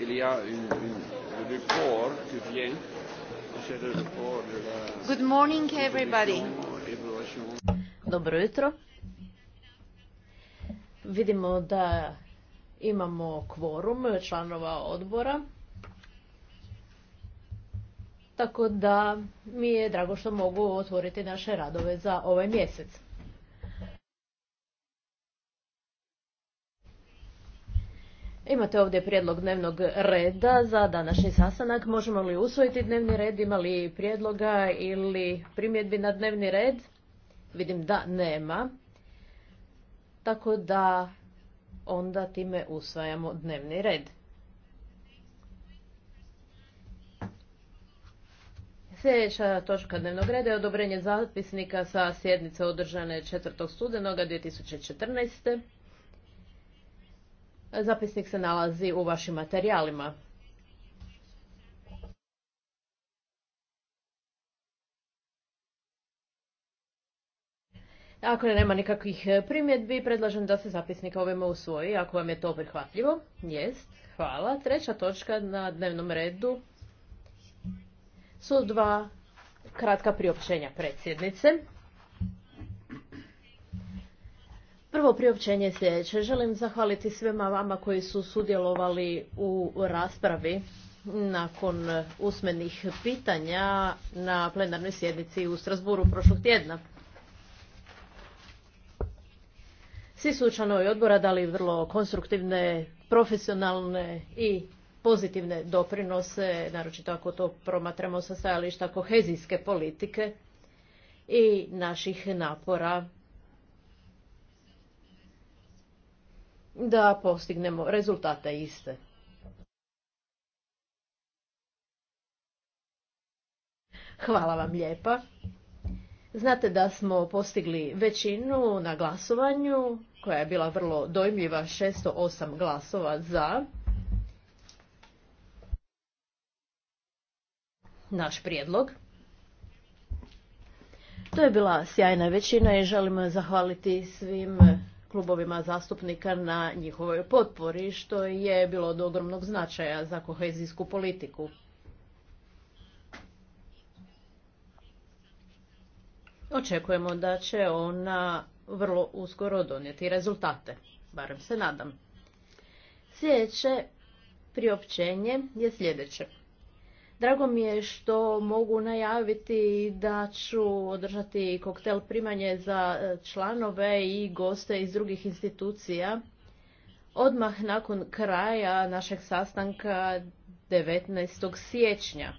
il Good morning, everybody. Dobro jutro. Vidimo da imamo kvorum članova odbora. Tako da mi je drago što mogu otvoriti naše radove za ovaj mjesec. Imate ovdje prijedlog dnevnog reda za današnji sastanak. Možemo li usvojiti dnevni red? Ima li prijedloga ili primjedbi na dnevni red? Vidim da nema. Tako da onda time usvajamo dnevni red. Sljedeća točka dnevnog reda je odobrenje zapisnika sa sjednice održane 4. studenoga 2014. Zapisnik se nalazi u vašim materijalima. Ako nema nikakvih primjedbi, predlažem da se zapisnik ovime usvoji, ako vam je to prihvatljivo. Jest, hvala. Treća točka na dnevnom redu su dva kratka priopćenja predsjednice. Prvo priopćenje sljedeće. Želim zahvaliti svima vama koji su sudjelovali u raspravi nakon usmenih pitanja na plenarnoj sjednici u Strasburu prošlog tjedna. Svi su članovi odbora dali vrlo konstruktivne, profesionalne i pozitivne doprinose, naročito ako to promatramo sa stajališta kohezijske politike i naših napora da postignemo rezultate iste. Hvala vam lijepa. Znate da smo postigli većinu na glasovanju, koja je bila vrlo dojmljiva, 608 glasova za. Naš prijedlog. To je bila sjajna većina i želim zahvaliti svim klubovima zastupnika na njihovoj potpori, što je bilo od ogromnog značaja za kohezijsku politiku. Očekujemo da će ona vrlo uskoro donijeti rezultate, barem se nadam. Sljedeće priopćenje je sljedeće. Drago mi je što mogu najaviti da ću održati koktel primanje za e, članove i goste iz drugih institucija. Odmah nakon kraja našeg sastanka 19. siječnja.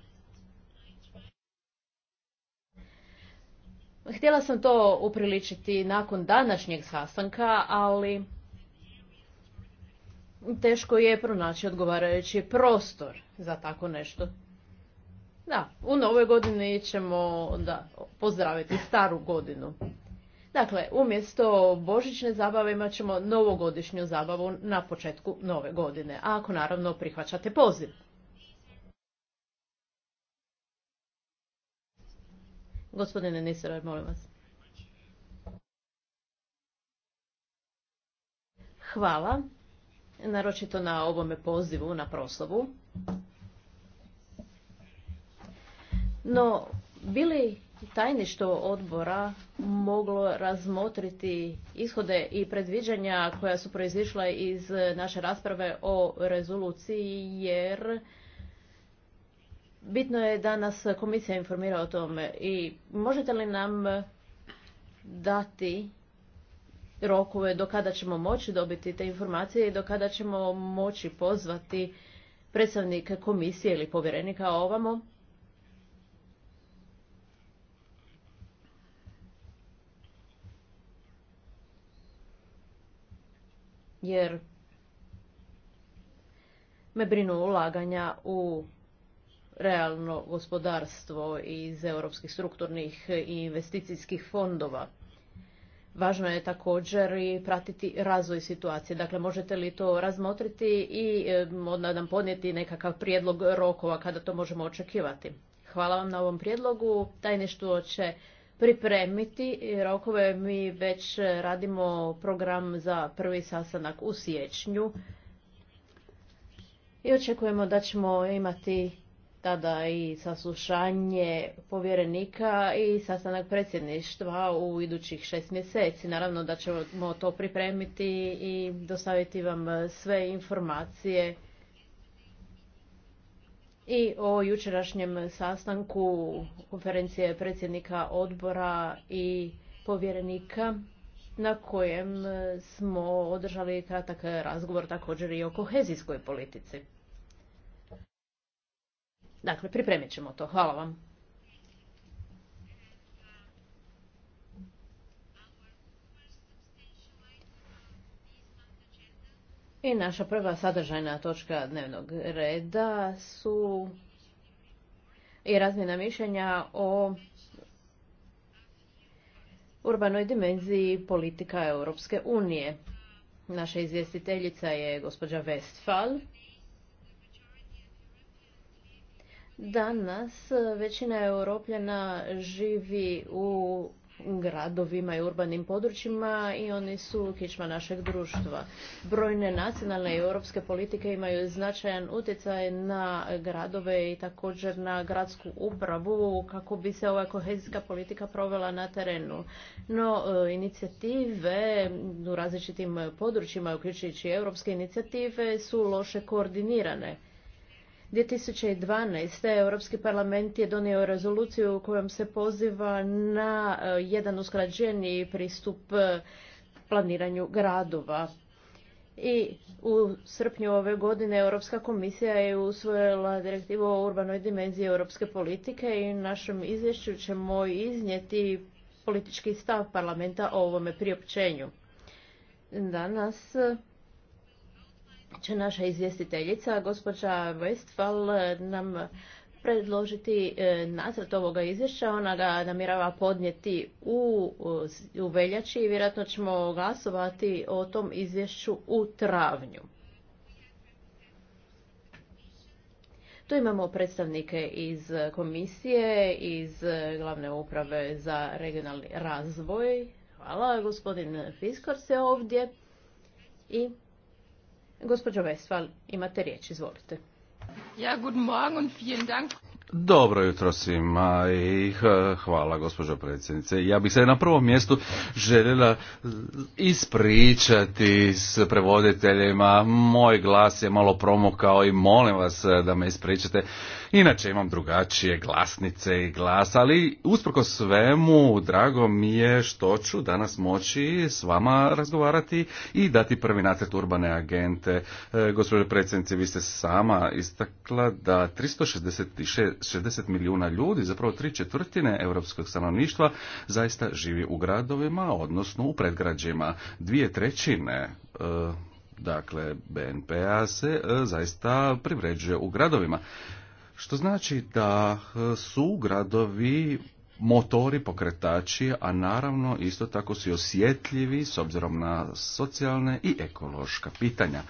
Htjela sam to upriličiti nakon današnjeg sastanka, ali teško je pronaći odgovarajući prostor za tako nešto. Da, u nove godine ćemo da, pozdraviti staru godinu. Dakle, umjesto božićne zabave imat ćemo novogodišnju zabavu na početku nove godine, a ako naravno prihvaćate poziv. Gospodine Nisar, molim vas. Hvala, naročito na ovome pozivu na proslovu. No, bili tajništvo odbora moglo razmotriti ishode i predviđanja koja su proizišla iz naše rasprave o rezoluciji jer bitno je da nas komisija informira o tome i možete li nam dati rokove do kada ćemo moći dobiti te informacije i do kada ćemo moći pozvati predstavnike komisije ili povjerenika ovamo jer me brinu ulaganja u realno gospodarstvo iz europskih strukturnih i investicijskih fondova. Važno je također i pratiti razvoj situacije. Dakle, možete li to razmotriti i onda nam podnijeti nekakav prijedlog rokova kada to možemo očekivati. Hvala vam na ovom prijedlogu. Tajništvo će pripremiti rokove. Mi već radimo program za prvi sastanak u siječnju i očekujemo da ćemo imati tada i saslušanje povjerenika i sastanak predsjedništva u idućih šest mjeseci. Naravno da ćemo to pripremiti i dostaviti vam sve informacije i o jučerašnjem sastanku konferencije predsjednika odbora i povjerenika na kojem smo održali kratak razgovor također i o kohezijskoj politici. Dakle, pripremit ćemo to. Hvala vam. I naša prva sadržajna točka dnevnog reda su i razmjena mišljenja o urbanoj dimenziji politika Europske unije. Naša izvjestiteljica je gospođa Westfall. Danas većina europljana živi u gradovima i urbanim područjima i oni su kičma našeg društva. Brojne nacionalne i europske politike imaju značajan utjecaj na gradove i također na gradsku upravu kako bi se ova kohezijska politika provela na terenu. No, e, inicijative u različitim područjima, uključujući europske inicijative, su loše koordinirane 2012. Europski parlament je donio rezoluciju u kojom se poziva na e, jedan usklađeni pristup e, planiranju gradova. I u srpnju ove godine Europska komisija je usvojila direktivu o urbanoj dimenziji europske politike i u našem izvješću ćemo iznijeti politički stav parlamenta o ovome priopćenju. Danas će naša izvjestiteljica, gospođa Westfall, nam predložiti e, nacrt ovoga izvješća. Ona ga namjerava podnijeti u, veljači i vjerojatno ćemo glasovati o tom izvješću u travnju. Tu imamo predstavnike iz komisije, iz glavne uprave za regionalni razvoj. Hvala, gospodin Fiskor se ovdje. I Gospođo Westphal, imate riječ, izvolite. Ja, guten Morgen vielen Dank. Dobro jutro svima i hvala gospođo predsjednice. Ja bih se na prvom mjestu željela ispričati s prevoditeljima. Moj glas je malo promukao i molim vas da me ispričate. Inače imam drugačije glasnice i glas, ali usprko svemu drago mi je što ću danas moći s vama razgovarati i dati prvi nacrt urbane agente. E, Gospodine predsjednice, vi ste sama istakla da 360 milijuna ljudi, zapravo tri četvrtine europskog stanovništva, zaista živi u gradovima, odnosno u predgrađima. Dvije trećine e, dakle BNP-a se e, zaista privređuje u gradovima. Što znači da e, su gradovi motori, pokretači, a naravno isto tako su osjetljivi s obzirom na socijalne i ekološka pitanja.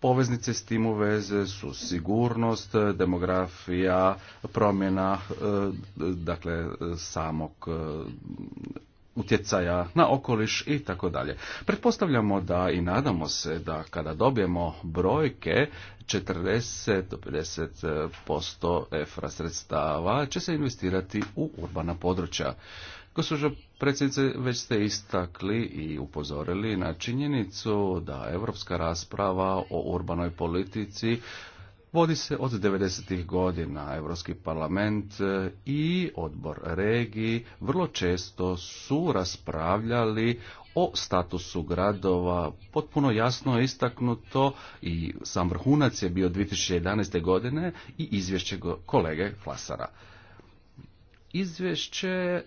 Poveznice s tim u veze su sigurnost, demografija, promjena e, dakle e, samog utjecaja na okoliš i tako dalje. Pretpostavljamo da i nadamo se da kada dobijemo brojke 40 do 50% e, EFRA sredstava će se investirati u urbana područja. Gospođo predsjednice, već ste istakli i upozorili na činjenicu da europska rasprava o urbanoj politici vodi se od 90. godina. Europski parlament e, i odbor regiji vrlo često su raspravljali o statusu gradova. Potpuno jasno je istaknuto i sam vrhunac je bio 2011. godine i izvješće kolege Flasara izvješće e,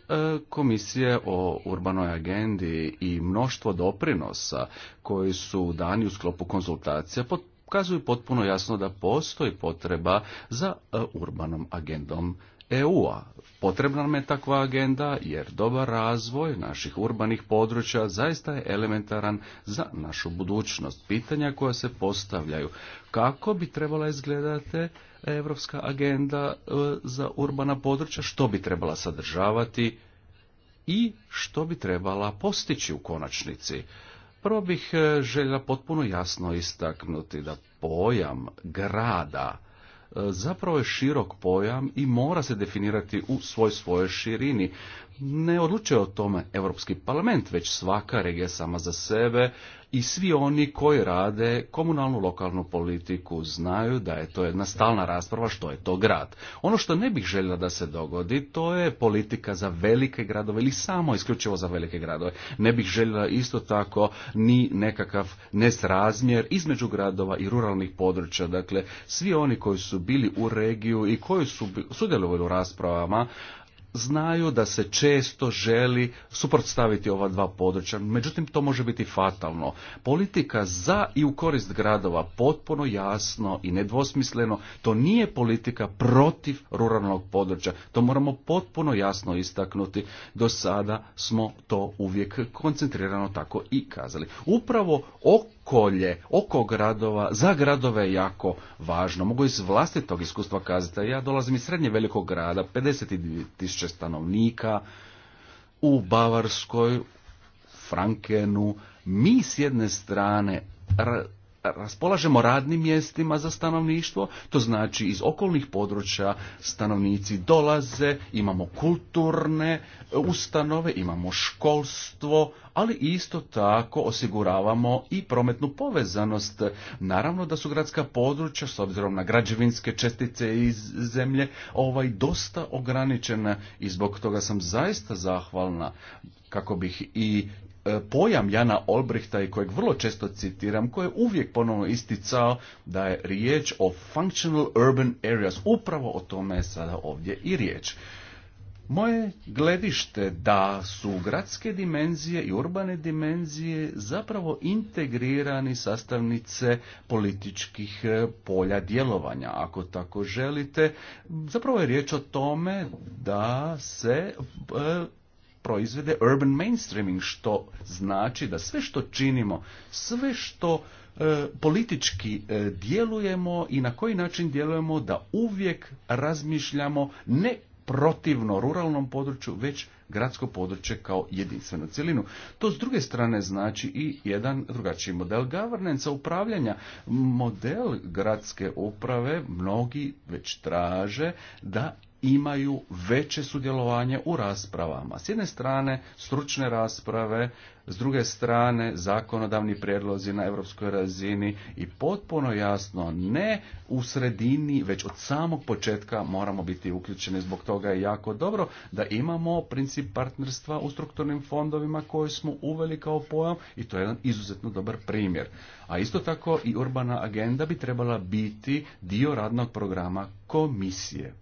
komisije o urbanoj agendi i mnoštvo doprinosa koji su dani u sklopu konzultacija Ukazuju potpuno jasno da postoji potreba za e, urbanom agendom EU-a. Potrebna nam je takva agenda jer dobar razvoj naših urbanih područja zaista je elementaran za našu budućnost. Pitanja koja se postavljaju kako bi trebala izgledati evropska agenda e, za urbana područja, što bi trebala sadržavati i što bi trebala postići u konačnici. Prvo bih e, željela potpuno jasno istaknuti da pojam grada e, zapravo je širok pojam i mora se definirati u svoj svojoj širini ne odlučuje o tome Europski parlament, već svaka regija sama za sebe i svi oni koji rade komunalnu lokalnu politiku znaju da je to jedna stalna rasprava što je to grad. Ono što ne bih željela da se dogodi, to je politika za velike gradove ili samo isključivo za velike gradove. Ne bih željela isto tako ni nekakav nesrazmjer između gradova i ruralnih područja. Dakle, svi oni koji su bili u regiju i koji su sudjelovali u raspravama, znaju da se često želi suprotstaviti ova dva područja, međutim to može biti fatalno. Politika za i u korist gradova potpuno jasno i nedvosmisleno, to nije politika protiv ruralnog područja. To moramo potpuno jasno istaknuti. Do sada smo to uvijek koncentrirano tako i kazali. Upravo okolje oko gradova, za gradove je jako važno. Mogu iz vlastitog iskustva kazati, ja dolazim iz srednje velikog grada, 52.000 stanovnika, u Bavarskoj, Frankenu, mi s jedne strane raspolažemo radnim mjestima za stanovništvo, to znači iz okolnih područja stanovnici dolaze, imamo kulturne e, ustanove, imamo školstvo, ali isto tako osiguravamo i prometnu povezanost. Naravno da su gradska područja, s obzirom na građevinske čestice iz zemlje, ovaj dosta ograničena i zbog toga sam zaista zahvalna kako bih i E, pojam Jana Olbrichta i kojeg vrlo često citiram, koji je uvijek ponovno isticao da je riječ o functional urban areas. Upravo o tome je sada ovdje i riječ. Moje gledište da su gradske dimenzije i urbane dimenzije zapravo integrirani sastavnice političkih e, polja djelovanja, ako tako želite. Zapravo je riječ o tome da se e, proizvede urban mainstreaming, što znači da sve što činimo, sve što e, politički e, djelujemo i na koji način djelujemo da uvijek razmišljamo ne protivno ruralnom području, već gradsko područje kao jedinstvenu cjelinu. To s druge strane znači i jedan drugačiji model governance upravljanja. Model gradske uprave mnogi već traže da imaju veće sudjelovanje u raspravama. S jedne strane stručne rasprave, s druge strane zakonodavni prijedlozi na europskoj razini i potpuno jasno ne u sredini, već od samog početka moramo biti uključeni. Zbog toga je jako dobro da imamo princip partnerstva u strukturnim fondovima koji smo uveli kao pojam i to je jedan izuzetno dobar primjer. A isto tako i urbana agenda bi trebala biti dio radnog programa komisije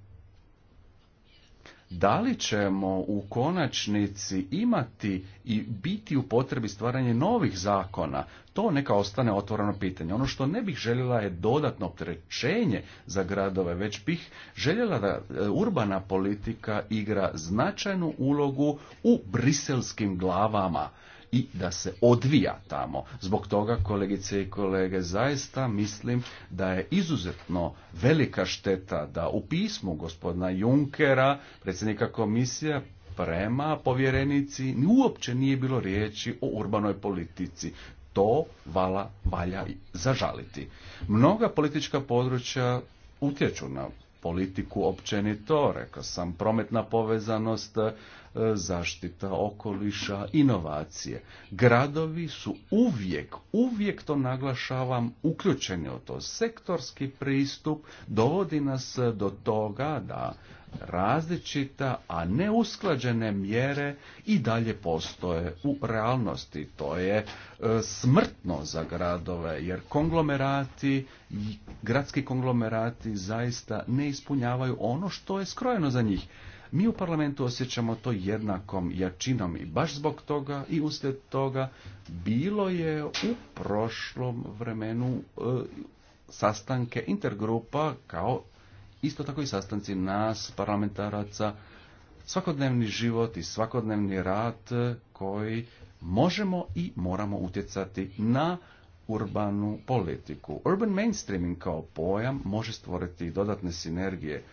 da li ćemo u konačnici imati i biti u potrebi stvaranje novih zakona, to neka ostane otvoreno pitanje. Ono što ne bih željela je dodatno opterećenje za gradove, već bih željela da e, urbana politika igra značajnu ulogu u briselskim glavama i da se odvija tamo. Zbog toga, kolegice i kolege, zaista mislim da je izuzetno velika šteta da u pismu gospodina Junkera, predsjednika komisije, prema povjerenici ni uopće nije bilo riječi o urbanoj politici to vala valja zažaliti. Mnoga politička područja utječu na politiku općenito, rekao sam, prometna povezanost, e, zaštita okoliša, inovacije. Gradovi su uvijek, uvijek to naglašavam, uključeni u to. Sektorski pristup dovodi nas do toga da različita, a neusklađene mjere i dalje postoje u realnosti. To je e, smrtno za gradove, jer konglomerati, gradski konglomerati zaista ne ispunjavaju ono što je skrojeno za njih. Mi u parlamentu osjećamo to jednakom jačinom i baš zbog toga i uslijed toga bilo je u prošlom vremenu e, sastanke intergrupa kao isto tako i sastanci nas, parlamentaraca, svakodnevni život i svakodnevni rad e, koji možemo i moramo utjecati na urbanu politiku. Urban mainstreaming kao pojam može stvoriti dodatne sinergije.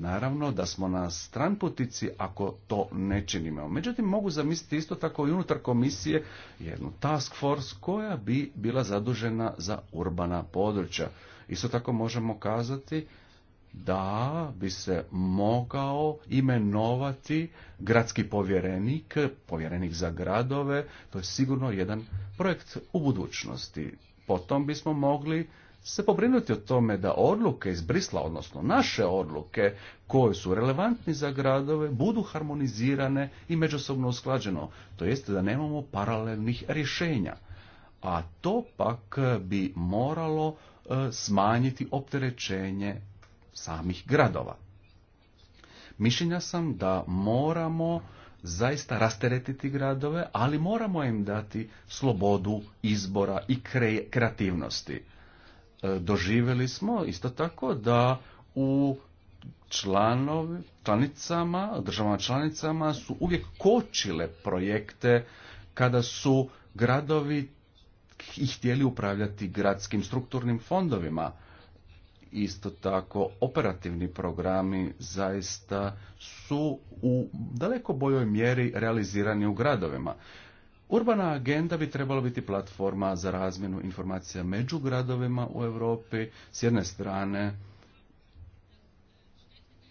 Naravno da smo na stranputici ako to ne činimo. Međutim, mogu zamisliti isto tako i unutar komisije jednu task force koja bi bila zadužena za urbana područja. Isto tako možemo kazati da bi se mogao imenovati gradski povjerenik, povjerenik za gradove, to je sigurno jedan projekt u budućnosti. Potom bismo mogli se pobrinuti o tome da odluke iz Brisla, odnosno naše odluke koje su relevantni za gradove, budu harmonizirane i međusobno usklađeno, to jeste da nemamo paralelnih rješenja. A to pak bi moralo e, smanjiti opterećenje samih gradova. Mišljenja sam da moramo zaista rasteretiti gradove, ali moramo im dati slobodu izbora i kreativnosti. E, doživjeli smo isto tako da u članicama, državama članicama su uvijek kočile projekte kada su gradovi ih htjeli upravljati gradskim strukturnim fondovima isto tako operativni programi zaista su u daleko boljoj mjeri realizirani u gradovima. Urbana agenda bi trebala biti platforma za razmjenu informacija među gradovima u Europi. S jedne strane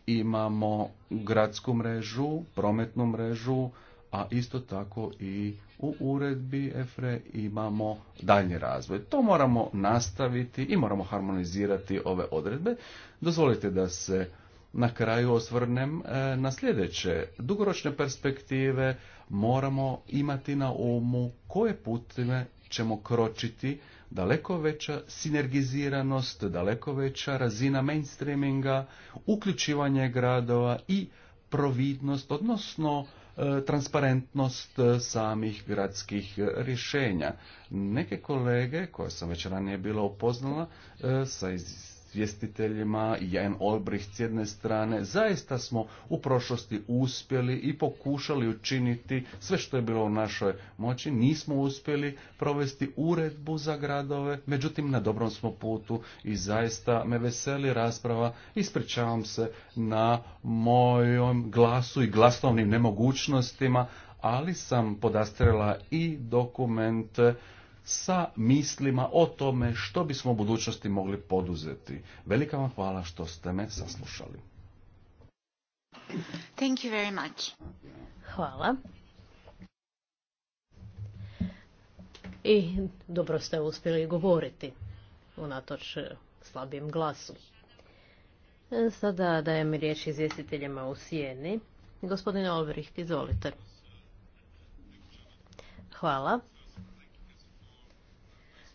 imamo gradsku mrežu, prometnu mrežu, a isto tako i u uredbi EFRE imamo daljnji razvoj. To moramo nastaviti i moramo harmonizirati ove odredbe. Dozvolite da se na kraju osvrnem e, na sljedeće. Dugoročne perspektive moramo imati na umu koje putine ćemo kročiti daleko veća sinergiziranost, daleko veća razina mainstreaminga, uključivanje gradova i providnost, odnosno E, transparentnost e, samih gradskih e, rješenja. Neke kolege koje sam već ranije bila upoznala sa iz izvjestiteljima i Jan Olbricht s jedne strane, zaista smo u prošlosti uspjeli i pokušali učiniti sve što je bilo u našoj moći. Nismo uspjeli provesti uredbu za gradove, međutim na dobrom smo putu i zaista me veseli rasprava. Ispričavam se na mojom glasu i glasovnim nemogućnostima, ali sam podastrela i dokumente sa mislima o tome što bismo u budućnosti mogli poduzeti. Velika vam hvala što ste me saslušali. Thank you very much. Hvala. I dobro ste uspjeli govoriti unatoč slabijem glasu. E, sada dajem riječ izvjestiteljima u sjeni. Gospodine Olbrich, izvolite. Hvala.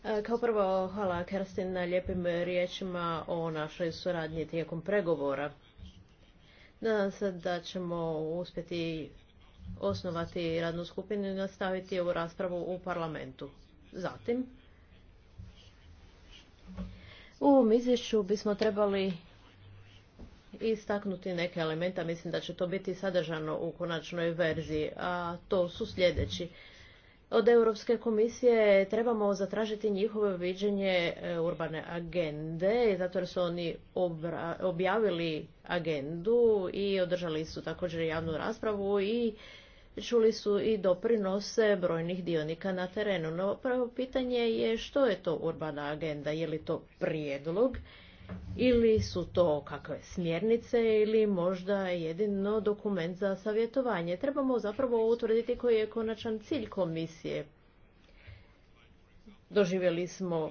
E, kao prvo, hvala Kerstin na lijepim riječima o našoj suradnji tijekom pregovora. Nadam se da ćemo uspjeti osnovati radnu skupinu i nastaviti ovu raspravu u parlamentu. Zatim, u ovom izvješću bismo trebali istaknuti neke elementa, mislim da će to biti sadržano u konačnoj verziji, a to su sljedeći od Europske komisije trebamo zatražiti njihovo viđenje e, urbane agende, zato jer su oni objavili agendu i održali su također javnu raspravu i čuli su i doprinose brojnih dionika na terenu. No prvo pitanje je što je to urbana agenda, je li to prijedlog ili su to kakve smjernice ili možda jedino dokument za savjetovanje. Trebamo zapravo utvrditi koji je konačan cilj komisije. Doživjeli smo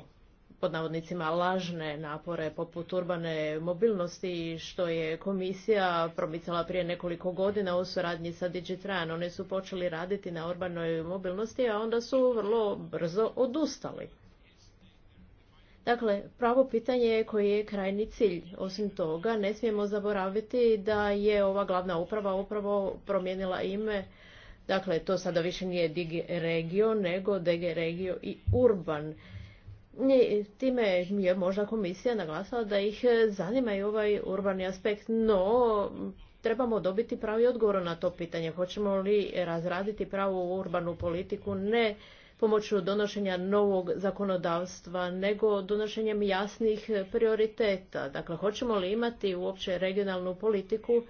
pod navodnicima lažne napore poput urbane mobilnosti što je komisija promicala prije nekoliko godina u suradnji sa Digitran. One su počeli raditi na urbanoj mobilnosti, a onda su vrlo brzo odustali. Dakle, pravo pitanje je koji je krajni cilj. Osim toga, ne smijemo zaboraviti da je ova glavna uprava upravo promijenila ime. Dakle, to sada više nije Digi Regio, nego DG Regio i Urban. I time je možda komisija naglasila da ih zanima i ovaj urbani aspekt, no trebamo dobiti pravi odgovor na to pitanje. Hoćemo li razraditi pravu urbanu politiku? Ne pomoću donošenja novog zakonodavstva, nego donošenjem jasnih prioriteta. Dakle, hoćemo li imati uopće regionalnu politiku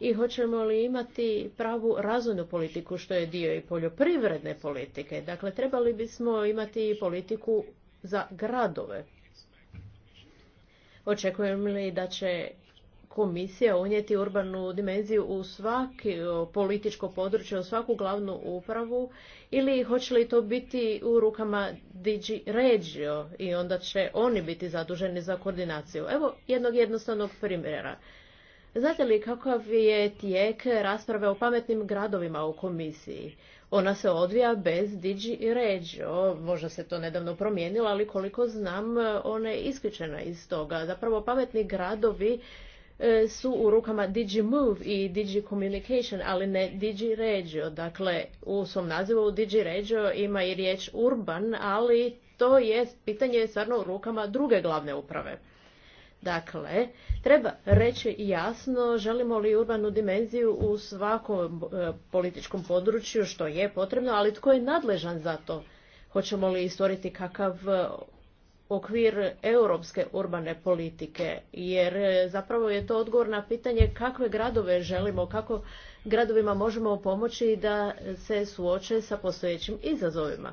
i hoćemo li imati pravu razvojnu politiku, što je dio i poljoprivredne politike. Dakle, trebali bismo imati i politiku za gradove. Očekujem li da će komisija unijeti urbanu dimenziju u svaki političko područje, u svaku glavnu upravu ili hoće li to biti u rukama Digi Regio i onda će oni biti zaduženi za koordinaciju. Evo jednog jednostavnog primjera. Znate li kakav je tijek rasprave o pametnim gradovima u komisiji? Ona se odvija bez Digi Regio. Možda se to nedavno promijenilo, ali koliko znam, ona je isključena iz toga. Zapravo, pametni gradovi E, su u rukama Move i Communication, ali ne DigiRegio. Dakle, u svom nazivu DigiRegio ima i riječ urban, ali to je pitanje stvarno u rukama druge glavne uprave. Dakle, treba reći jasno želimo li urbanu dimenziju u svakom e, političkom području što je potrebno, ali tko je nadležan za to? Hoćemo li stvoriti kakav okvir europske urbane politike, jer e, zapravo je to odgovor na pitanje kakve gradove želimo, kako gradovima možemo pomoći da se suoče sa postojećim izazovima.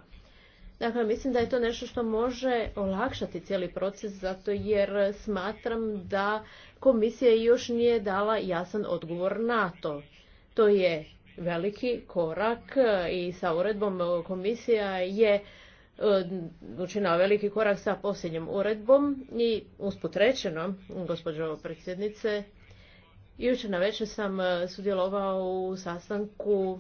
Dakle, mislim da je to nešto što može olakšati cijeli proces, zato jer smatram da komisija još nije dala jasan odgovor na to. To je veliki korak i sa uredbom komisija je E, učinao veliki korak sa posljednjom uredbom i usput rečeno, gospođo predsjednice, jučer na večer sam e, sudjelovao u sastanku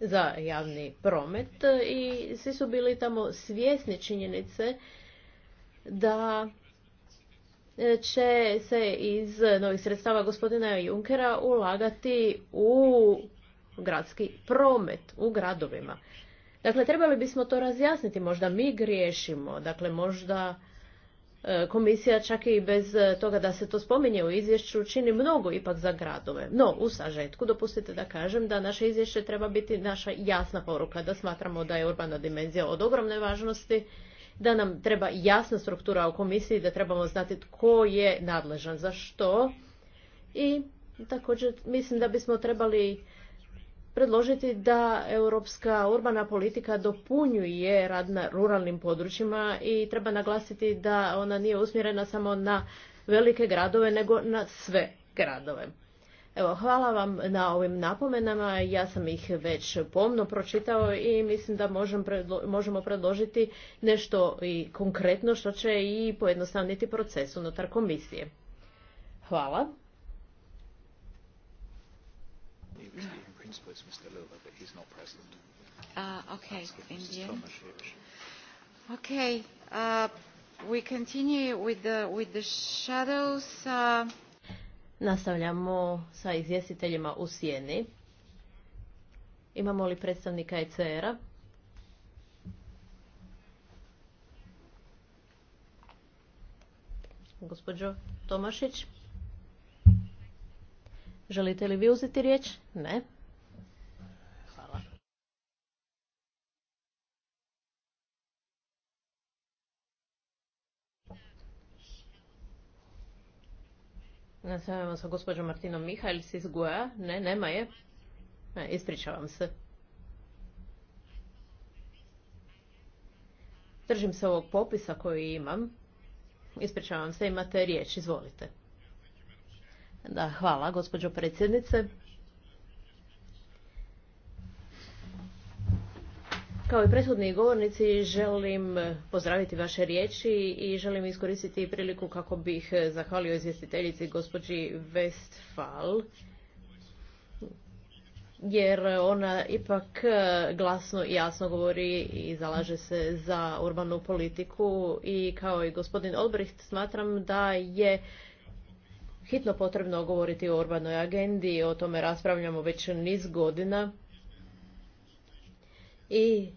za javni promet i svi su bili tamo svjesni činjenice da e, će se iz novih sredstava gospodina Junkera ulagati u gradski promet u gradovima. Dakle, trebali bismo to razjasniti, možda mi griješimo, dakle možda e, komisija čak i bez e, toga da se to spominje u izvješću čini mnogo ipak za gradove. No, u sažetku dopustite da kažem da naše izvješće treba biti naša jasna poruka, da smatramo da je urbana dimenzija od ogromne važnosti, da nam treba jasna struktura u komisiji, da trebamo znati tko je nadležan za što i također mislim da bismo trebali predložiti da europska urbana politika dopunjuje rad na ruralnim područjima i treba naglasiti da ona nije usmjerena samo na velike gradove nego na sve gradove. Evo, hvala vam na ovim napomenama. Ja sam ih već pomno pročitao i mislim da možemo predložiti nešto i konkretno što će i pojednostavniti proces unutar komisije. Hvala questions please, Mr. Lula, but he's not present. Uh, okay, India. Okay, uh, we continue with the, with the shadows. Uh... Nastavljamo sa izvjestiteljima u sjeni. Imamo li predstavnika ECR-a? Gospođo Tomašić, želite li vi uzeti riječ? Ne. Nastavljamo sa gospođom Martinom Mihajlis iz Goja. Ne, nema je. Ne, ispričavam se. Držim se ovog popisa koji imam. Ispričavam se, imate riječ, izvolite. Da, hvala, gospođo predsjednice. Kao i prethodni govornici želim pozdraviti vaše riječi i želim iskoristiti priliku kako bih zahvalio izvjestiteljici gospođi Westfall jer ona ipak glasno i jasno govori i zalaže se za urbanu politiku i kao i gospodin Olbricht smatram da je hitno potrebno govoriti o urbanoj agendi, o tome raspravljamo već niz godina i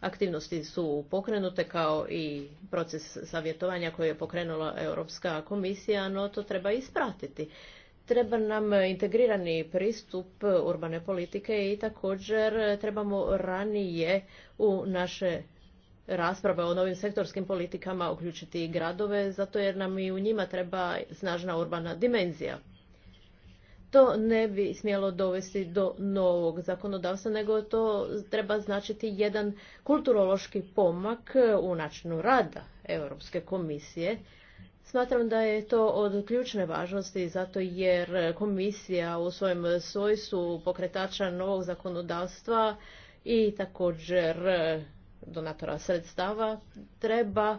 Aktivnosti su pokrenute kao i proces savjetovanja koji je pokrenula Europska komisija, no to treba ispratiti. Treba nam integrirani pristup urbane politike i također trebamo ranije u naše rasprave o novim sektorskim politikama uključiti i gradove, zato jer nam i u njima treba snažna urbana dimenzija to ne bi smjelo dovesti do novog zakonodavstva, nego to treba značiti jedan kulturološki pomak u načinu rada Europske komisije. Smatram da je to od ključne važnosti zato jer komisija u svojem svojstvu pokretača novog zakonodavstva i također donatora sredstava treba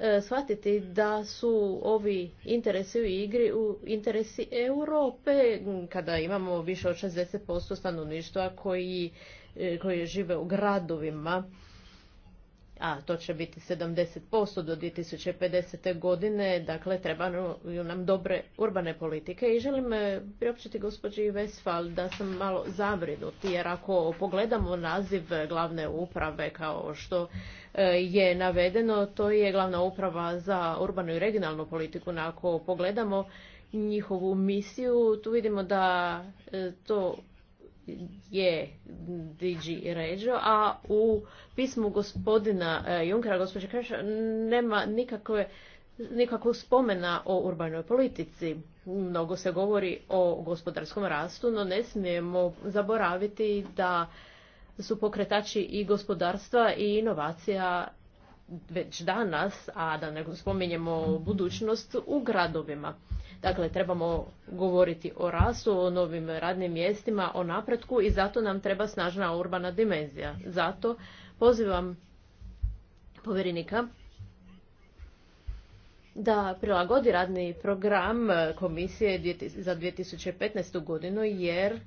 E, shvatiti da su ovi interesi u igri u interesi Europe kada imamo više od 60% stanovništva koji, e, koji žive u gradovima a to će biti 70% do 2050. godine, dakle trebaju nam dobre urbane politike i želim e, priopćiti gospođi Vesfal da sam malo zabrinut jer ako pogledamo naziv glavne uprave kao što e, je navedeno, to je glavna uprava za urbanu i regionalnu politiku, ako pogledamo njihovu misiju, tu vidimo da e, to je i Regio, a u pismu gospodina e, Junkera, gospođe Kreša, nema nikakve nikakvog spomena o urbanoj politici. Mnogo se govori o gospodarskom rastu, no ne smijemo zaboraviti da su pokretači i gospodarstva i inovacija već danas, a da ne spominjemo budućnost, u gradovima. Dakle, trebamo govoriti o rasu, o novim radnim mjestima, o napretku i zato nam treba snažna urbana dimenzija. Zato pozivam povjerenika da prilagodi radni program komisije za 2015. godinu jer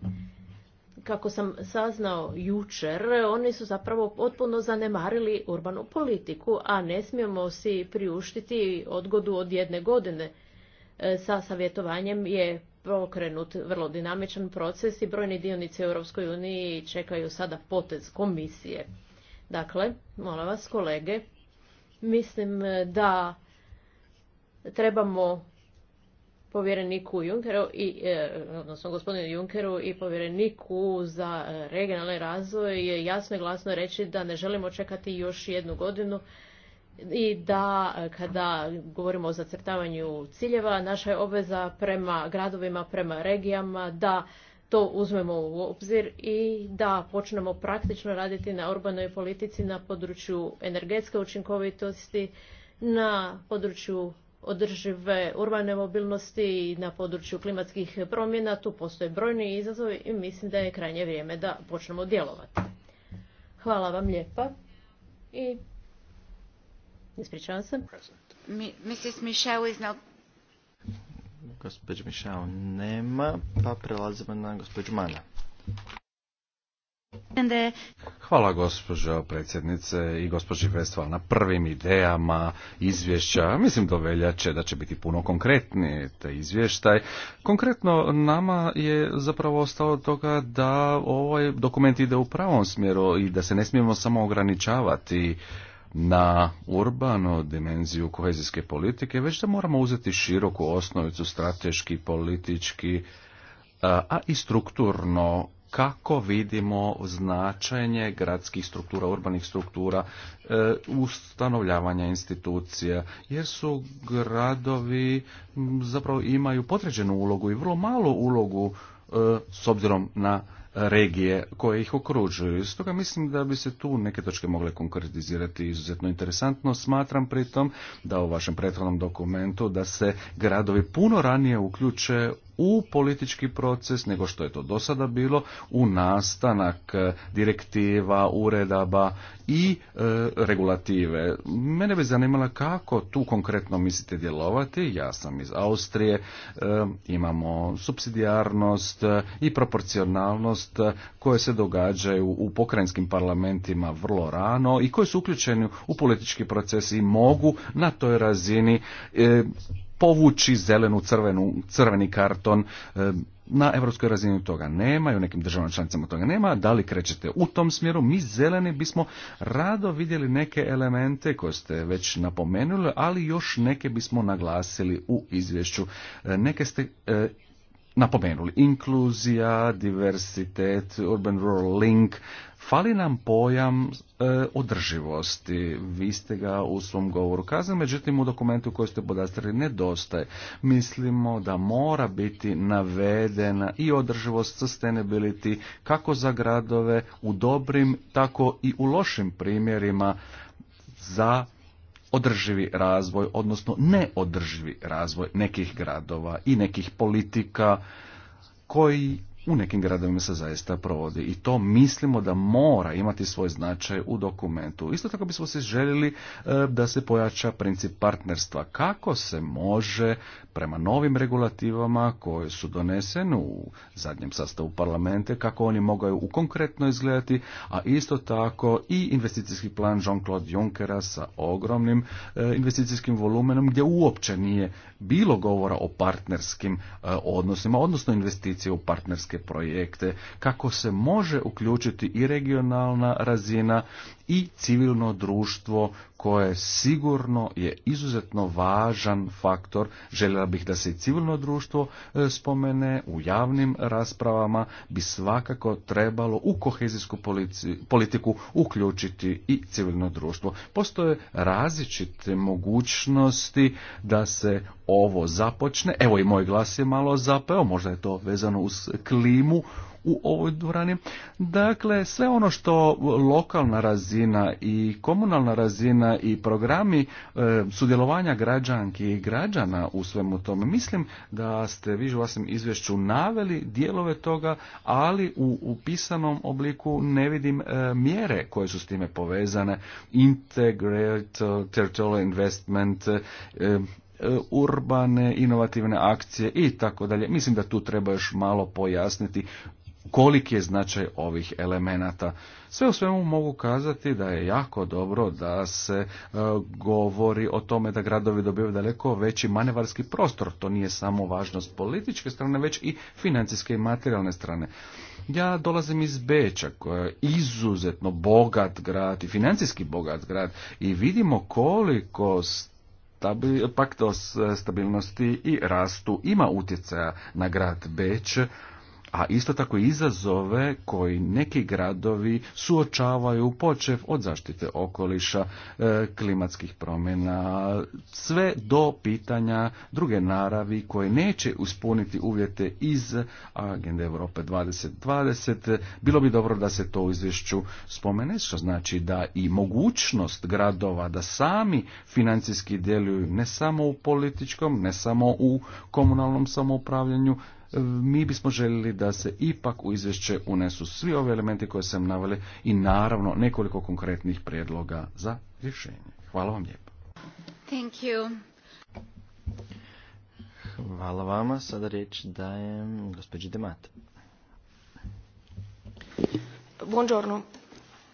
kako sam saznao jučer, oni su zapravo potpuno zanemarili urbanu politiku, a ne smijemo si priuštiti odgodu od jedne godine. E, sa savjetovanjem je pokrenut vrlo dinamičan proces i brojni dionici u Europskoj uniji čekaju sada potez komisije. Dakle, molim vas kolege, mislim da trebamo povjereniku Junkeru i, e, odnosno gospodinu Junkeru i povjereniku za regionalni razvoj jasno i glasno reći da ne želimo čekati još jednu godinu i da e, kada govorimo o zacrtavanju ciljeva, naša je obveza prema gradovima, prema regijama da to uzmemo u obzir i da počnemo praktično raditi na urbanoj politici na području energetske učinkovitosti, na području održive urbane mobilnosti i na području klimatskih promjena. Tu postoje brojni izazovi i mislim da je krajnje vrijeme da počnemo djelovati. Hvala vam lijepa i Ispričavam se. Mrs. Michelle is nema, pa prelazimo na gospođu Mana. Uh, Hvala gospođo predsjednice i gospođi Vestval na prvim idejama izvješća. Mislim do veljače da će biti puno konkretnije te izvještaj. Konkretno nama je zapravo ostalo toga da ovaj dokument ide u pravom smjeru i da se ne smijemo samo ograničavati na urbanu dimenziju kohezijske politike, već da moramo uzeti široku osnovicu strateški, politički, e, a i strukturno kako vidimo značenje gradskih struktura, urbanih struktura, e, ustanovljavanja institucija, jer su gradovi zapravo imaju potređenu ulogu i vrlo malu ulogu e, s obzirom na regije koje ih okružuju. Stoga mislim da bi se tu neke točke mogle konkretizirati izuzetno interesantno. Smatram pritom da u vašem prethodnom dokumentu da se gradovi puno ranije uključe u politički proces nego što je to do sada bilo u nastanak e, direktiva, uredaba i e, regulative. Mene bi zanimala kako tu konkretno mislite djelovati. Ja sam iz Austrije, e, imamo subsidijarnost i proporcionalnost koje se događaju u pokrajinskim parlamentima vrlo rano i koje su uključeni u politički proces i mogu na toj razini povući zelenu, crvenu, crveni karton. E, na evropskoj razini toga nema i u nekim državnim članicama toga nema. Da li krećete u tom smjeru? Mi zeleni bismo rado vidjeli neke elemente koje ste već napomenuli, ali još neke bismo naglasili u izvješću. E, neke ste e, napomenuli. Inkluzija, diversitet, urban rural link, Fali nam pojam e, održivosti. Vi ste ga u svom govoru kazali, međutim u dokumentu koji ste podastrili nedostaje. Mislimo da mora biti navedena i održivost sustainability kako za gradove u dobrim, tako i u lošim primjerima za održivi razvoj, odnosno neodrživi razvoj nekih gradova i nekih politika koji u nekim gradovima se zaista provodi i to mislimo da mora imati svoj značaj u dokumentu. Isto tako bismo se željeli e, da se pojača princip partnerstva. Kako se može prema novim regulativama koje su donesene u zadnjem sastavu parlamente, kako oni mogaju u konkretno izgledati, a isto tako i investicijski plan Jean-Claude Junckera sa ogromnim e, investicijskim volumenom gdje uopće nije bilo govora o partnerskim e, odnosima, odnosno investicije u partnerske projekte, kako se može uključiti i regionalna razina i civilno društvo koje sigurno je izuzetno važan faktor. Željela bih da se i civilno društvo e, spomene u javnim raspravama bi svakako trebalo u kohezijsku politiku uključiti i civilno društvo. Postoje različite mogućnosti da se ovo započne. Evo i moj glas je malo zapeo, možda je to vezano uz klimu u ovoj dvorani. Dakle, sve ono što lokalna razina i komunalna razina i programi e, sudjelovanja građanki i građana u svemu tome. Mislim da ste vi u vašem izvješću naveli dijelove toga, ali u, u pisanom obliku ne vidim e, mjere koje su s time povezane. Integrated uh, Territorial Investment, e, E, urbane inovativne akcije i tako dalje. Mislim da tu treba još malo pojasniti koliki je značaj ovih elemenata. Sve u svemu mogu kazati da je jako dobro da se e, govori o tome da gradovi dobivaju daleko veći manevarski prostor. To nije samo važnost političke strane, već i financijske i materijalne strane. Ja dolazim iz Beča, koja je izuzetno bogat grad i financijski bogat grad i vidimo koliko pakt paktos stabilnosti i rastu ima utjecaja na grad Beč a isto tako i izazove koji neki gradovi suočavaju počev od zaštite okoliša, e, klimatskih promjena, sve do pitanja druge naravi koje neće uspuniti uvjete iz Agende Europe 2020. Bilo bi dobro da se to u izvješću spomene, što znači da i mogućnost gradova da sami financijski djeluju ne samo u političkom, ne samo u komunalnom samoupravljanju, mi bismo željeli da se ipak u izvješće unesu svi ove elementi koje sam naveli i naravno nekoliko konkretnih prijedloga za rješenje. Hvala vam lijepo. Thank you. Hvala vama. Sada riječ dajem gospođi Demat. Buongiorno.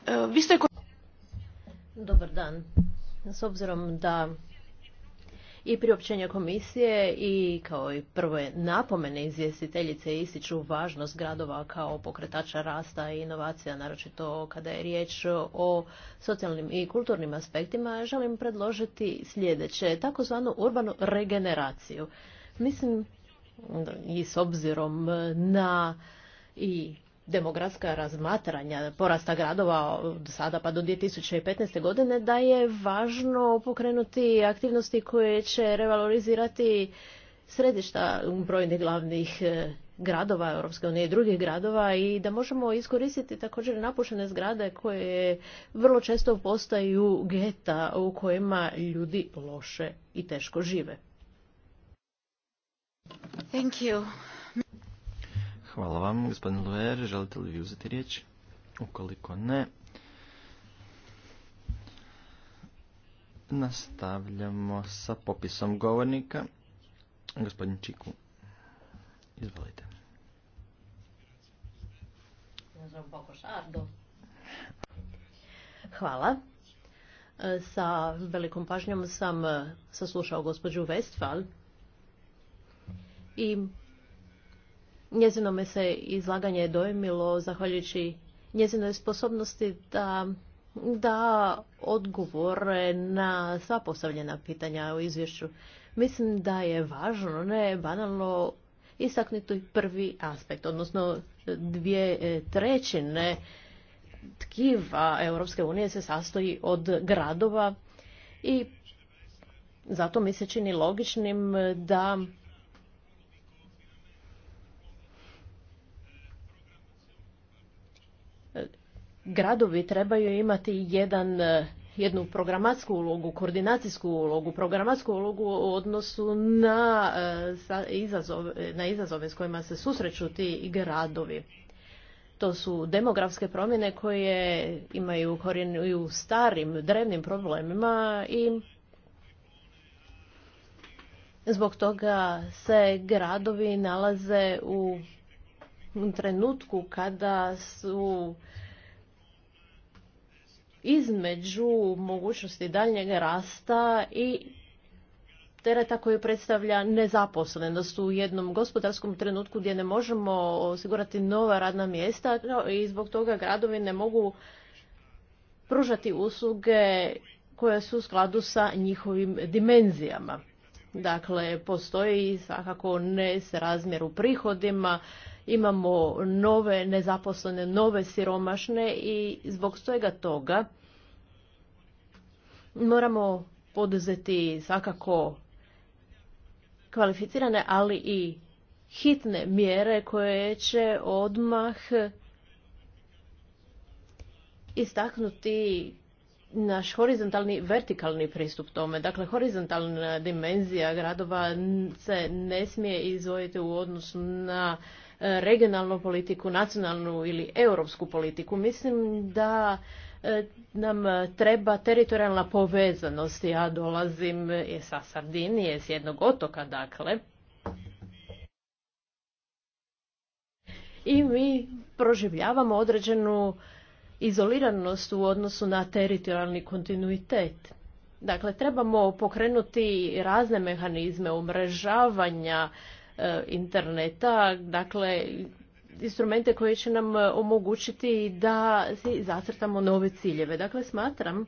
Eh, Vi Dobar dan. S obzirom da i priopćenja komisije i kao i prve napomene izvjestiteljice ističu važnost gradova kao pokretača rasta i inovacija, naročito kada je riječ o socijalnim i kulturnim aspektima, želim predložiti sljedeće, takozvanu urbanu regeneraciju. Mislim, i s obzirom na i demografska razmatranja porasta gradova od sada pa do 2015. godine da je važno pokrenuti aktivnosti koje će revalorizirati središta brojnih glavnih e, gradova Europske unije i drugih gradova i da možemo iskoristiti također napušene zgrade koje vrlo često postaju geta u kojima ljudi loše i teško žive. Thank you. Hvala vam, gospodin Luer. Želite li vi uzeti riječ? Ukoliko ne, nastavljamo sa popisom govornika. Gospodin Čiku, izvolite. Hvala. Sa velikom pažnjom sam saslušao gospođu Westfal i Njezino me se izlaganje dojmilo zahvaljujući njezinoj sposobnosti da da odgovore na sva postavljena pitanja u izvješću. Mislim da je važno, ne banalno, istaknuti prvi aspekt, odnosno dvije e, trećine tkiva Europske unije se sastoji od gradova i zato mi se čini logičnim da gradovi trebaju imati jedan e, jednu programatsku ulogu, koordinacijsku ulogu, programatsku ulogu u odnosu na, e, izazove, na izazove s kojima se susreću ti gradovi. To su demografske promjene koje imaju korijenu u starim, drevnim problemima i zbog toga se gradovi nalaze u trenutku kada su između mogućnosti daljnjeg rasta i tereta koji predstavlja nezaposlenost u jednom gospodarskom trenutku gdje ne možemo osigurati nova radna mjesta i zbog toga gradovi ne mogu pružati usluge koje su u skladu sa njihovim dimenzijama. Dakle, postoji svakako nesrazmjer u prihodima imamo nove nezaposlene, nove siromašne i zbog svega toga moramo poduzeti svakako kvalificirane, ali i hitne mjere koje će odmah istaknuti naš horizontalni vertikalni pristup tome. Dakle, horizontalna dimenzija gradova se ne smije izvojiti u odnosu na E, regionalnu politiku, nacionalnu ili europsku politiku. Mislim da e, nam treba teritorijalna povezanost. Ja dolazim sa Sardinije, s jednog otoka, dakle. I mi proživljavamo određenu izoliranost u odnosu na teritorijalni kontinuitet. Dakle, trebamo pokrenuti razne mehanizme umrežavanja E, interneta, dakle instrumente koje će nam e, omogućiti da si zacrtamo nove ciljeve. Dakle, smatram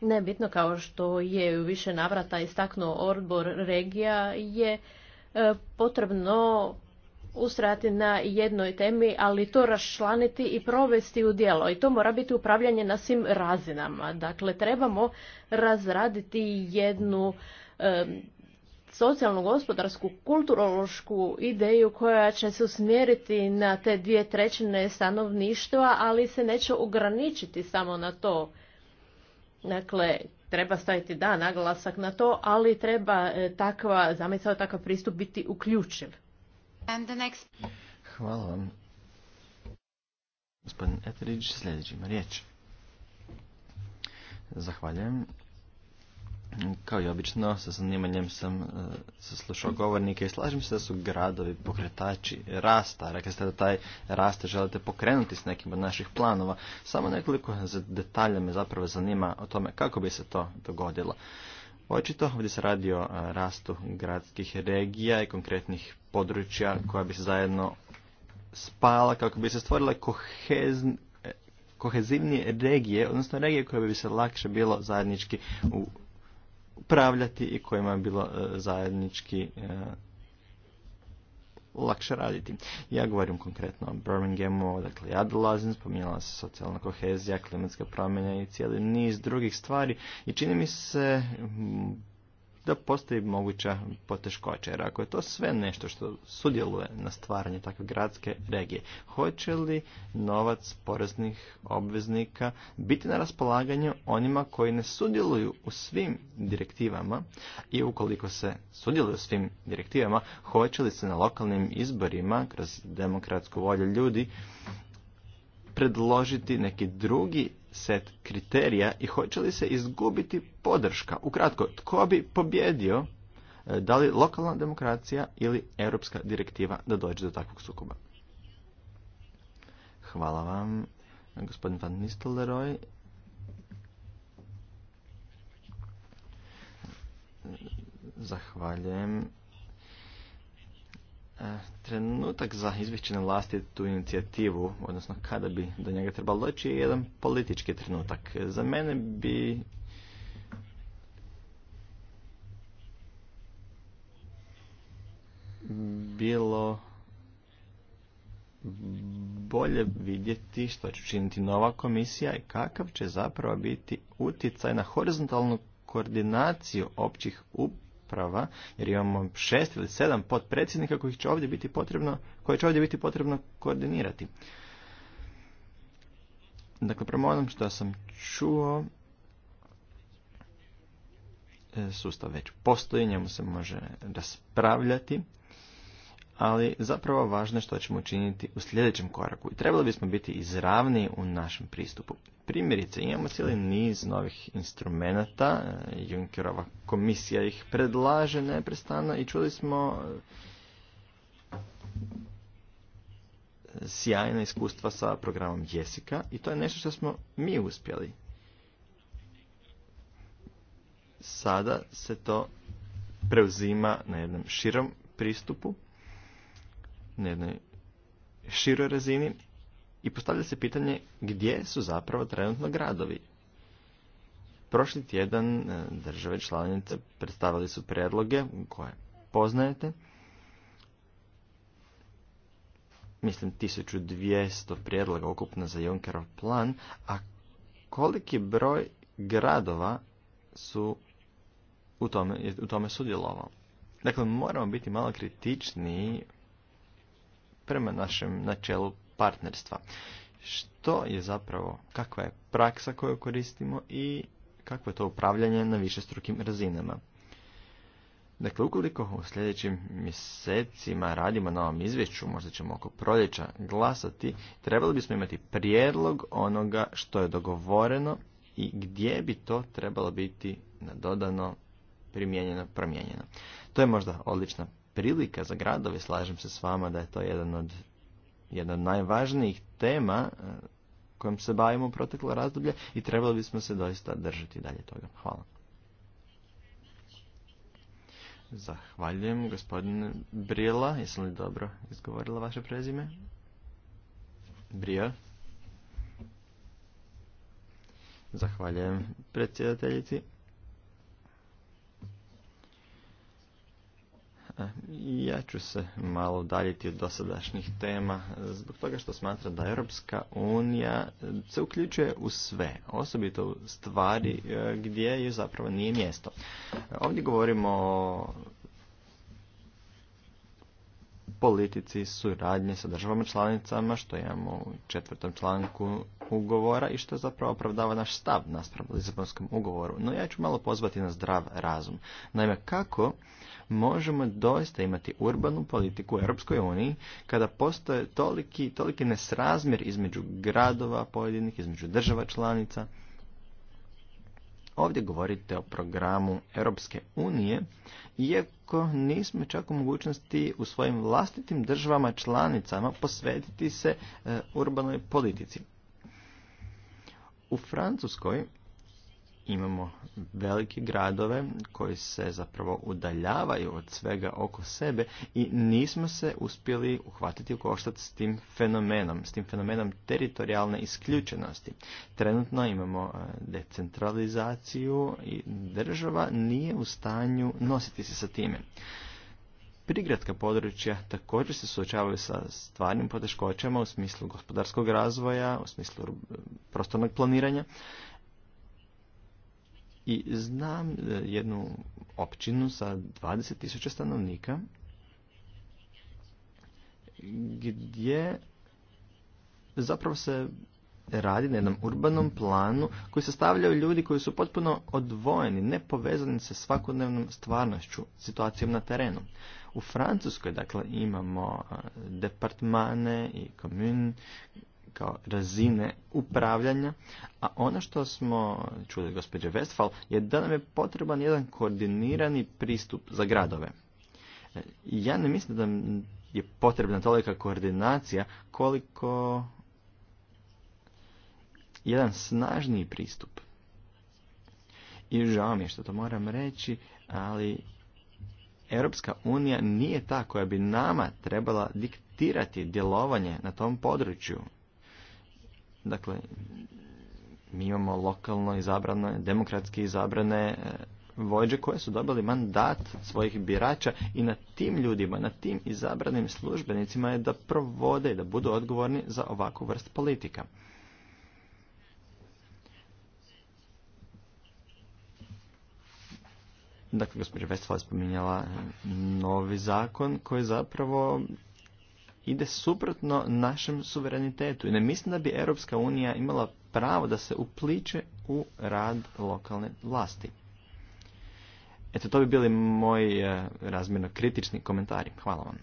nebitno kao što je u više navrata istaknuo odbor regija je e, potrebno ustrajati na jednoj temi, ali to rašlaniti i provesti u djelo. I to mora biti upravljanje na svim razinama. Dakle, trebamo razraditi jednu socijalnu, gospodarsku, kulturološku ideju koja će se usmjeriti na te dvije trećine stanovništva, ali se neće ograničiti samo na to. Dakle, treba staviti da naglasak na to, ali treba e, takva zamisao, takav pristup biti uključiv. next... Hvala vam. Gospodin Eterić, sljedeći riječ. Zahvaljujem. Kao i obično, sa zanimanjem sam e, saslušao govornike i slažem se da su gradovi pokretači rasta. Rekli ste da taj rast želite pokrenuti s nekim od naših planova. Samo nekoliko detalja me zapravo zanima o tome kako bi se to dogodilo. Očito ovdje se radi o e, rastu gradskih regija i konkretnih područja koja bi se zajedno spala kako bi se stvorile kohezn, e, kohezivnije regije, odnosno regije koje bi se lakše bilo zajednički u upravljati i kojima je bilo e, zajednički e, lakše raditi. Ja govorim konkretno o Birminghamu, dakle ja dolazim, spominjala se socijalna kohezija, klimatska promjena i cijeli niz drugih stvari i čini mi se da postoji moguća poteškoća. Jer ako je to sve nešto što sudjeluje na stvaranje takve gradske regije, hoće li novac poreznih obveznika biti na raspolaganju onima koji ne sudjeluju u svim direktivama i ukoliko se sudjeluju u svim direktivama, hoće li se na lokalnim izborima kroz demokratsku volju ljudi predložiti neki drugi set kriterija i hoće li se izgubiti podrška? Ukratko, tko bi pobjedio e, da li lokalna demokracija ili europska direktiva da dođe do takvog sukoba? Hvala vam, gospodin Van Nistelrooy. Zahvaljujem. E, trenutak za izvješćenu vlasti vlastitu inicijativu, odnosno kada bi do njega trebalo doći, je jedan politički trenutak. Za mene bi bilo bolje vidjeti što će učiniti nova komisija i kakav će zapravo biti utjecaj na horizontalnu koordinaciju općih jer imamo šest ili sedam potpredsjednika kojih će ovdje biti potrebno, koje će ovdje biti potrebno koordinirati. Dakle, prema onom što sam čuo, e, sustav već postoji, njemu se može raspravljati ali zapravo važno je što ćemo učiniti u sljedećem koraku i trebali bismo biti izravni u našem pristupu. Primjerice, imamo cijeli niz novih instrumenata, e, Junckerova komisija ih predlaže neprestano i čuli smo e, sjajna iskustva sa programom Jesika i to je nešto što smo mi uspjeli. Sada se to preuzima na jednom širom pristupu na jednoj široj razini i postavlja se pitanje gdje su zapravo trenutno gradovi. Prošli tjedan e, države članice predstavili su predloge koje poznajete. Mislim 1200 prijedloga ukupno za Junckerov plan, a koliki broj gradova su u tome, u tome sudjelovao. Dakle, moramo biti malo kritičniji prema našem načelu partnerstva. Što je zapravo, kakva je praksa koju koristimo i kakvo je to upravljanje na višestrukim razinama. Dakle, ukoliko u sljedećim mjesecima radimo na ovom izvješću, možda ćemo oko proljeća glasati, trebali bismo imati prijedlog onoga što je dogovoreno i gdje bi to trebalo biti nadodano, primijenjeno, promijenjeno. To je možda odlična prilika za gradove, slažem se s vama da je to jedan od, jedan od najvažnijih tema e, kojom se bavimo u proteklo razdoblje i trebali bismo se doista držati dalje toga. Hvala. Zahvaljujem gospodine Brila. jesam li dobro izgovorila vaše prezime? Brio. Zahvaljujem predsjedateljici. E, ja ću se malo daljiti od dosadašnjih tema zbog toga što smatram da Europska unija se uključuje u sve, osobito u stvari e, gdje je zapravo nije mjesto. E, ovdje govorimo o politici suradnje sa državama članicama, što imamo u četvrtom članku ugovora i što zapravo opravdava naš stav naspram Lisabonskom ugovoru. No ja ću malo pozvati na zdrav razum. Naime, kako možemo doista imati urbanu politiku u Europskoj uniji kada postoje toliki, toliki nesrazmjer između gradova pojedinih, između država članica. Ovdje govorite o programu Europske unije, iako nismo čak u mogućnosti u svojim vlastitim državama članicama posvetiti se e, urbanoj politici. U Francuskoj imamo velike gradove koji se zapravo udaljavaju od svega oko sebe i nismo se uspjeli uhvatiti u koštac s tim fenomenom, s tim fenomenom teritorijalne isključenosti. Trenutno imamo e, decentralizaciju i država nije u stanju nositi se sa time. Prigradska područja također se suočavaju sa stvarnim poteškoćama u smislu gospodarskog razvoja, u smislu prostornog planiranja i znam e, jednu općinu sa 20.000 stanovnika gdje zapravo se radi na jednom urbanom planu koji se stavljaju ljudi koji su potpuno odvojeni, nepovezani sa svakodnevnom stvarnošću, situacijom na terenu. U Francuskoj, dakle, imamo e, departmane i komun kao razine upravljanja, a ono što smo čuli gospođe Westfall je da nam je potreban jedan koordinirani pristup za gradove. Ja ne mislim da je potrebna tolika koordinacija koliko jedan snažniji pristup. I žao mi je što to moram reći, ali Europska unija nije ta koja bi nama trebala diktirati djelovanje na tom području. Dakle, mi imamo lokalno izabrane, demokratski izabrane e, vođe koje su dobili mandat svojih birača i na tim ljudima, na tim izabranim službenicima je da provode i da budu odgovorni za ovakvu vrst politika. Dakle, gospođa je spominjala novi zakon koji zapravo ide suprotno našem suverenitetu. I ne mislim da bi Europska unija imala pravo da se upliče u rad lokalne vlasti. Eto, to bi bili moji e, razmjerno kritični komentari. Hvala vam.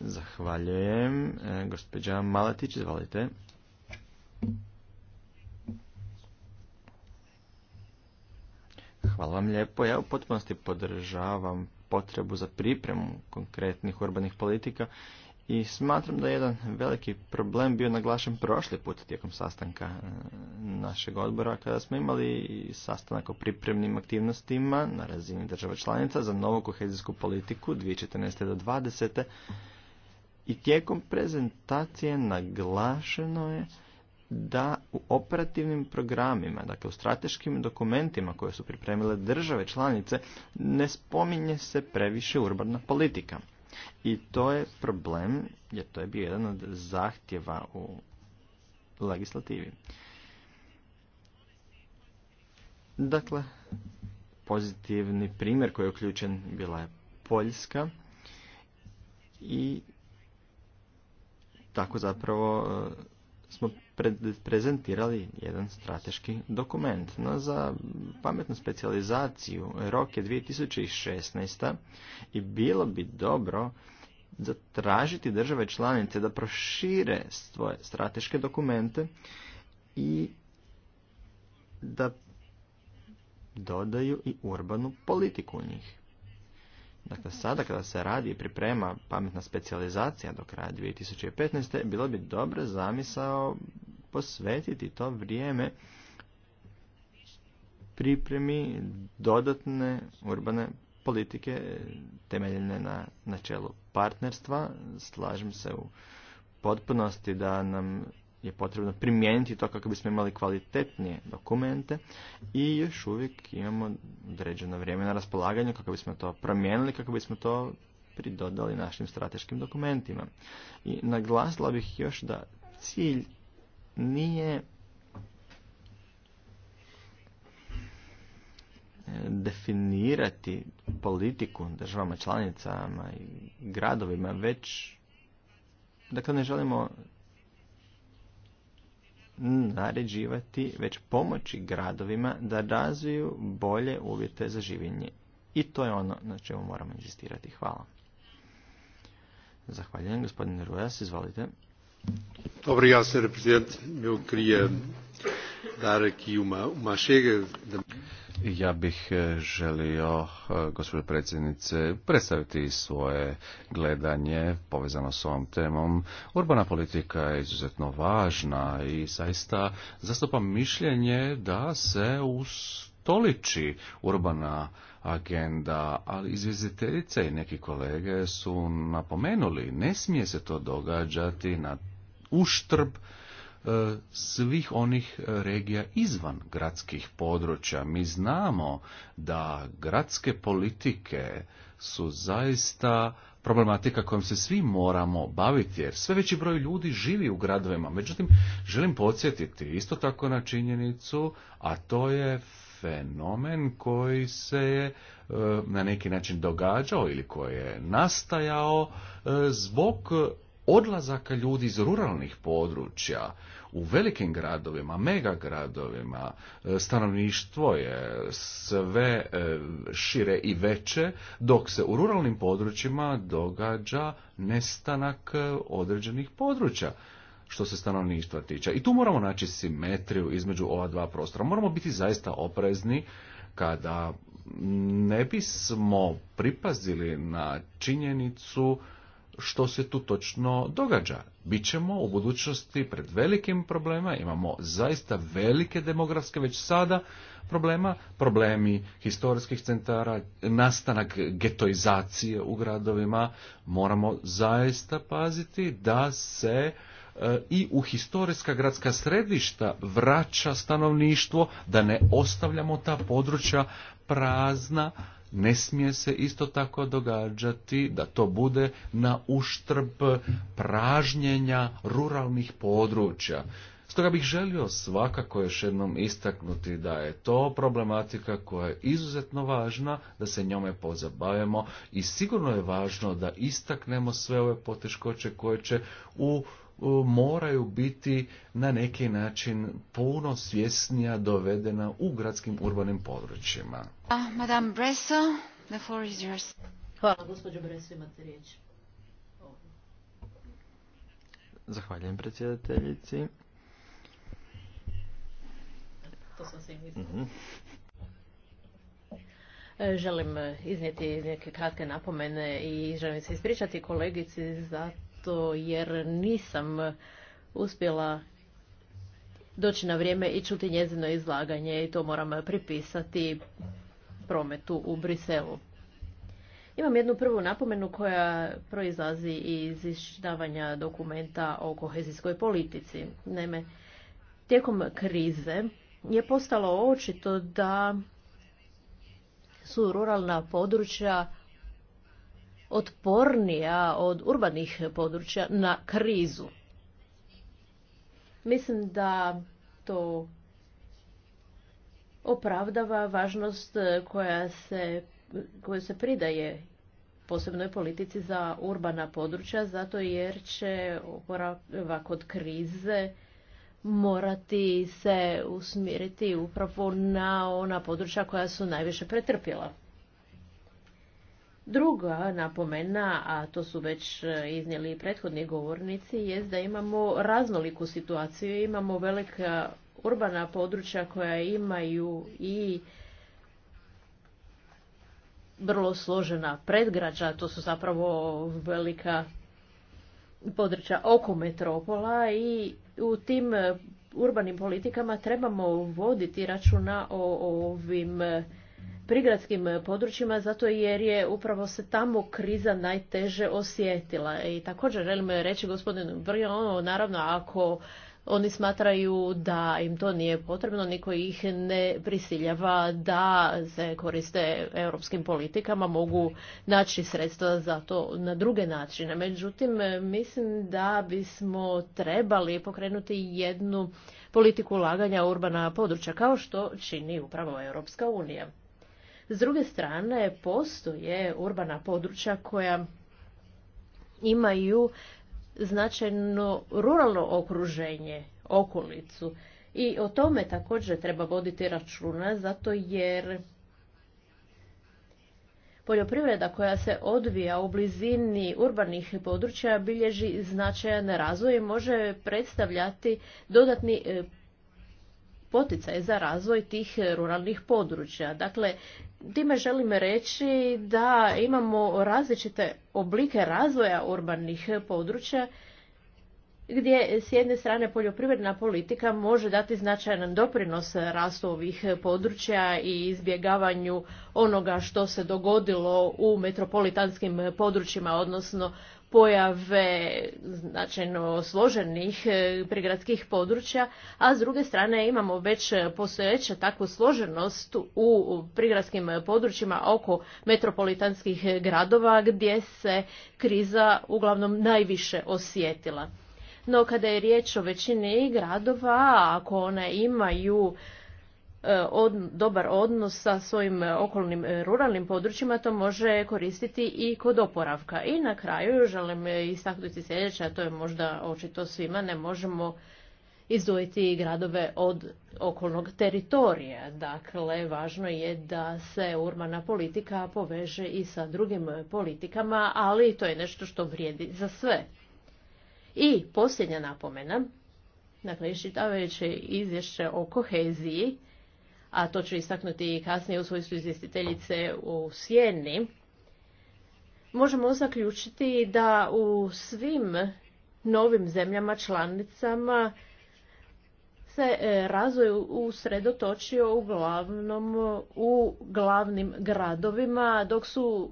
Zahvaljujem. E, gospođa Maletić, izvolite. Hvala vam lijepo. Ja u potpunosti podržavam potrebu za pripremu konkretnih urbanih politika i smatram da je jedan veliki problem bio naglašen prošli put tijekom sastanka e, našeg odbora kada smo imali sastanak o pripremnim aktivnostima na razini država članica za novu kohezijsku politiku 2014. do 2020. I tijekom prezentacije naglašeno je da u operativnim programima, dakle u strateškim dokumentima koje su pripremile države članice, ne spominje se previše urbana politika. I to je problem, jer to je bio jedan od zahtjeva u legislativi. Dakle, pozitivni primjer koji je uključen bila je Poljska i tako zapravo e, smo prezentirali jedan strateški dokument. No za pametnu specijalizaciju rok je 2016. i bilo bi dobro zatražiti države članice da prošire svoje strateške dokumente i da dodaju i urbanu politiku u njih. Dakle, sada kada se radi i priprema pametna specijalizacija do kraja 2015. bilo bi dobro zamisao posvetiti to vrijeme pripremi dodatne urbane politike temeljene na načelu partnerstva. Slažem se u potpunosti da nam je potrebno primijeniti to kako bismo imali kvalitetnije dokumente i još uvijek imamo određeno vrijeme na raspolaganju kako bismo to promijenili, kako bismo to pridodali našim strateškim dokumentima. I naglasila bih još da cilj nije e, definirati politiku državama članicama i gradovima, već dakle ne želimo naređivati, već pomoći gradovima da razviju bolje uvjete za življenje. I to je ono na čemu moramo insistirati. Hvala. Zahvaljujem, gospodine Rujas, izvolite. Ja bih eh, želio, eh, gospođo predsjednice, predstaviti svoje gledanje povezano s ovom temom. Urbana politika je izuzetno važna i zaista zastupam mišljenje da se ustoliči urbana agenda, ali izvjestiteljica i neki kolege su napomenuli, ne smije se to događati na uštrb e, svih onih e, regija izvan gradskih područja. Mi znamo da gradske politike su zaista problematika kojom se svi moramo baviti, jer sve veći broj ljudi živi u gradovima. Međutim, želim podsjetiti isto tako na činjenicu, a to je fenomen koji se je na neki način događao ili koji je nastajao e, zbog odlazaka ljudi iz ruralnih područja u velikim gradovima, megagradovima, e, stanovništvo je sve e, šire i veće, dok se u ruralnim područjima događa nestanak e, određenih područja što se stanovništva tiče. I tu moramo naći simetriju između ova dva prostora. Moramo biti zaista oprezni kada ne bismo pripazili na činjenicu što se tu točno događa. Bićemo u budućnosti pred velikim problema, imamo zaista velike demografske već sada problema, problemi historijskih centara, nastanak getoizacije u gradovima, moramo zaista paziti da se e, i u historijska gradska središta vraća stanovništvo, da ne ostavljamo ta područja prazna, ne smije se isto tako događati da to bude na uštrb pražnjenja ruralnih područja. Stoga bih želio svakako još jednom istaknuti da je to problematika koja je izuzetno važna, da se njome pozabavimo i sigurno je važno da istaknemo sve ove poteškoće koje će u moraju biti na neki način puno svjesnija dovedena u gradskim urbanim područjima. Madame Bresso, the floor is yours. Hvala, gospođo Bresso, imate riječ. Zahvaljujem predsjedateljici. To sam se mhm. e, Želim iznijeti neke kratke napomene i želim se ispričati kolegici za to jer nisam uspjela doći na vrijeme i čuti njezino izlaganje i to moram pripisati prometu u Briselu. Imam jednu prvu napomenu koja proizlazi iz izdavanja dokumenta o kohezijskoj politici. Naime, tijekom krize je postalo očito da su ruralna područja otpornija od urbanih područja na krizu. Mislim da to opravdava važnost koja se, koja se pridaje posebnoj politici za urbana područja, zato jer će oporavak od krize morati se usmjeriti upravo na ona područja koja su najviše pretrpjela. Druga napomena, a to su već e, iznijeli i prethodni govornici, je da imamo raznoliku situaciju. Imamo velika urbana područja koja imaju i vrlo složena predgrađa, to su zapravo velika područja oko metropola i u tim e, urbanim politikama trebamo voditi računa o ovim e, prigradskim e, područjima zato jer je upravo se tamo kriza najteže osjetila. I također želim reći gospodinu ono naravno ako oni smatraju da im to nije potrebno, niko ih ne prisiljava da se koriste europskim politikama, mogu naći sredstva za to na druge načine. Međutim, e, mislim da bismo trebali pokrenuti jednu politiku ulaganja urbana područja, kao što čini upravo Europska unija. S druge strane, postoje urbana područja koja imaju značajno ruralno okruženje, okolicu. I o tome također treba voditi računa, zato jer poljoprivreda koja se odvija u blizini urbanih područja bilježi značajan razvoj i može predstavljati dodatni e, poticaj za razvoj tih ruralnih područja. Dakle, time želim reći da imamo različite oblike razvoja urbanih područja gdje s jedne strane poljoprivredna politika može dati značajan doprinos rastu ovih područja i izbjegavanju onoga što se dogodilo u metropolitanskim područjima, odnosno pojave značajno složenih e, prigradskih područja, a s druge strane imamo već postojeća takvu složenost u prigradskim područjima oko metropolitanskih gradova gdje se kriza uglavnom najviše osjetila. No kada je riječ o većini gradova, ako one imaju E, dobar odnos sa svojim e, okolnim e, ruralnim područjima to može koristiti i kod oporavka. I na kraju želim istaknuti sljedeće, a to je možda očito svima, ne možemo izdvojiti gradove od okolnog teritorija. Dakle, važno je da se urbana politika poveže i sa drugim politikama, ali to je nešto što vrijedi za sve. I posljednja napomena, dakle, iščitavajući izvješće o koheziji, a to ću istaknuti i kasnije u svojstvu izvjestiteljice u Sjeni, možemo zaključiti da u svim novim zemljama članicama se e, razvoj usredotočio uglavnom u glavnim gradovima, dok su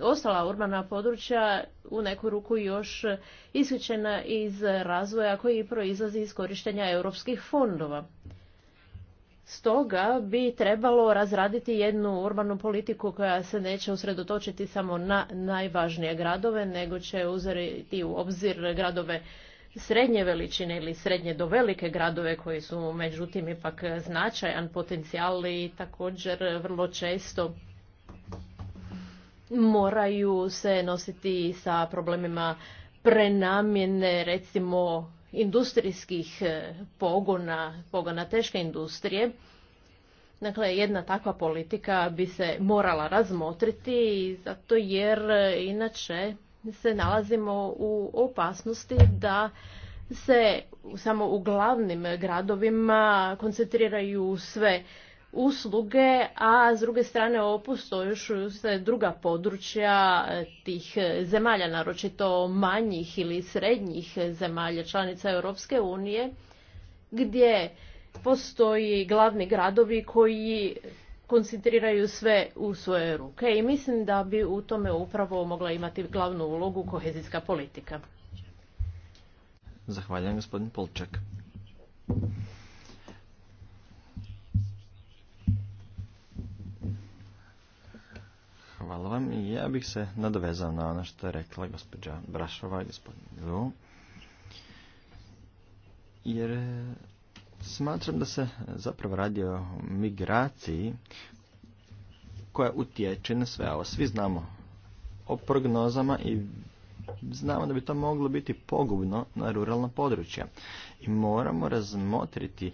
ostala urbana područja u neku ruku još isključena iz razvoja koji proizlazi iz korištenja europskih fondova. Stoga bi trebalo razraditi jednu urbanu politiku koja se neće usredotočiti samo na najvažnije gradove, nego će uzeti u obzir gradove srednje veličine ili srednje do velike gradove koji su međutim ipak značajan potencijal i također vrlo često moraju se nositi sa problemima prenamjene recimo industrijskih e, pogona, pogona teške industrije. Dakle, jedna takva politika bi se morala razmotriti zato jer e, inače se nalazimo u opasnosti da se samo u glavnim gradovima koncentriraju sve usluge, a s druge strane opustojušu se druga područja e, tih e, zemalja, naročito manjih ili srednjih zemalja članica Europske unije, gdje postoji glavni gradovi koji koncentriraju sve u svoje ruke i mislim da bi u tome upravo mogla imati glavnu ulogu kohezijska politika. Zahvaljujem gospodin polček. Hvala vam. Ja bih se nadovezao na ono što je rekla gospođa Brašova i gospodin Lu. Jer e, smatram da se zapravo radi o migraciji koja utječe na sve ovo. Svi znamo o prognozama i znamo da bi to moglo biti pogubno na ruralna područja. I moramo razmotriti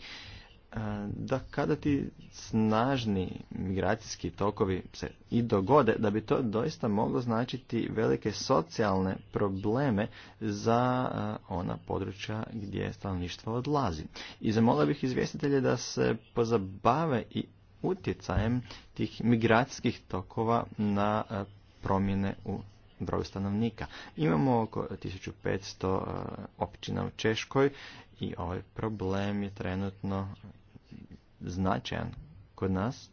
E, da kada ti snažni migracijski tokovi se i dogode, da bi to doista moglo značiti velike socijalne probleme za e, ona područja gdje stanovništvo odlazi. I zamolio bih izvjestitelje da se pozabave i utjecajem tih migracijskih tokova na e, promjene u broju stanovnika. Imamo oko 1500 općina u Češkoj i ovaj problem je trenutno značajan kod nas.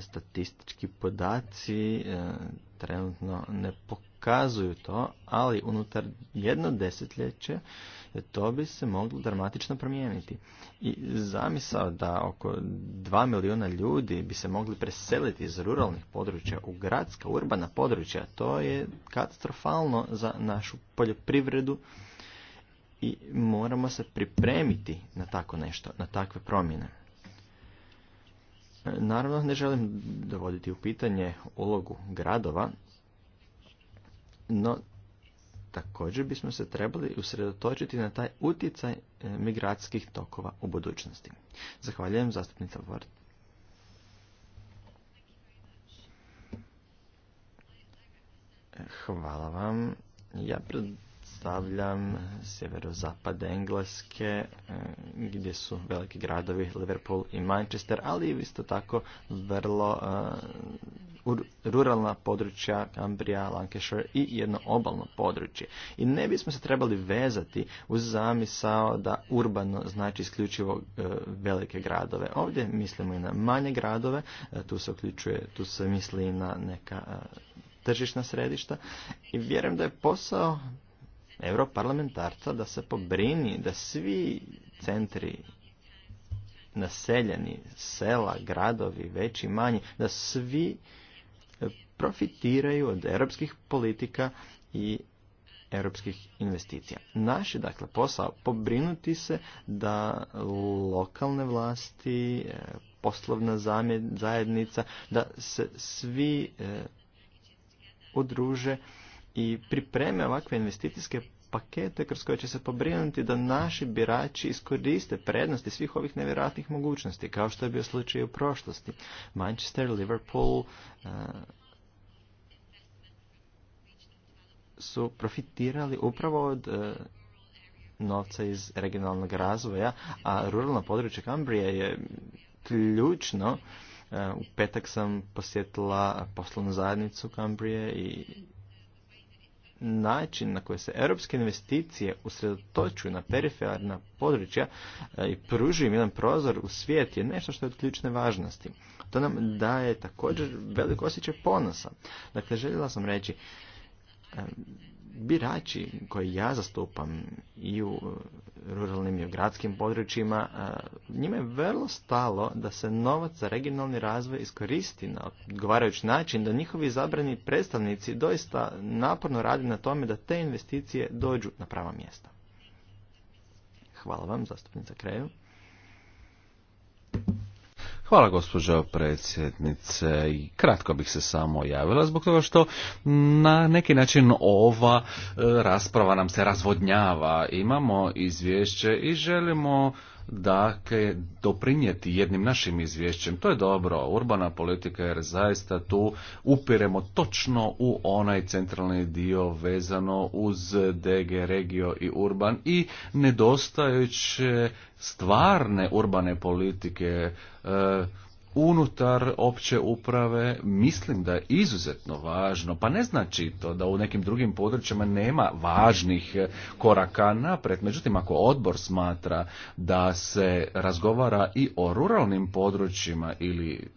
Statistički podaci e, trenutno ne pokazuju to, ali unutar jedno desetljeće to bi se moglo dramatično promijeniti. I zamisao da oko 2 milijuna ljudi bi se mogli preseliti iz ruralnih područja u gradska, urbana područja, to je katastrofalno za našu poljoprivredu, i moramo se pripremiti na tako nešto, na takve promjene. E, naravno, ne želim dovoditi u pitanje ulogu gradova, no također bismo se trebali usredotočiti na taj utjecaj e, migratskih tokova u budućnosti. Zahvaljujem, zastupnica Vord. E, hvala vam. Ja predstavljam sjeverozapad Engleske, e, gdje su veliki gradovi Liverpool i Manchester, ali isto tako vrlo e, ruralna područja Cambria, Lancashire i jedno obalno područje. I ne bismo se trebali vezati uz zamisao da urbano znači isključivo e, velike gradove. Ovdje mislimo i na manje gradove, tu se uključuje, tu se misli i na neka tržišna središta i vjerujem da je posao europarlamentarca da se pobrini da svi centri naseljeni, sela, gradovi, veći, manji, da svi profitiraju od europskih politika i europskih investicija. Naš je dakle posao pobrinuti se da lokalne vlasti, e, poslovna zajednica, da se svi e, udruže i pripreme ovakve investicijske pakete kroz koje će se pobrinuti da naši birači iskoriste prednosti svih ovih nevjerojatnih mogućnosti, kao što je bio slučaj u prošlosti. Manchester, Liverpool uh su profitirali upravo od eh, novca iz regionalnog razvoja, a ruralno područje Kambrije je ključno. Eh, u petak sam posjetila poslovnu zajednicu Kambrije i način na koji se europske investicije usredotočuju na periferna područja e, i pružuju im jedan prozor u svijet je nešto što je od ključne važnosti. To nam daje također veliko osjećaj ponosa. Dakle, željela sam reći birači koje ja zastupam i u ruralnim i u gradskim područjima, njima je vrlo stalo da se novac za regionalni razvoj iskoristi na odgovarajući način, da njihovi zabrani predstavnici doista naporno rade na tome da te investicije dođu na prava mjesta. Hvala vam, zastupnica Kreju. Hvala gospođo predsjednice. Kratko bih se samo javila zbog toga što na neki način ova e, rasprava nam se razvodnjava. Imamo izvješće i želimo dakle doprinijeti jednim našim izvješćem. To je dobro, urbana politika jer zaista tu upiremo točno u onaj centralni dio vezano uz DG, regio i urban i nedostajuće stvarne urbane politike e, unutar opće uprave mislim da je izuzetno važno, pa ne znači to da u nekim drugim područjima nema važnih eh, koraka napred. Međutim, ako odbor smatra da se razgovara i o ruralnim područjima ili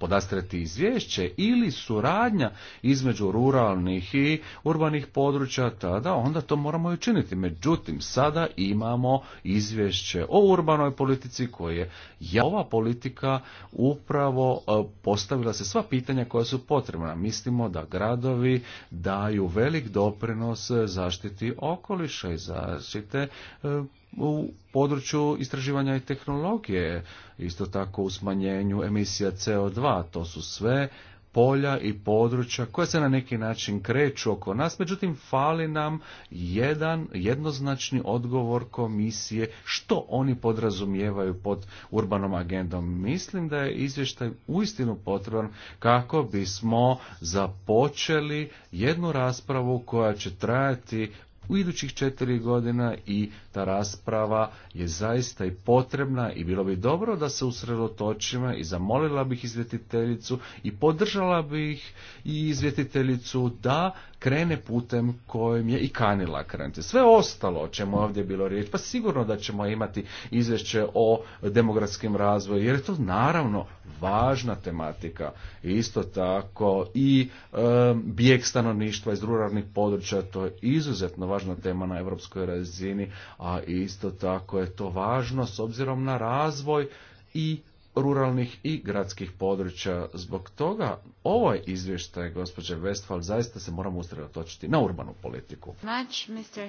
podastreti izvješće ili suradnja između ruralnih i urbanih područja, tada onda to moramo i učiniti. Međutim, sada imamo izvješće o urbanoj politici koje je ova politika upravo e, postavila se sva pitanja koja su potrebna. Mislimo da gradovi daju velik doprinos zaštiti okoliša i zaštite e, u području istraživanja i tehnologije, isto tako u smanjenju emisija CO2 a To su sve polja i područja koja se na neki način kreću oko nas, međutim fali nam jedan jednoznačni odgovor komisije što oni podrazumijevaju pod urbanom agendom. Mislim da je izvještaj uistinu potreban kako bismo započeli jednu raspravu koja će trajati u idućih četiri godina i ta rasprava je zaista i potrebna i bilo bi dobro da se usredotočimo i zamolila bih izvjetiteljicu i podržala bih i izvjetiteljicu da krene putem kojim je i kanila krenuti. Sve ostalo o čemu je ovdje bilo riječ, pa sigurno da ćemo imati izvješće o demografskom razvoju, jer je to naravno važna tematika. Isto tako i e, bijeg stanovništva iz ruralnih područja, to je izuzetno važna tema na europskoj razini, a isto tako je to važno s obzirom na razvoj i ruralnih i gradskih područja. Zbog toga ovaj izvještaj gospođe Westfall zaista se moramo usredotočiti na urbanu politiku. Much, Mr.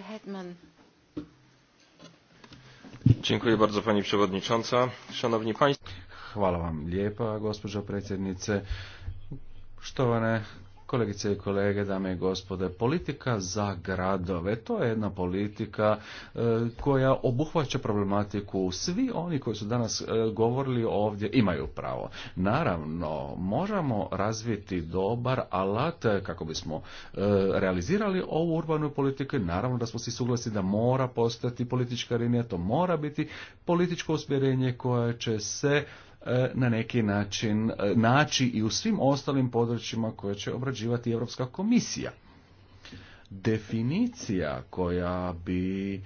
Dziękuję bardzo pani przewodnicząca. Szanowni państwo. Hvala vam lijepa gospođo predsjednice. Štovane Kolegice i kolege, dame i gospode, politika za gradove, to je jedna politika e, koja obuhvaća problematiku. Svi oni koji su danas e, govorili ovdje imaju pravo. Naravno, možemo razviti dobar alat kako bismo e, realizirali ovu urbanu politiku. Naravno da smo svi suglasni da mora postati politička linija, to mora biti političko usmjerenje koje će se E, na neki način e, naći i u svim ostalim područjima koje će obrađivati Europska komisija. Definicija koja bi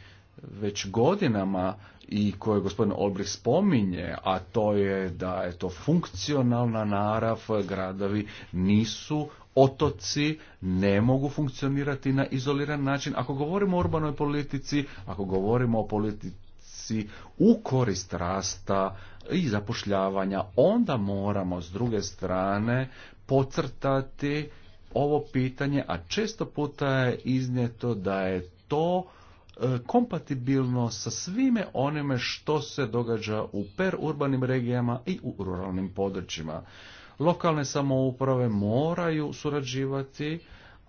već godinama i koje gospodin Olbrich spominje, a to je da je to funkcionalna narav, gradovi nisu otoci ne mogu funkcionirati na izoliran način. Ako govorimo o urbanoj politici, ako govorimo o politici u korist rasta, i zapošljavanja, onda moramo s druge strane pocrtati ovo pitanje, a često puta je iznijeto da je to e, kompatibilno sa svime onime što se događa u perurbanim regijama i u ruralnim područjima. Lokalne samouprave moraju surađivati,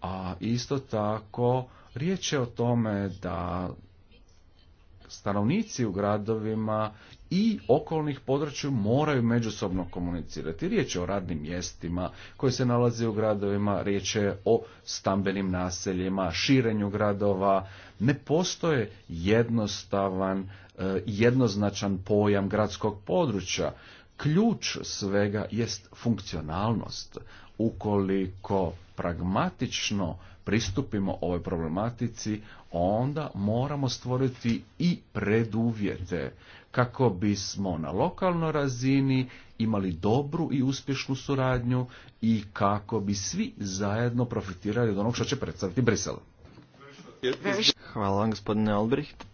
a isto tako riječ je o tome da stanovnici u gradovima i okolnih područja moraju međusobno komunicirati. Riječ je o radnim mjestima koje se nalaze u gradovima, riječ je o stambenim naseljima, širenju gradova. Ne postoje jednostavan, e, jednoznačan pojam gradskog područja. Ključ svega jest funkcionalnost. Ukoliko pragmatično pristupimo ovoj problematici, onda moramo stvoriti i preduvjete kako bismo na lokalnoj razini imali dobru i uspješnu suradnju i kako bi svi zajedno profitirali od onog što će predstaviti Brisel. Hvala vam gospodine Albrecht.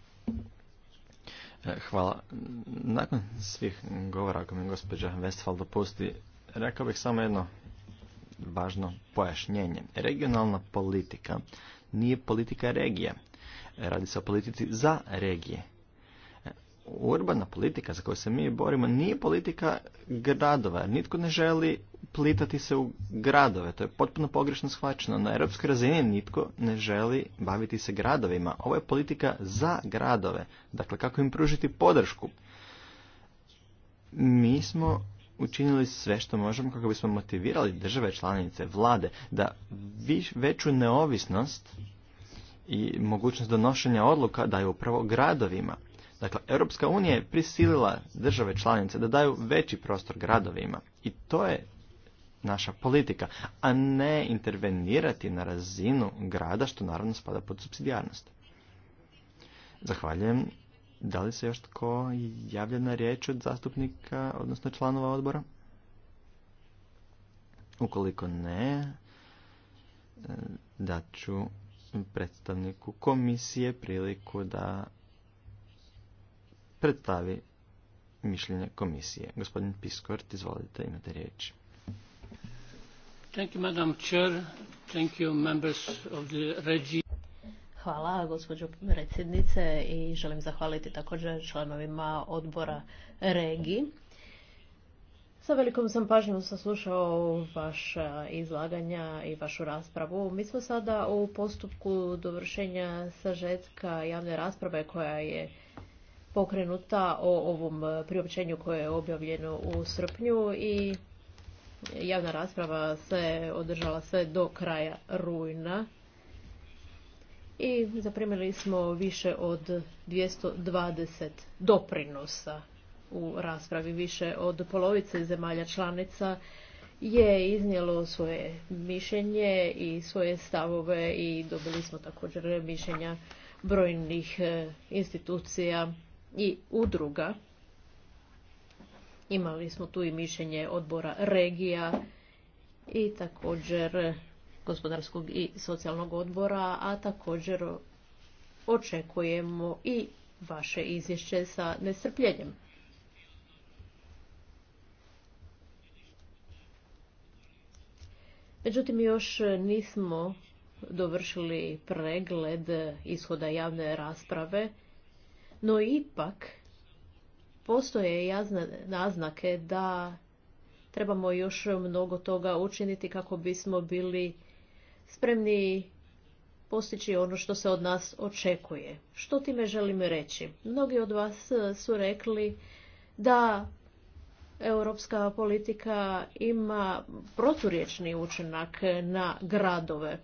E, hvala. Nakon svih govora, ako mi gospođa Westfall dopusti, rekao bih samo jedno važno pojašnjenje. Regionalna politika nije politika regije. Radi se o politici za regije urbana politika za koju se mi borimo nije politika gradova. Nitko ne želi plitati se u gradove. To je potpuno pogrešno shvaćeno. Na europskoj razini nitko ne želi baviti se gradovima. Ovo je politika za gradove. Dakle, kako im pružiti podršku. Mi smo učinili sve što možemo kako bismo motivirali države članice, vlade, da veću neovisnost i mogućnost donošenja odluka daju upravo gradovima. Dakle, Europska unija je prisilila države članice da daju veći prostor gradovima i to je naša politika, a ne intervenirati na razinu grada, što naravno spada pod subsidijarnost. Zahvaljujem. Da li se još tko javlja na riječ od zastupnika, odnosno članova odbora? Ukoliko ne, e, daću predstavniku komisije priliku da predstavi mišljenje komisije. Gospodin Piskort, izvolite, imate riječ. Thank you, Madam Chair. Hvala, gospođo predsjednice, i želim zahvaliti također članovima odbora Regi. Sa velikom sam pažnjom saslušao vaša izlaganja i vašu raspravu. Mi smo sada u postupku dovršenja sažetka javne rasprave koja je pokrenuta o ovom priopćenju koje je objavljeno u srpnju i javna rasprava se održala sve do kraja rujna i zaprimili smo više od 220 doprinosa u raspravi. Više od polovice zemalja članica je iznijelo svoje mišljenje i svoje stavove i dobili smo također mišljenja brojnih eh, institucija i udruga. Imali smo tu i mišljenje odbora regija i također gospodarskog i socijalnog odbora, a također očekujemo i vaše izvješće sa nestrpljenjem. Međutim, još nismo dovršili pregled ishoda javne rasprave no ipak postoje jasne naznake da trebamo još mnogo toga učiniti kako bismo bili spremni postići ono što se od nas očekuje. Što time želim reći? Mnogi od vas su rekli da europska politika ima proturječni učinak na gradove.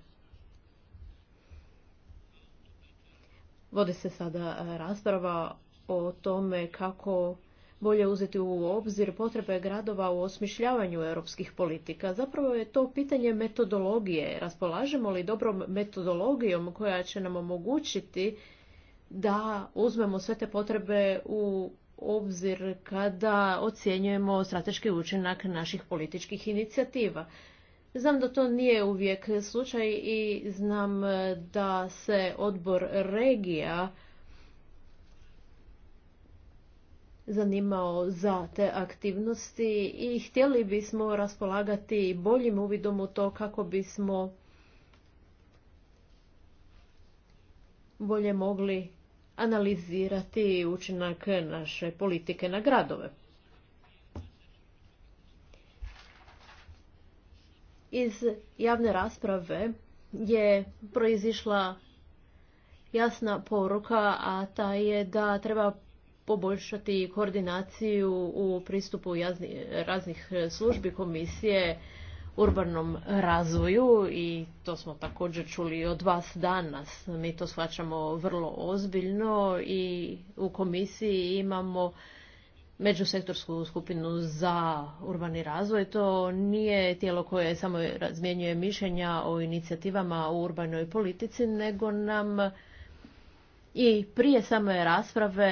Vodi se sada e, rasprava o tome kako bolje uzeti u obzir potrebe gradova u osmišljavanju europskih politika. Zapravo je to pitanje metodologije. Raspolažemo li dobrom metodologijom koja će nam omogućiti da uzmemo sve te potrebe u obzir kada ocjenjujemo strateški učinak naših političkih inicijativa. Znam da to nije uvijek slučaj i znam e, da se odbor regija zanimao za te aktivnosti i htjeli bismo raspolagati boljim uvidom u to kako bismo bolje mogli analizirati učinak naše politike na gradove. Iz javne rasprave je proizišla jasna poruka, a ta je da treba poboljšati koordinaciju u pristupu raznih službi komisije urbanom razvoju i to smo također čuli od vas danas. Mi to shvaćamo vrlo ozbiljno i u komisiji imamo međusektorsku skupinu za urbani razvoj. To nije tijelo koje samo razmjenjuje mišljenja o inicijativama u urbanoj politici, nego nam i prije same rasprave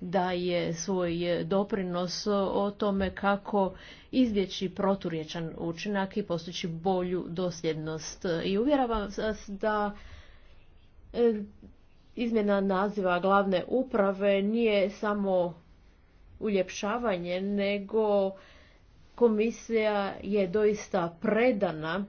daje svoj doprinos o tome kako izbjeći proturječan učinak i postići bolju dosljednost. I uvjeravam vas da e, izmjena naziva glavne uprave nije samo uljepšavanje, nego komisija je doista predana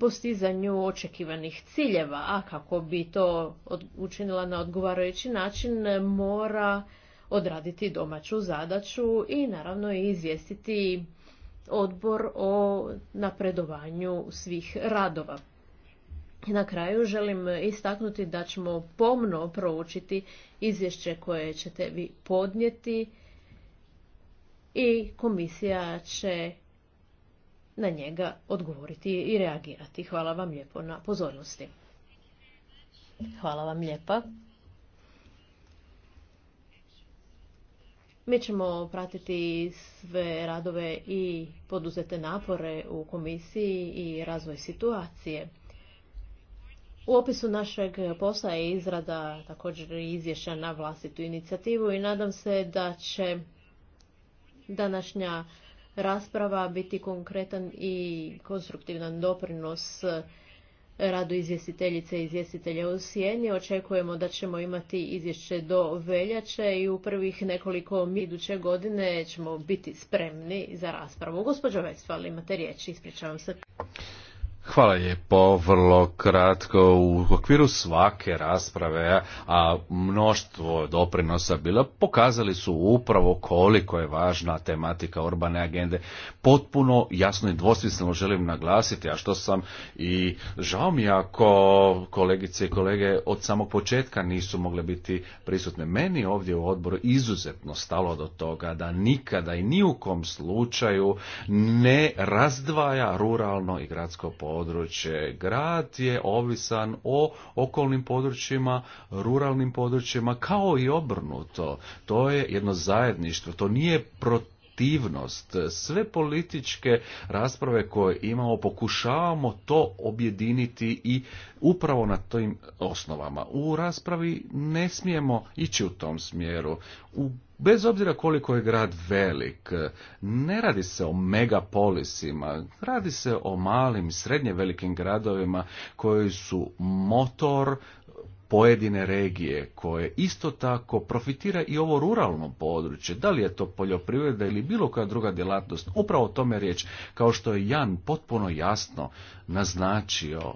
postizanju očekivanih ciljeva, a kako bi to učinila na odgovarajući način mora odraditi domaću zadaću i naravno izvijestiti odbor o napredovanju svih radova. Na kraju želim istaknuti da ćemo pomno proučiti izvješće koje ćete vi podnijeti i komisija će na njega odgovoriti i reagirati. Hvala vam lijepo na pozornosti. Hvala vam lijepa. Mi ćemo pratiti sve radove i poduzete napore u komisiji i razvoj situacije. U opisu našeg posla je izrada također izvješća na vlastitu inicijativu i nadam se da će današnja rasprava biti konkretan i konstruktivan doprinos radu izvjestiteljice i izvjestitelja u Sjeni. Očekujemo da ćemo imati izvješće do veljače i u prvih nekoliko iduće godine ćemo biti spremni za raspravu. Gospođo Vestval, imate riječ, ispričavam se. Hvala lijepo, vrlo kratko. U okviru svake rasprave, a mnoštvo doprinosa bilo, pokazali su upravo koliko je važna tematika urbane agende. Potpuno jasno i dvosmisleno želim naglasiti, a što sam i žao mi ako kolegice i kolege od samog početka nisu mogle biti prisutne. Meni ovdje u odboru izuzetno stalo do toga da nikada i ni u kom slučaju ne razdvaja ruralno i gradsko područje područje. Grad je ovisan o okolnim područjima, ruralnim područjima, kao i obrnuto. To je jedno zajedništvo, to nije protivnost. sve političke rasprave koje imamo, pokušavamo to objediniti i upravo na tim osnovama. U raspravi ne smijemo ići u tom smjeru. U Bez obzira koliko je grad velik, ne radi se o megapolisima, radi se o malim, i srednje velikim gradovima koji su motor pojedine regije koje isto tako profitira i ovo ruralno područje, da li je to poljoprivreda ili bilo koja druga djelatnost, upravo o tome riječ, kao što je Jan potpuno jasno naznačio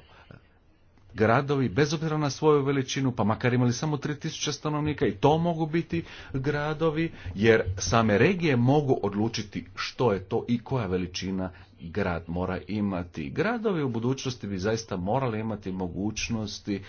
gradovi, bez obzira na svoju veličinu, pa makar imali samo 3000 stanovnika, i to mogu biti gradovi, jer same regije mogu odlučiti što je to i koja veličina grad mora imati. Gradovi u budućnosti bi zaista morali imati mogućnosti e,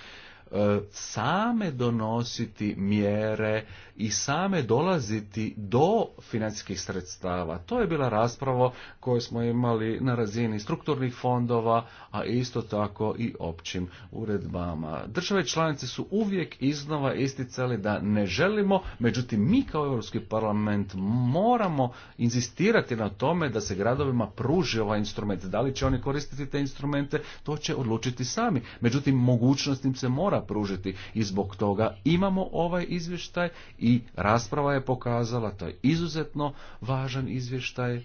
same donositi mjere i same dolaziti do financijskih sredstava. To je bila rasprava koju smo imali na razini strukturnih fondova, a isto tako i općim uredbama. Države članice su uvijek iznova isticali da ne želimo, međutim mi kao Europski parlament moramo inzistirati na tome da se gradovima pruži ovaj instrument. Da li će oni koristiti te instrumente, to će odlučiti sami. Međutim, mogućnost im se mora pružiti i zbog toga imamo ovaj izvještaj i rasprava je pokazala, to je izuzetno važan izvještaj,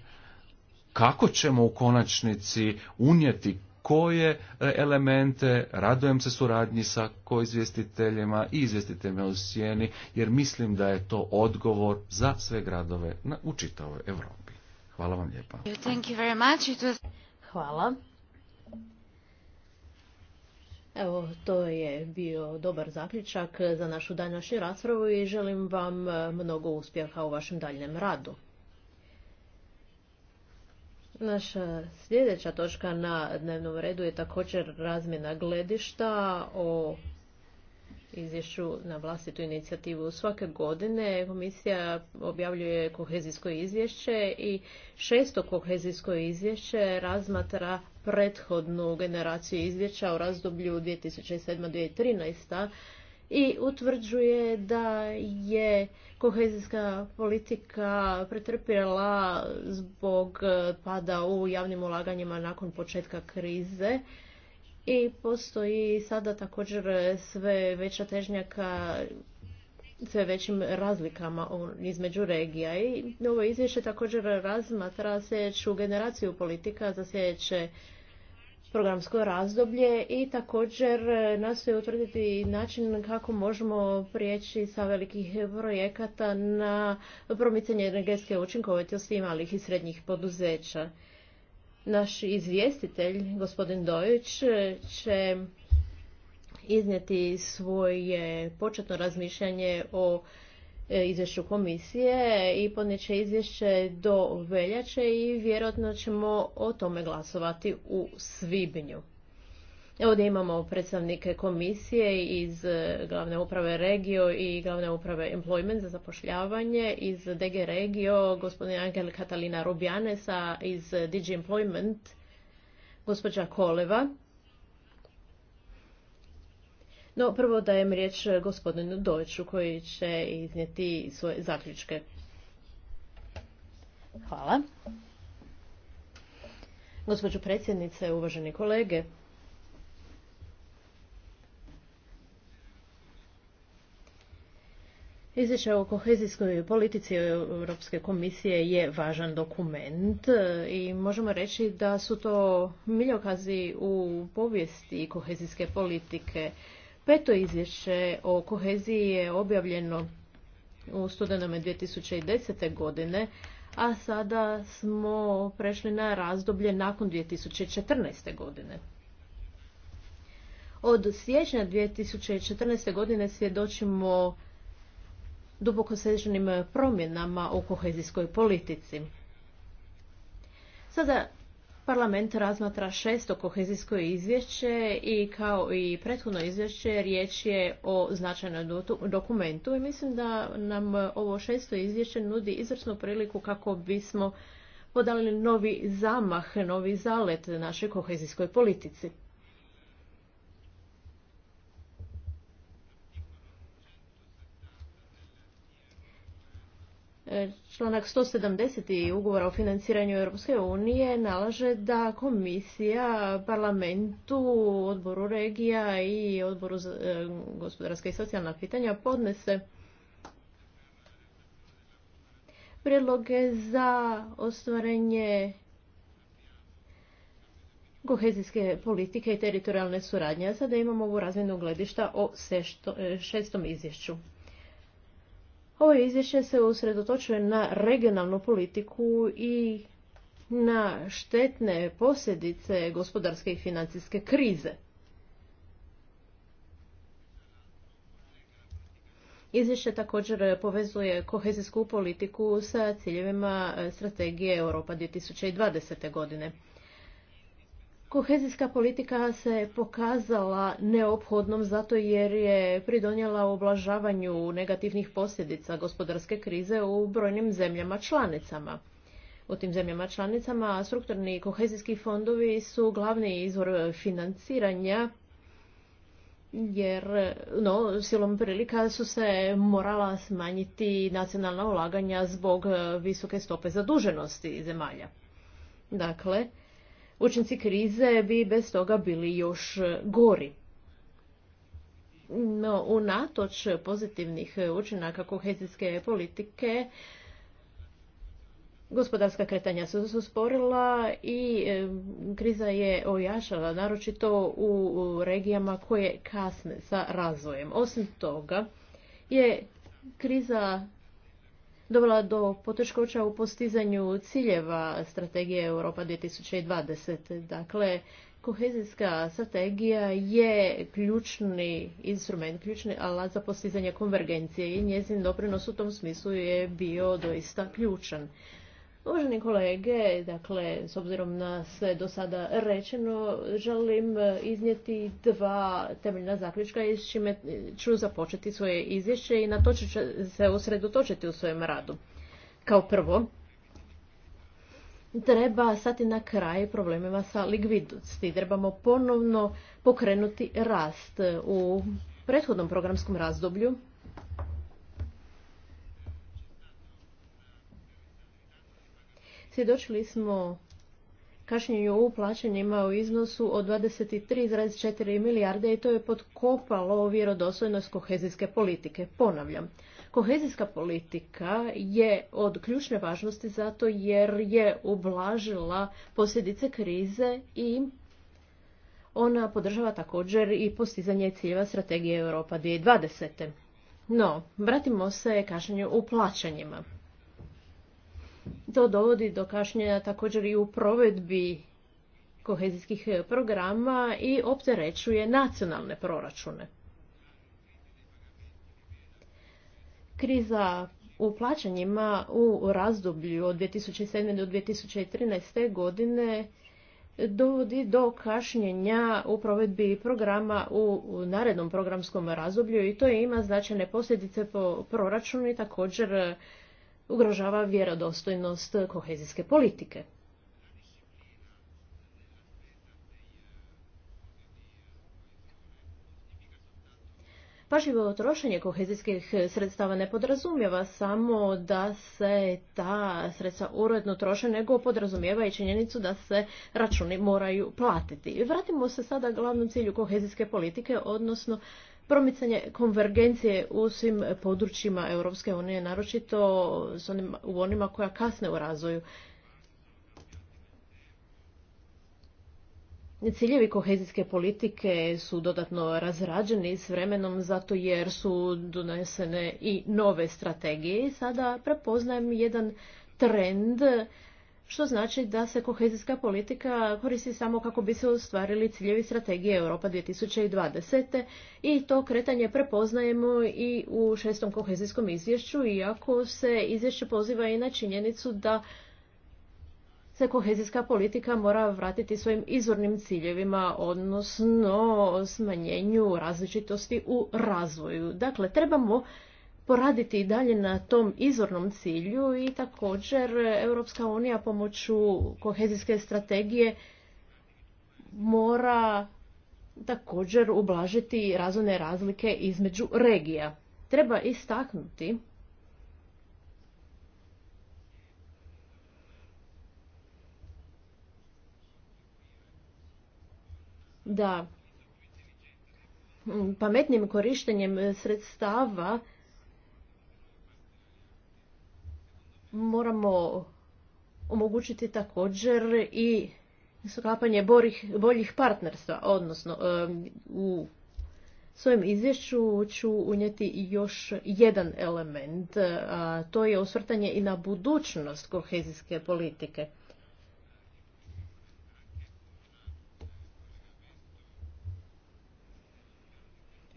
kako ćemo u konačnici unijeti koje e, elemente, radujem se suradnji sa koizvjestiteljima i izvjestiteljima u sjeni, jer mislim da je to odgovor za sve gradove na, u čitavoj Europi. Hvala vam lijepa. Hvala. Evo, to je bio dobar zaključak za našu današnju raspravu i želim vam e, mnogo uspjeha u vašem daljnjem radu. Naša sljedeća točka na dnevnom redu je također razmjena gledišta o izvješću na vlastitu inicijativu svake godine. Komisija objavljuje kohezijsko izvješće i šesto kohezijsko izvješće razmatra prethodnu generaciju izvješća o razdoblju 2007-2013 i utvrđuje da je kohezijska politika pretrpjela zbog pada u javnim ulaganjima nakon početka krize i postoji sada također sve veća težnja ka sve većim razlikama između regija. I ovo izvješće također razmatra sljedeću generaciju politika za sljedeće programsko razdoblje i također nastoji utvrditi način kako možemo prijeći sa velikih projekata na promicanje energetske učinkovitosti malih i srednjih poduzeća. Naš izvjestitelj, gospodin Dojić, će iznijeti svoje početno razmišljanje o E, izvješću komisije i podnijet će izvješće do veljače i vjerojatno ćemo o tome glasovati u svibnju. Ovdje imamo predstavnike komisije iz e, glavne uprave Regio i glavne uprave Employment za zapošljavanje iz DG Regio, gospodin Angel Katalina Rubjanesa iz DG Employment, gospođa Koleva no, prvo dajem riječ eh, gospodinu Dojču koji će iznijeti svoje zaključke. Hvala. Gospođo predsjednice, uvaženi kolege, Izvješće o kohezijskoj politici Europske komisije je važan dokument eh, i možemo reći da su to miljokazi u povijesti kohezijske politike. Peto izvješće o koheziji je objavljeno u studenome 2010. godine, a sada smo prešli na razdoblje nakon 2014. godine. Od siječnja 2014. godine svjedočimo duboko sežnim promjenama u kohezijskoj politici. Sada Parlament razmatra šesto kohezijsko izvješće i kao i prethodno izvješće riječ je o značajnom dokumentu i mislim da nam ovo šesto izvješće nudi izvrsnu priliku kako bismo podali novi zamah, novi zalet našoj kohezijskoj politici. Članak 170. ugovora o financiranju Europske unije nalaže da komisija parlamentu, odboru regija i odboru za e, gospodarska i socijalna pitanja podnese prijedloge za ostvarenje kohezijske politike i teritorijalne suradnje. A sada imamo ovu razmjenu gledišta o e, šestom izvješću. Ovo izvješće se usredotočuje na regionalnu politiku i na štetne posljedice gospodarske i financijske krize. Izvješće također povezuje kohezijsku politiku sa ciljevima strategije Europa 2020. godine. Kohezijska politika se pokazala neophodnom zato jer je pridonijela oblažavanju negativnih posljedica gospodarske krize u brojnim zemljama članicama. U tim zemljama članicama strukturni kohezijski fondovi su glavni izvor financiranja jer no, silom prilika su se morala smanjiti nacionalna ulaganja zbog visoke stope zaduženosti zemalja. Dakle, učinci krize bi bez toga bili još gori. No, unatoč pozitivnih učinaka kohezijske politike, gospodarska kretanja su se usporila i kriza je ojašala, naročito u regijama koje kasne sa razvojem. Osim toga je kriza dovela do poteškoća u postizanju ciljeva strategije Europa 2020. Dakle, kohezijska strategija je ključni instrument, ključni alat za postizanje konvergencije i njezin doprinos u tom smislu je bio doista ključan. Uvaženi kolege, dakle, s obzirom na sve do sada rečeno, želim e, iznijeti dva temeljna zaključka iz čime ću započeti svoje izvješće i na to ću se usredotočiti u svojem radu. Kao prvo, treba stati na kraj problemima sa likvidnosti. Trebamo ponovno pokrenuti rast u prethodnom programskom razdoblju. svjedočili smo kašnjenju u plaćanjima u iznosu od 23,4 milijarde i to je potkopalo vjerodostojnost kohezijske politike. Ponavljam, kohezijska politika je od ključne važnosti zato jer je ublažila posljedice krize i ona podržava također i postizanje ciljeva strategije Europa 2020. No, vratimo se kašnjenju u plaćanjima. To dovodi do kašnjenja također i u provedbi kohezijskih e, programa i opterećuje nacionalne proračune. Kriza u plaćanjima u razdoblju od 2007. do 2013. godine dovodi do kašnjenja u provedbi programa u narednom programskom razdoblju i to ima značajne posljedice po proračunu i također e, ugrožava vjerodostojnost kohezijske politike. Pažljivo trošenje kohezijskih sredstava ne podrazumijeva samo da se ta sredstva uredno troše, nego podrazumijeva i činjenicu da se računi moraju platiti. Vratimo se sada glavnom cilju kohezijske politike, odnosno promicanje konvergencije u svim područjima Europske unije, naročito u onima koja kasne u razvoju. Ciljevi kohezijske politike su dodatno razrađeni s vremenom zato jer su donesene i nove strategije i sada prepoznajem jedan trend što znači da se kohezijska politika koristi samo kako bi se ostvarili ciljevi strategije Europa 2020. i to kretanje prepoznajemo i u šestom kohezijskom izvješću, iako se izvješće poziva i na činjenicu da se kohezijska politika mora vratiti svojim izvornim ciljevima, odnosno smanjenju različitosti u razvoju. Dakle, trebamo poraditi i dalje na tom izvornom cilju i također Europska unija pomoću kohezijske strategije mora također ublažiti razvojne razlike između regija. Treba istaknuti da pametnim korištenjem sredstava moramo omogućiti također i sklapanje boljih partnerstva, odnosno u svojem izvješću ću unijeti još jedan element, to je osvrtanje i na budućnost kohezijske politike.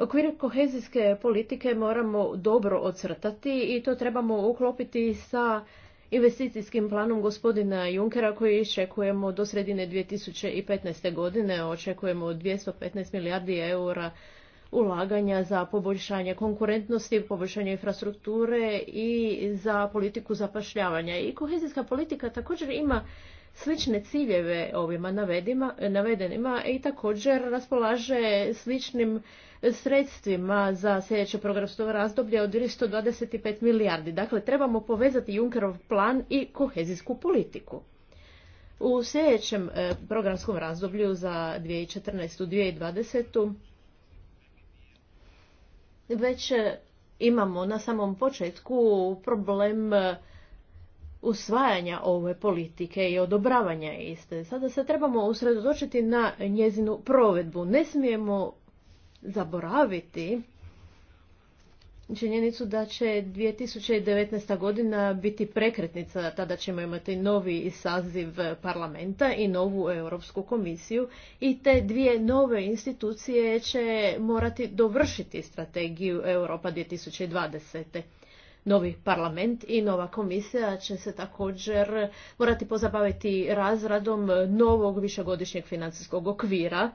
Okvir kohezijske politike moramo dobro ocrtati i to trebamo uklopiti sa investicijskim planom gospodina Junkera koji iščekujemo do sredine 2015. godine. Očekujemo 215 milijardi eura ulaganja za poboljšanje konkurentnosti, poboljšanje infrastrukture i za politiku zapošljavanja. I kohezijska politika također ima slične ciljeve ovima navedenima i također raspolaže sličnim sredstvima za sljedeće programsko razdoblje od 225 milijardi. Dakle, trebamo povezati Junkerov plan i kohezijsku politiku. U sljedećem e, programskom razdoblju za 2014-2020 već e, imamo na samom početku problem e, usvajanja ove politike i odobravanja iste. Sada se trebamo usredotočiti na njezinu provedbu. Ne smijemo zaboraviti činjenicu da će 2019. godina biti prekretnica, tada ćemo imati novi saziv parlamenta i novu Europsku komisiju i te dvije nove institucije će morati dovršiti strategiju Europa 2020. Novi parlament i nova komisija će se također morati pozabaviti razradom novog višegodišnjeg financijskog okvira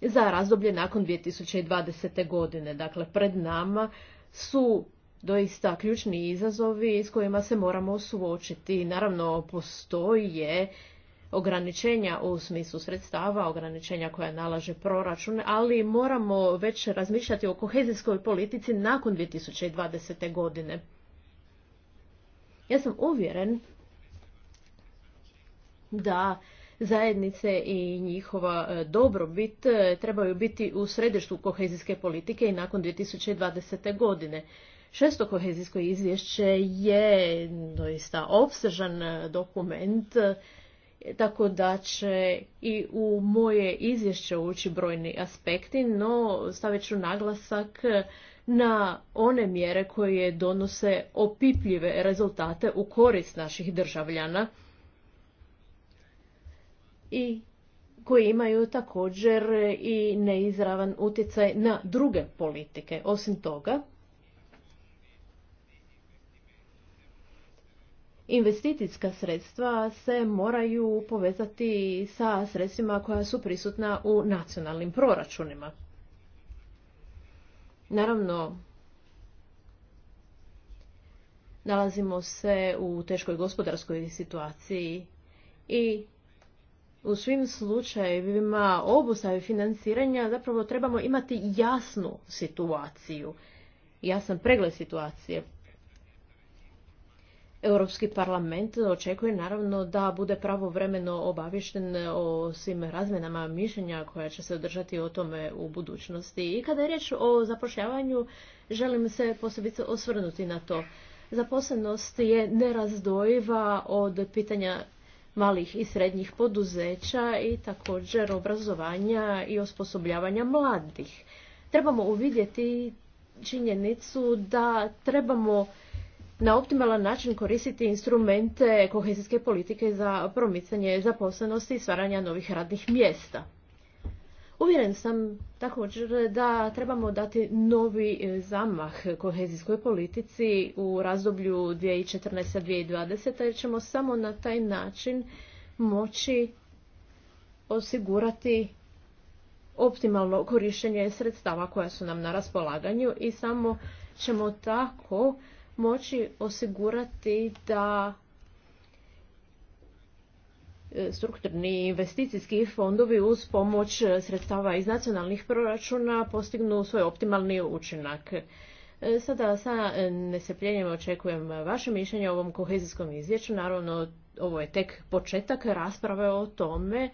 za razdoblje nakon 2020. godine. Dakle, pred nama su doista ključni izazovi s kojima se moramo suočiti. Naravno, postoje ograničenja u smislu sredstava, ograničenja koja nalaže proračun, ali moramo već razmišljati o kohezijskoj politici nakon 2020. godine. Ja sam uvjeren da zajednice i njihova e, dobrobit e, trebaju biti u središtu kohezijske politike i nakon 2020. godine. Šesto kohezijsko izvješće je doista opsežan e, dokument tako da će i u moje izvješće ući brojni aspekti, no stavit ću naglasak na one mjere koje donose opipljive rezultate u korist naših državljana i koji imaju također i neizravan utjecaj na druge politike. Osim toga, investicijska sredstva se moraju povezati sa sredstvima koja su prisutna u nacionalnim proračunima. Naravno, nalazimo se u teškoj gospodarskoj situaciji i u svim slučajevima obustave financiranja zapravo trebamo imati jasnu situaciju, jasan pregled situacije. Europski parlament očekuje naravno da bude pravovremeno obavješten o svim razmenama mišljenja koja će se održati o tome u budućnosti. I kada je riječ o zapošljavanju, želim se posebice osvrnuti na to. Zaposlenost je nerazdojiva od pitanja malih i srednjih poduzeća i također obrazovanja i osposobljavanja mladih. Trebamo uvidjeti činjenicu da trebamo na optimalan način koristiti instrumente kohezijske politike za promicanje zaposlenosti i stvaranja novih radnih mjesta. Uvjeren sam također da trebamo dati novi zamah kohezijskoj politici u razdoblju 2014-2020 jer ćemo samo na taj način moći osigurati optimalno korištenje sredstava koja su nam na raspolaganju i samo ćemo tako moći osigurati da e, strukturni investicijski fondovi uz pomoć sredstava iz nacionalnih proračuna postignu svoj optimalni učinak. E, sada sa nesepljenjem očekujem vaše mišljenje o ovom kohezijskom izvješću. Naravno, ovo je tek početak rasprave o tome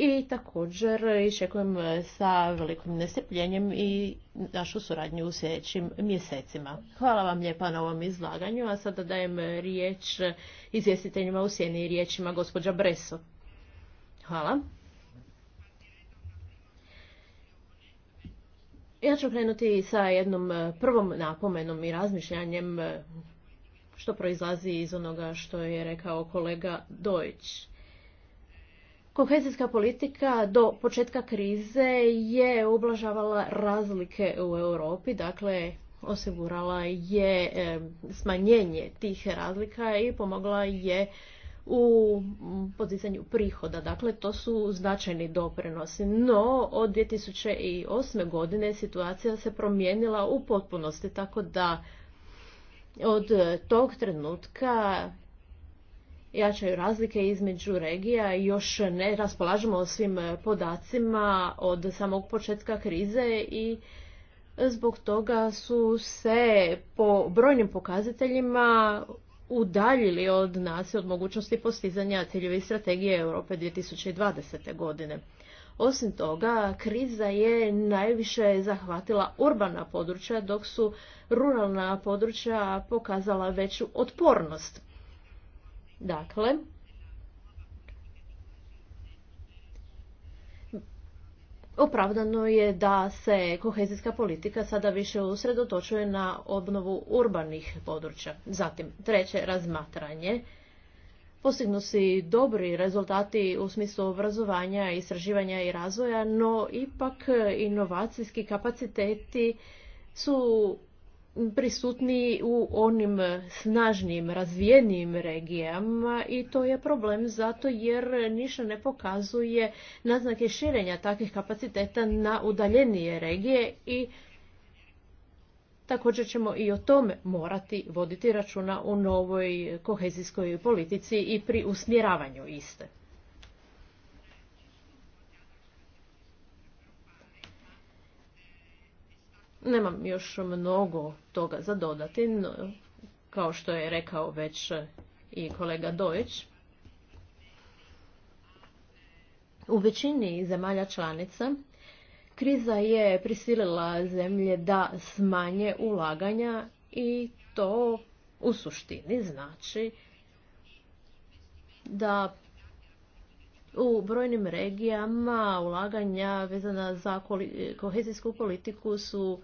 i također iščekujem sa velikim nestrpljenjem i našu suradnju u sljedećim mjesecima. Hvala vam lijepa na ovom izlaganju, a sada dajem riječ izvjestiteljima u sjeni i riječima gospođa Breso. Hvala. Ja ću krenuti sa jednom prvom napomenom i razmišljanjem što proizlazi iz onoga što je rekao kolega Dojić. Kohezijska politika do početka krize je ublažavala razlike u Europi, dakle osigurala je smanjenje tih razlika i pomogla je u podizanju prihoda. Dakle, to su značajni doprinosi. No, od 2008. godine situacija se promijenila u potpunosti, tako da od tog trenutka jačaju razlike između regija i još ne raspolažemo svim e, podacima od samog početka krize i zbog toga su se po brojnim pokazateljima udaljili od nas od mogućnosti postizanja ciljeva i strategije Europe 2020. godine. Osim toga, kriza je najviše zahvatila urbana područja, dok su ruralna područja pokazala veću otpornost. Dakle, Opravdano je da se kohezijska politika sada više usredotočuje na obnovu urbanih područja. Zatim, treće, razmatranje. Postignu si dobri rezultati u smislu obrazovanja, istraživanja i razvoja, no ipak inovacijski kapaciteti su prisutniji u onim snažnijim, razvijenijim regijama i to je problem zato jer ništa ne pokazuje naznake širenja takvih kapaciteta na udaljenije regije i također ćemo i o tome morati voditi računa u novoj kohezijskoj politici i pri usmjeravanju iste. Nemam još mnogo toga za dodati, kao što je rekao već i kolega Dojić. U većini zemalja članica kriza je prisilila zemlje da smanje ulaganja i to u suštini znači da u brojnim regijama ulaganja vezana za kohezijsku politiku su,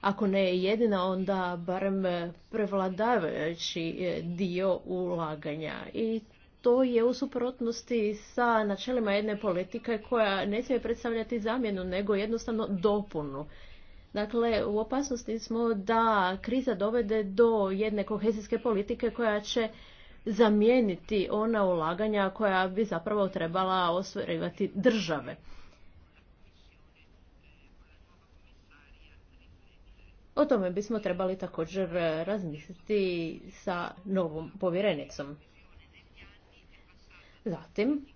ako ne jedina, onda barem prevladavajući e, dio ulaganja. I to je u suprotnosti sa načelima jedne politike koja ne smije predstavljati zamjenu, nego jednostavno dopunu. Dakle, u opasnosti smo da kriza dovede do jedne kohezijske politike koja će zamijeniti ona ulaganja koja bi zapravo trebala ostvarivati države. O tome bismo trebali također razmisliti sa novom povjerenicom. Zatim,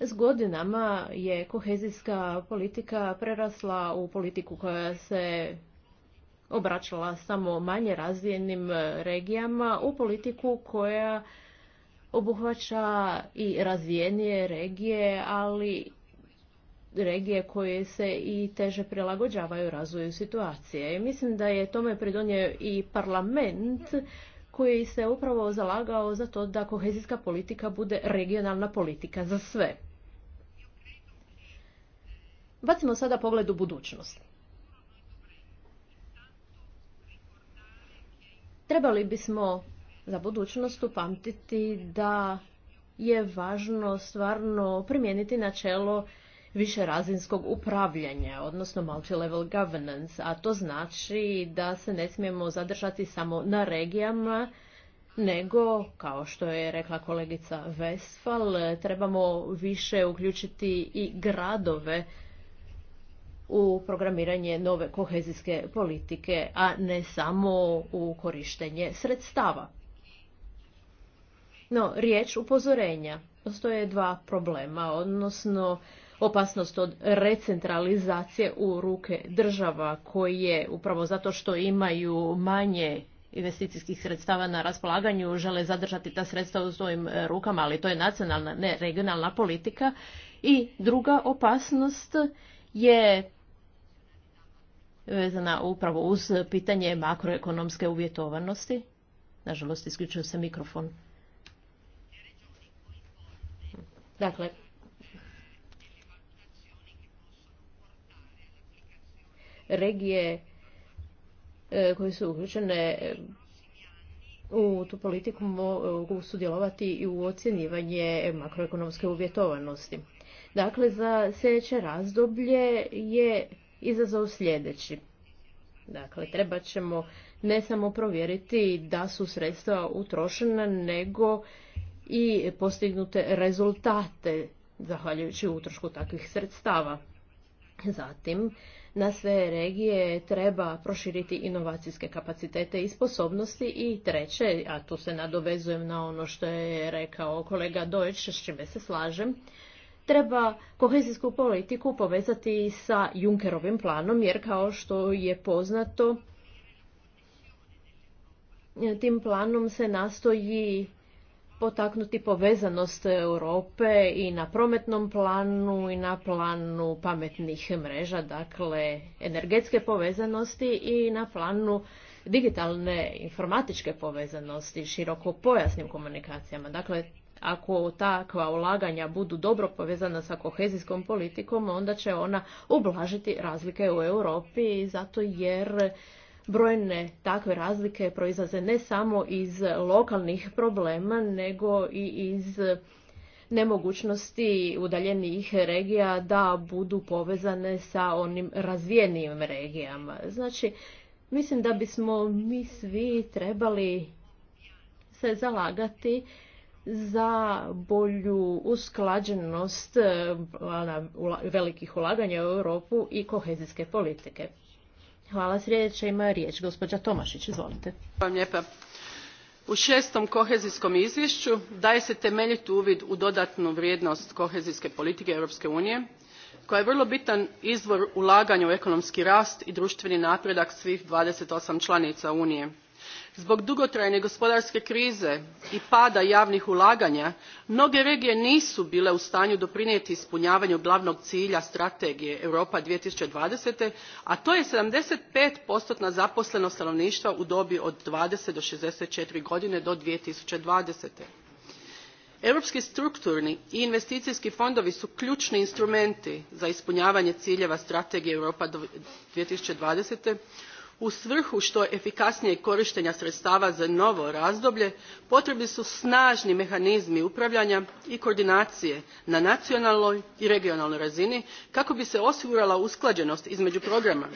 s godinama je kohezijska politika prerasla u politiku koja se obraćala samo manje razvijenim e, regijama u politiku koja obuhvaća i razvijenije regije, ali regije koje se i teže prilagođavaju razvoju situacije. mislim da je tome pridonio i parlament koji se upravo zalagao za to da kohezijska politika bude regionalna politika za sve. Bacimo sada pogled u budućnost. Trebali bismo za budućnost upamtiti da je važno stvarno primijeniti načelo višerazinskog upravljanja, odnosno multi-level governance, a to znači da se ne smijemo zadržati samo na regijama, nego, kao što je rekla kolegica Westfal, trebamo više uključiti i gradove u programiranje nove kohezijske politike, a ne samo u korištenje sredstava. No, riječ upozorenja. Postoje dva problema, odnosno opasnost od recentralizacije u ruke država koje upravo zato što imaju manje investicijskih sredstava na raspolaganju žele zadržati ta sredstva u svojim e, rukama, ali to je nacionalna, ne regionalna politika. I druga opasnost je vezana upravo uz pitanje makroekonomske uvjetovanosti. Nažalost, isključio se mikrofon. Dakle, regije e, koje su uključene e, u tu politiku e, mogu sudjelovati i u ocjenjivanje makroekonomske uvjetovanosti. Dakle, za sljedeće razdoblje je izazov sljedeći. Dakle, treba ćemo ne samo provjeriti da su sredstva utrošena, nego i postignute rezultate zahvaljujući utrošku takvih sredstava. Zatim, na sve regije treba proširiti inovacijske kapacitete i sposobnosti i treće, a tu se nadovezujem na ono što je rekao kolega Dojč, s čime se slažem, treba kohezijsku politiku povezati sa Junkerovim planom, jer kao što je poznato, tim planom se nastoji potaknuti povezanost Europe i na prometnom planu i na planu pametnih mreža, dakle energetske povezanosti i na planu digitalne informatičke povezanosti, široko pojasnim komunikacijama. Dakle, ako takva ulaganja budu dobro povezana sa kohezijskom politikom, onda će ona ublažiti razlike u Europi zato jer brojne takve razlike proizlaze ne samo iz lokalnih problema, nego i iz nemogućnosti udaljenih regija da budu povezane sa onim razvijenijim regijama. Znači, mislim da bismo mi svi trebali se zalagati za bolju usklađenost e, velikih ulaganja u Europu i kohezijske politike. Hvala. Sljedeća ima riječ gospođa Tomašić. Izvolite. Hvala lijepa. U šestom kohezijskom izvješću daje se temeljit uvid u dodatnu vrijednost kohezijske politike Europske unije, koja je vrlo bitan izvor ulaganja u ekonomski rast i društveni napredak svih 28 članica Unije zbog dugotrajne gospodarske krize i pada javnih ulaganja mnoge regije nisu bile u stanju doprinijeti ispunjavanju glavnog cilja strategije europa. two thousand and twenty a to je seventy five zaposlenost stanovništva u dobi od twenty do sixty four godine do. two thousand and twenty europski strukturni i investicijski fondovi su ključni instrumenti za ispunjavanje ciljeva strategije europa. two thousand and twenty u svrhu što efikasnijeg korištenja sredstava za novo razdoblje potrebni su snažni mehanizmi upravljanja i koordinacije na nacionalnoj i regionalnoj razini kako bi se osigurala usklađenost između programa.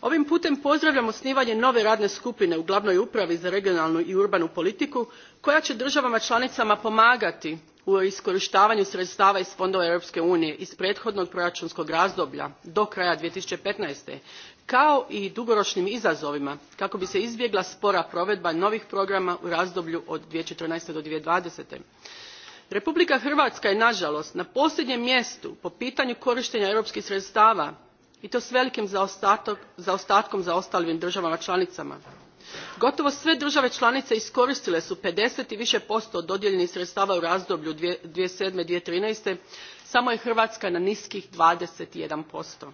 ovim putem pozdravljam osnivanje nove radne skupine u glavnoj upravi za regionalnu i urbanu politiku koja će državama članicama pomagati u iskorištavanju sredstava iz fondova europske unije iz prethodnog proračunskog razdoblja do kraja. two thousand and fifteen kao i dugoročnim izazovima kako bi se izbjegla spora provedba novih programa u razdoblju od. two thousand and fourteen do. two twenty republika hrvatska je nažalost na posljednjem mjestu po pitanju korištenja europskih sredstava i to s velikim zaostatkom za ostalim državama članicama. gotovo sve države članice iskoristile su fifty i više posto dodijeljenih sredstava u razdoblju. two thousand and seven two samo je hrvatska na niskih twenty one posto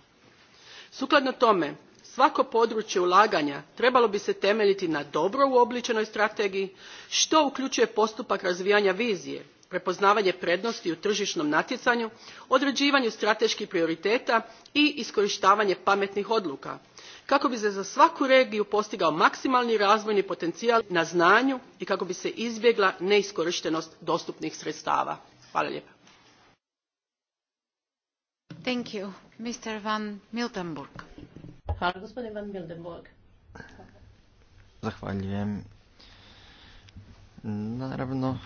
sukladno tome svako područje ulaganja trebalo bi se temeljiti na dobro uobličenoj strategiji što uključuje postupak razvijanja vizije prepoznavanje prednosti u tržišnom natjecanju određivanju strateških prioriteta i iskorištavanje pametnih odluka kako bi se za svaku regiju postigao maksimalni razvojni potencijal na znanju i kako bi se izbjegla neiskorištenost dostupnih sredstava. Hvala Thank you. Van Van Miltenburg. Zahvaljujem. Naravno,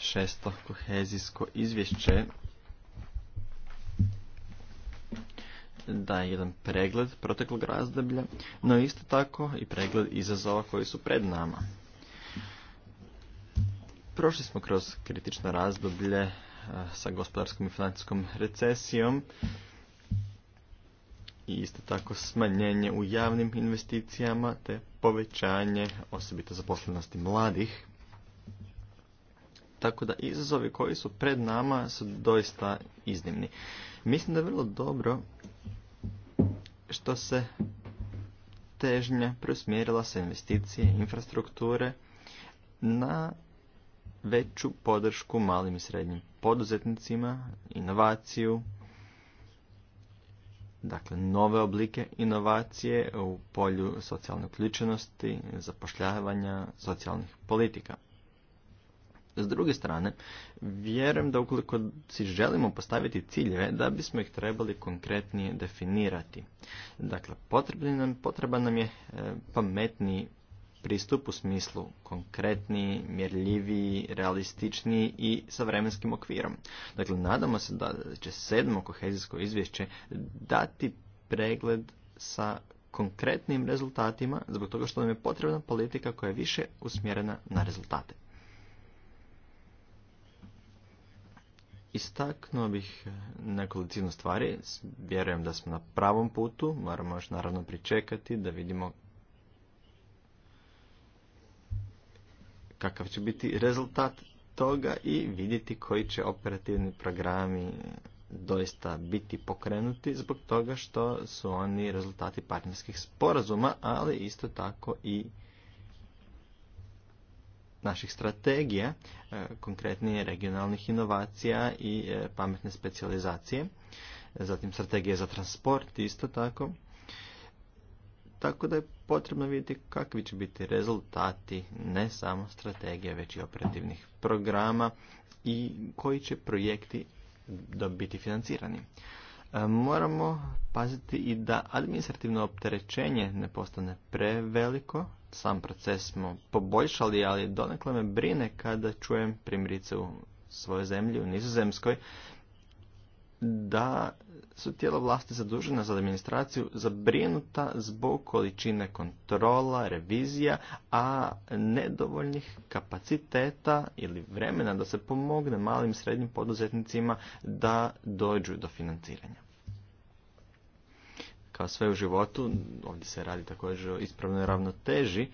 šesto kohezijsko izvješće daje jedan pregled proteklog razdoblja, no isto tako i pregled izazova koji su pred nama. Prošli smo kroz kritično razdoblje Eh, sa gospodarskom i financijskom recesijom i isto tako smanjenje u javnim investicijama te povećanje osobito zaposlenosti mladih. Tako da izazovi koji su pred nama su doista iznimni. Mislim da je vrlo dobro što se težnja preusmjerila sa investicije infrastrukture na veću podršku malim i srednjim poduzetnicima, inovaciju, dakle nove oblike inovacije u polju socijalne uključenosti, zapošljavanja, socijalnih politika. S druge strane, vjerujem da ukoliko si želimo postaviti ciljeve, da bismo ih trebali konkretnije definirati. Dakle, potreban nam, potreban nam je e, pametniji pristup u smislu konkretniji, mjerljiviji, realističniji i sa vremenskim okvirom. Dakle, nadamo se da će sedmo kohezijsko izvješće dati pregled sa konkretnim rezultatima zbog toga što nam je potrebna politika koja je više usmjerena na rezultate. Istaknuo bih nekolicinu stvari, vjerujem da smo na pravom putu, moramo još naravno pričekati da vidimo kakav će biti rezultat toga i vidjeti koji će operativni programi doista biti pokrenuti zbog toga što su oni rezultati partnerskih sporazuma, ali isto tako i naših strategija, e, konkretnije regionalnih inovacija i e, pametne specijalizacije, zatim strategije za transport isto tako. Tako da je potrebno vidjeti kakvi će biti rezultati ne samo strategije, već i operativnih programa i koji će projekti biti financirani. E, moramo paziti i da administrativno opterećenje ne postane preveliko. Sam proces smo poboljšali, ali donekle me brine kada čujem primjerice u svojoj zemlji, u nizozemskoj, da su tijela vlasti zadužena za administraciju zabrinuta zbog količine kontrola, revizija, a nedovoljnih kapaciteta ili vremena da se pomogne malim i srednjim poduzetnicima da dođu do financiranja. Kao sve u životu, ovdje se radi također o ispravnoj ravnoteži,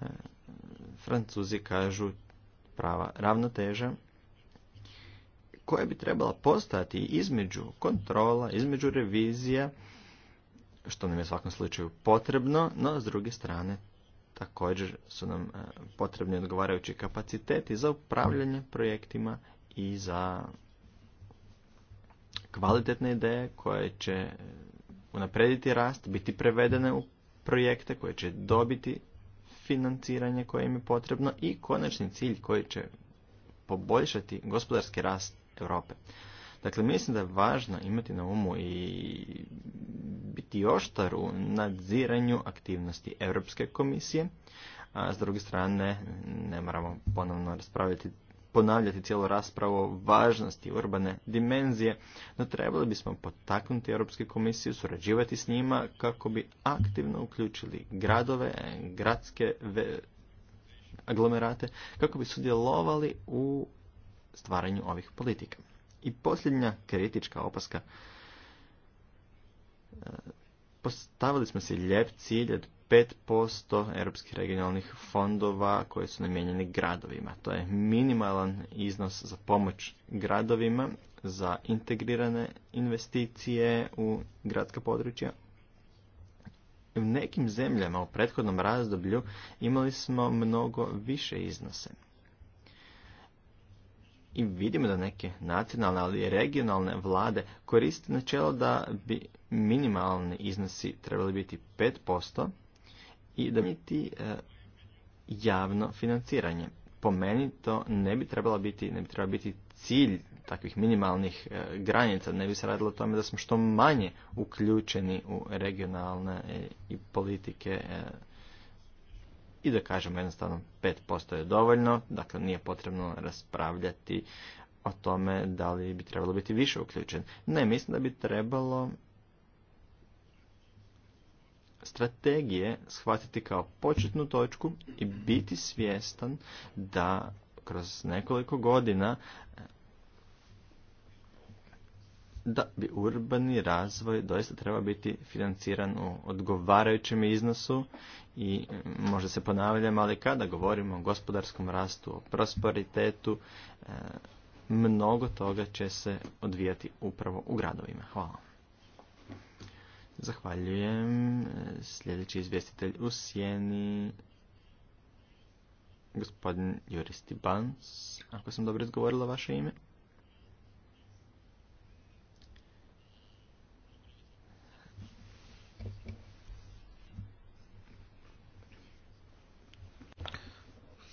e, Francuzi kažu prava ravnoteža koja bi trebala postati između kontrola, između revizija, što nam je u svakom slučaju potrebno, no s druge strane također su nam e, potrebni odgovarajući kapaciteti za upravljanje projektima i za kvalitetne ideje koje će e, unaprediti rast, biti prevedene u projekte koje će dobiti financiranje koje im je potrebno i konačni cilj koji će poboljšati gospodarski rast Europe. Dakle, mislim da je važno imati na umu i biti oštar u nadziranju aktivnosti Europske komisije, a s druge strane ne moramo ponovno raspravljati ponavljati cijelu raspravu o važnosti urbane dimenzije, no trebali bismo potaknuti Europske komisije, surađivati s njima kako bi aktivno uključili gradove, gradske aglomerate, kako bi sudjelovali u stvaranju ovih politika. I posljednja kritička opaska. E, postavili smo se ljep cilj od 5% europskih regionalnih fondova koji su namijenjeni gradovima. To je minimalan iznos za pomoć gradovima, za integrirane investicije u gradska područja. U nekim zemljama u prethodnom razdoblju imali smo mnogo više iznose i vidimo da neke nacionalne, ali i regionalne vlade koriste načelo da bi minimalni iznosi trebali biti 5% i da bi mm. e, javno financiranje. Po meni to ne bi trebalo biti, ne bi trebalo biti cilj takvih minimalnih e, granica, ne bi se radilo o tome da smo što manje uključeni u regionalne e, i politike e, i da kažemo jednostavno 5% je dovoljno, dakle nije potrebno raspravljati o tome da li bi trebalo biti više uključen. Ne, mislim da bi trebalo strategije shvatiti kao početnu točku i biti svjestan da kroz nekoliko godina da bi urbani razvoj doista treba biti financiran u odgovarajućem iznosu i mm, možda se ponavljam, ali kada govorimo o gospodarskom rastu, o prosperitetu, e, mnogo toga će se odvijati upravo u gradovima. Hvala. Zahvaljujem. Sljedeći izvjestitelj u sjeni, gospodin Juristi Bans, ako sam dobro izgovorila vaše ime.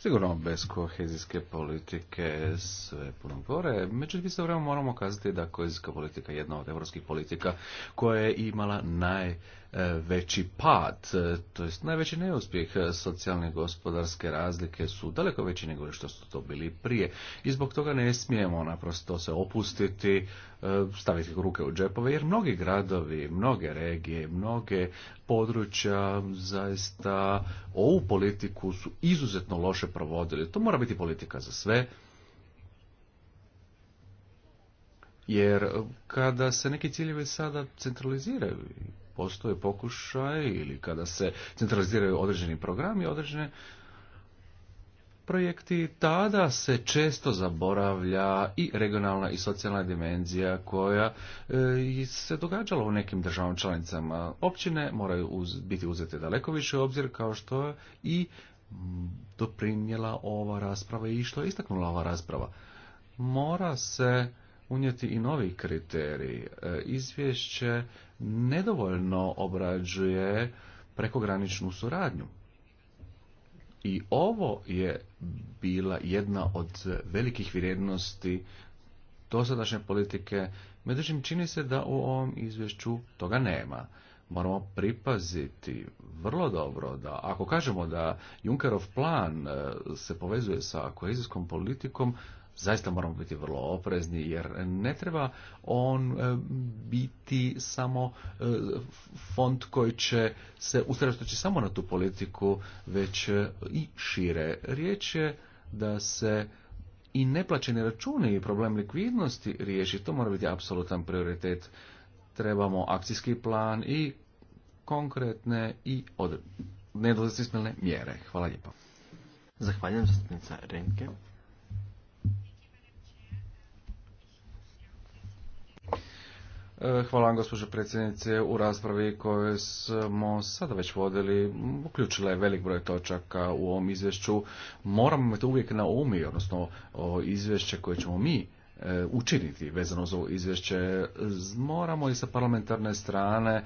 Sigurno bez kohezijske politike sve puno gore. Međutim, isto moramo kazati da kohezijska politika je jedna od evropskih politika koja je imala naj E, veći pad, e, to jest najveći neuspjeh e, socijalne gospodarske razlike su daleko veći nego što su to bili prije i zbog toga ne smijemo naprosto se opustiti, staviti ruke u džepove jer mnogi gradovi, mnoge regije, mnoge područja zaista ovu politiku su izuzetno loše provodili. To mora biti politika za sve, jer kada se neki ciljevi sada centraliziraju postoje pokušaj ili kada se centraliziraju određeni programi, određene projekti, tada se često zaboravlja i regionalna i socijalna dimenzija koja e, se događala u nekim državama članicama. Općine moraju biti uzete daleko više u obzir kao što je i doprinjela ova rasprava i što je istaknula ova rasprava. Mora se unijeti i novi kriterij. E, izvješće nedovoljno obrađuje prekograničnu suradnju. I ovo je bila jedna od velikih vrijednosti dosadašnje politike, međutim čini se da u ovom izvješću toga nema. Moramo pripaziti vrlo dobro da ako kažemo da Junkerov plan e, se povezuje sa kohezijskom politikom, zaista moramo biti vrlo oprezni jer ne treba on e, biti samo e, fond koji će se usredotočiti samo na tu politiku već e, i šire. Riječ je da se i neplaćeni računi i problem likvidnosti riješi. To mora biti apsolutan prioritet. Trebamo akcijski plan i konkretne i od... mjere. Hvala lijepo. Zahvaljujem E, hvala vam, gospođo predsjednice. U raspravi koju smo sada već vodili, uključila je velik broj točaka u ovom izvješću. Moramo imati uvijek na umi, odnosno o izvješće koje ćemo mi E, učiniti vezano za ovo izvješće. Moramo i sa parlamentarne strane e,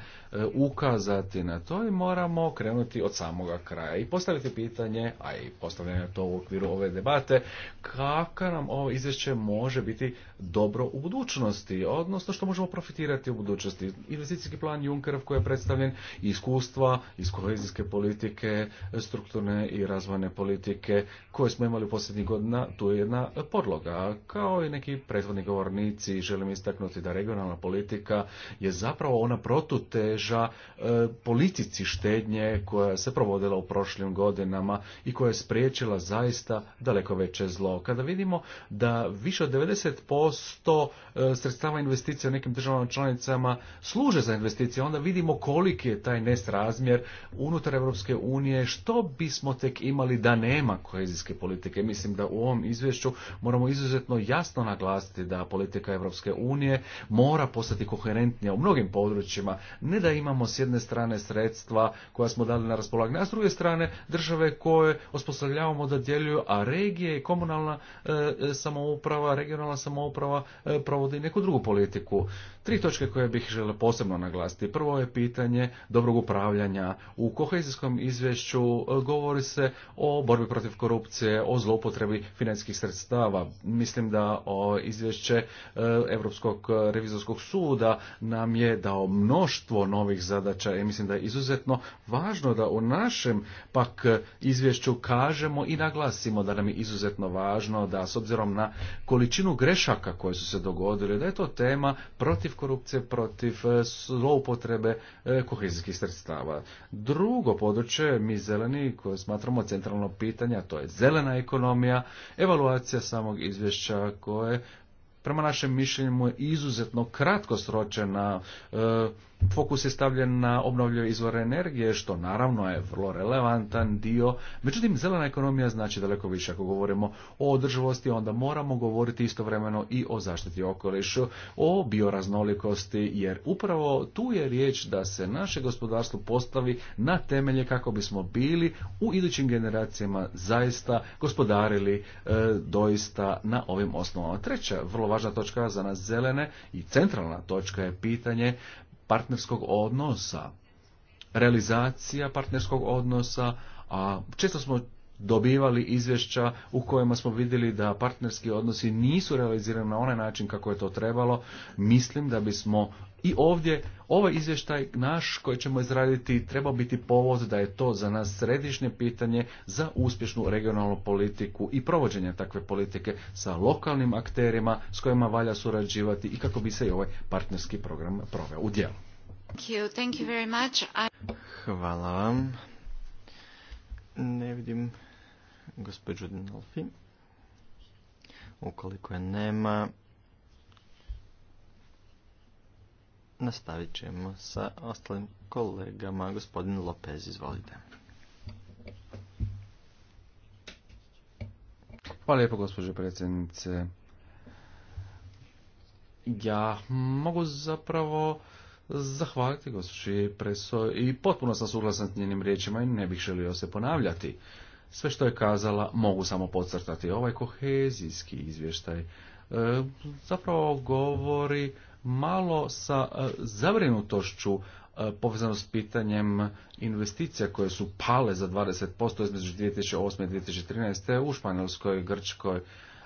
ukazati na to i moramo krenuti od samoga kraja i postaviti pitanje, a i postavljanje to u okviru ove debate, kako nam ovo izvješće može biti dobro u budućnosti, odnosno što možemo profitirati u budućnosti. Investicijski plan Junkerov koji je predstavljen iskustva iz kohezijske politike, strukturne i razvojne politike koje smo imali u posljednjih godina, tu je jedna podloga, kao i neki prethodni govornici, želim istaknuti da regionalna politika je zapravo ona protuteža e, politici štednje koja se provodila u prošlim godinama i koja je spriječila zaista daleko veće zlo. Kada vidimo da više od 90% e, sredstava investicija u nekim državama članicama služe za investicije, onda vidimo koliki je taj nesrazmjer unutar Europske unije, što bismo tek imali da nema kohezijske politike. Mislim da u ovom izvješću moramo izuzetno jasno naglasiti naglasiti da politika Europske unije mora postati koherentnija u mnogim područjima. Ne da imamo s jedne strane sredstva koja smo dali na raspolaganje, a s druge strane države koje osposobljavamo da djeluju, a regije i komunalna e, e, samouprava, regionalna samouprava e, provodi neku drugu politiku. Tri točke koje bih želio posebno naglasiti. Prvo je pitanje dobrog upravljanja. U kohezijskom izvješću e, govori se o borbi protiv korupcije, o zloupotrebi financijskih sredstava. Mislim da o, izvješće e, Europskog e, revizorskog suda nam je dao mnoštvo novih zadaća i mislim da je izuzetno važno da u našem pak e, izvješću kažemo i naglasimo da nam je izuzetno važno da s obzirom na količinu grešaka koje su se dogodile, da je to tema protiv korupcije, protiv zloupotrebe kohezijskih sredstava. Drugo područje, mi zeleni, koje smatramo centralno pitanje, a to je zelena ekonomija, evaluacija samog izvješća koje prema našem mišljenju je izuzetno kratko sročena e, fokus je stavljen na obnovljive izvore energije, što naravno je vrlo relevantan dio. Međutim, zelena ekonomija znači daleko više. Ako govorimo o održivosti, onda moramo govoriti istovremeno i o zaštiti okolišu, o bioraznolikosti, jer upravo tu je riječ da se naše gospodarstvo postavi na temelje kako bismo bili u idućim generacijama zaista gospodarili e, doista na ovim osnovama. Treća vrlo važna točka za nas zelene i centralna točka je pitanje partnerskog odnosa, realizacija partnerskog odnosa, a često smo dobivali izvješća u kojima smo vidjeli da partnerski odnosi nisu realizirani na onaj način kako je to trebalo, mislim da bismo i ovdje ovaj izvještaj naš koji ćemo izraditi treba biti povod da je to za nas središnje pitanje za uspješnu regionalnu politiku i provođenje takve politike sa lokalnim akterima s kojima valja surađivati i kako bi se i ovaj partnerski program proveo u djelu. Hvala vam. Ne vidim gospođu Ukoliko je nema, Nastavit ćemo sa ostalim kolegama. Gospodin Lopez, izvolite. Hvala lijepo, gospođo predsjednice. Ja mogu zapravo zahvaliti gospođi Preso i potpuno sam suglasan s njenim riječima i ne bih želio se ponavljati. Sve što je kazala mogu samo podcrtati. Ovaj kohezijski izvještaj e, zapravo govori malo sa e, zabrinutošću e, povezano s pitanjem investicija koje su pale za 20% između 2008. i 2013. u Španjolskoj, Grčkoj,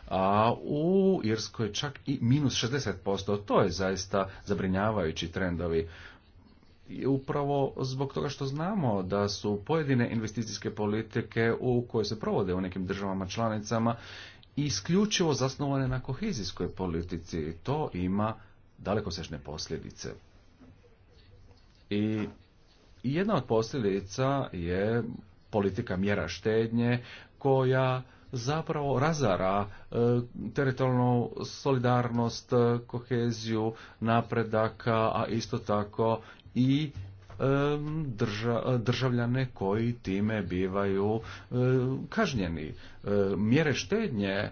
a u Irskoj čak i minus 60%. To je zaista zabrinjavajući trendovi. I upravo zbog toga što znamo da su pojedine investicijske politike u koje se provode u nekim državama članicama isključivo zasnovane na kohezijskoj politici. To ima sešne posljedice. I jedna od posljedica je politika mjera štednje koja zapravo razara e, teritorijalnu solidarnost, e, koheziju, napredaka, a isto tako i e, državljane koji time bivaju kažnjeni. Mjere štednje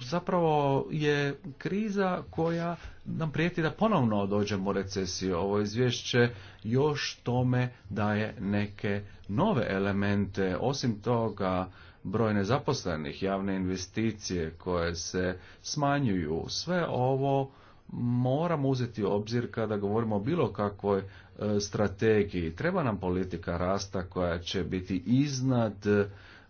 zapravo je kriza koja nam prijeti da ponovno dođemo u recesiju. Ovo izvješće još tome daje neke nove elemente. Osim toga, broj nezaposlenih, javne investicije koje se smanjuju, sve ovo moramo uzeti u obzir kada govorimo o bilo kakvoj e, strategiji. Treba nam politika rasta koja će biti iznad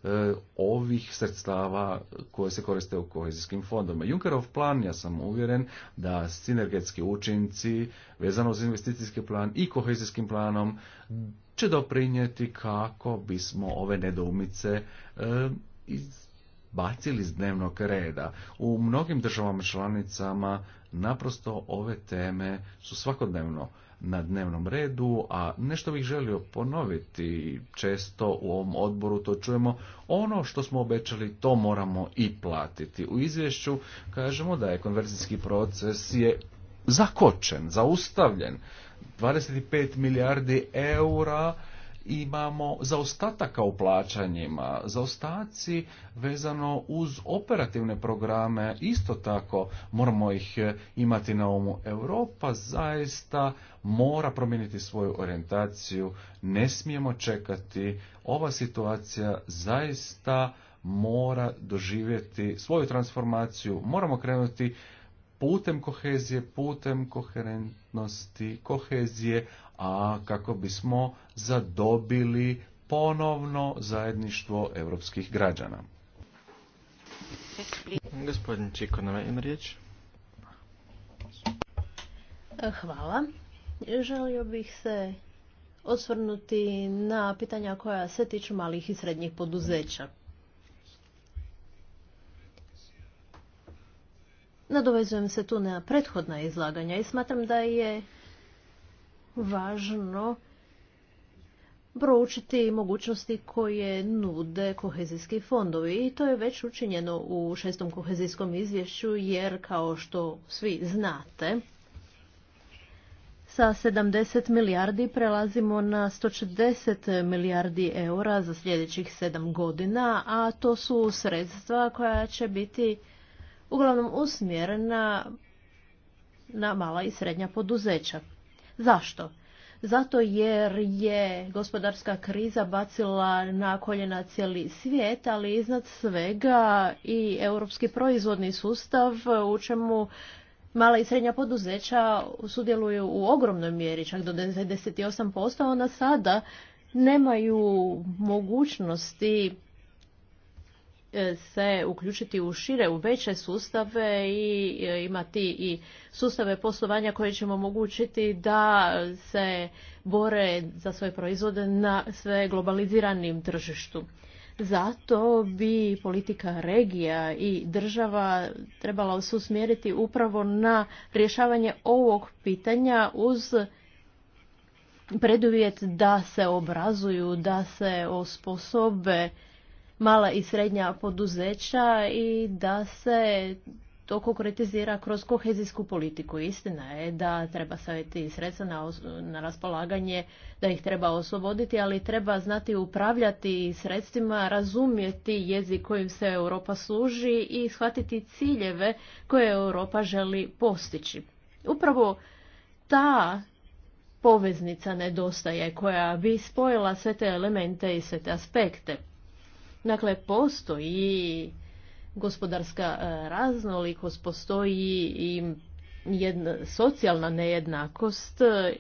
E, ovih sredstava koje se koriste u kohezijskim fondovima. Junkerov plan, ja sam uvjeren da sinergetski učinci vezano uz investicijski plan i kohezijskim planom će doprinijeti kako bismo ove nedoumice e, izbacili iz dnevnog reda. U mnogim državama članicama naprosto ove teme su svakodnevno na dnevnom redu, a nešto bih želio ponoviti često u ovom odboru to čujemo, ono što smo obećali to moramo i platiti. U izvješću kažemo da je konverzijski proces je zakočen, zaustavljen. 25 milijardi eura imamo zaostataka u plaćanjima, zaostaci vezano uz operativne programe, isto tako moramo ih eh, imati na umu. Europa zaista mora promijeniti svoju orijentaciju, ne smijemo čekati, ova situacija zaista mora doživjeti svoju transformaciju, moramo krenuti putem kohezije, putem koherentnosti, kohezije, a kako bismo zadobili ponovno zajedništvo europskih građana. Gospodin riječ. Hvala. Želio bih se osvrnuti na pitanja koja se tiču malih i srednjih poduzeća. Nadovezujem se tu na prethodna izlaganja i smatram da je važno proučiti mogućnosti koje nude kohezijski fondovi i to je već učinjeno u šestom kohezijskom izvješću jer kao što svi znate sa 70 milijardi prelazimo na 140 milijardi eura za sljedećih sedam godina, a to su sredstva koja će biti uglavnom usmjerena na mala i srednja poduzeća. Zašto? Zato jer je gospodarska kriza bacila na koljena cijeli svijet, ali iznad svega i europski proizvodni sustav u čemu mala i srednja poduzeća sudjeluju u ogromnoj mjeri, čak do 98%, ona sada nemaju mogućnosti se uključiti u šire, u veće sustave i e, imati i sustave poslovanja koje ćemo omogućiti da se bore za svoje proizvode na sve globaliziranim tržištu. Zato bi politika regija i država trebala se usmjeriti upravo na rješavanje ovog pitanja uz preduvjet da se obrazuju, da se osposobe mala i srednja poduzeća i da se to konkretizira kroz kohezijsku politiku. Istina je da treba staviti sredstva na, raspolaganje, da ih treba osloboditi, ali treba znati upravljati sredstvima, razumjeti jezik kojim se Europa služi i shvatiti ciljeve koje Europa želi postići. Upravo ta poveznica nedostaje koja bi spojila sve te elemente i sve te aspekte. Dakle, postoji gospodarska e, raznolikost, postoji i jedna socijalna nejednakost, e,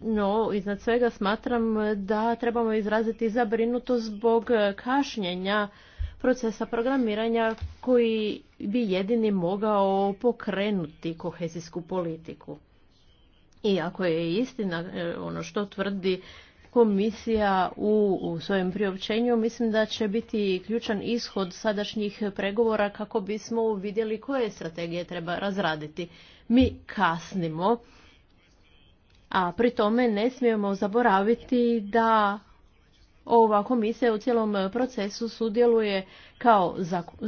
no iznad svega smatram da trebamo izraziti zabrinutost zbog kašnjenja procesa programiranja koji bi jedini mogao pokrenuti kohezijsku politiku. I ako je istina e, ono što tvrdi komisija u, svojem priopćenju mislim da će biti ključan ishod sadašnjih pregovora kako bismo vidjeli koje strategije treba razraditi. Mi kasnimo, a pri tome ne smijemo zaboraviti da ova komisija u cijelom e, procesu sudjeluje kao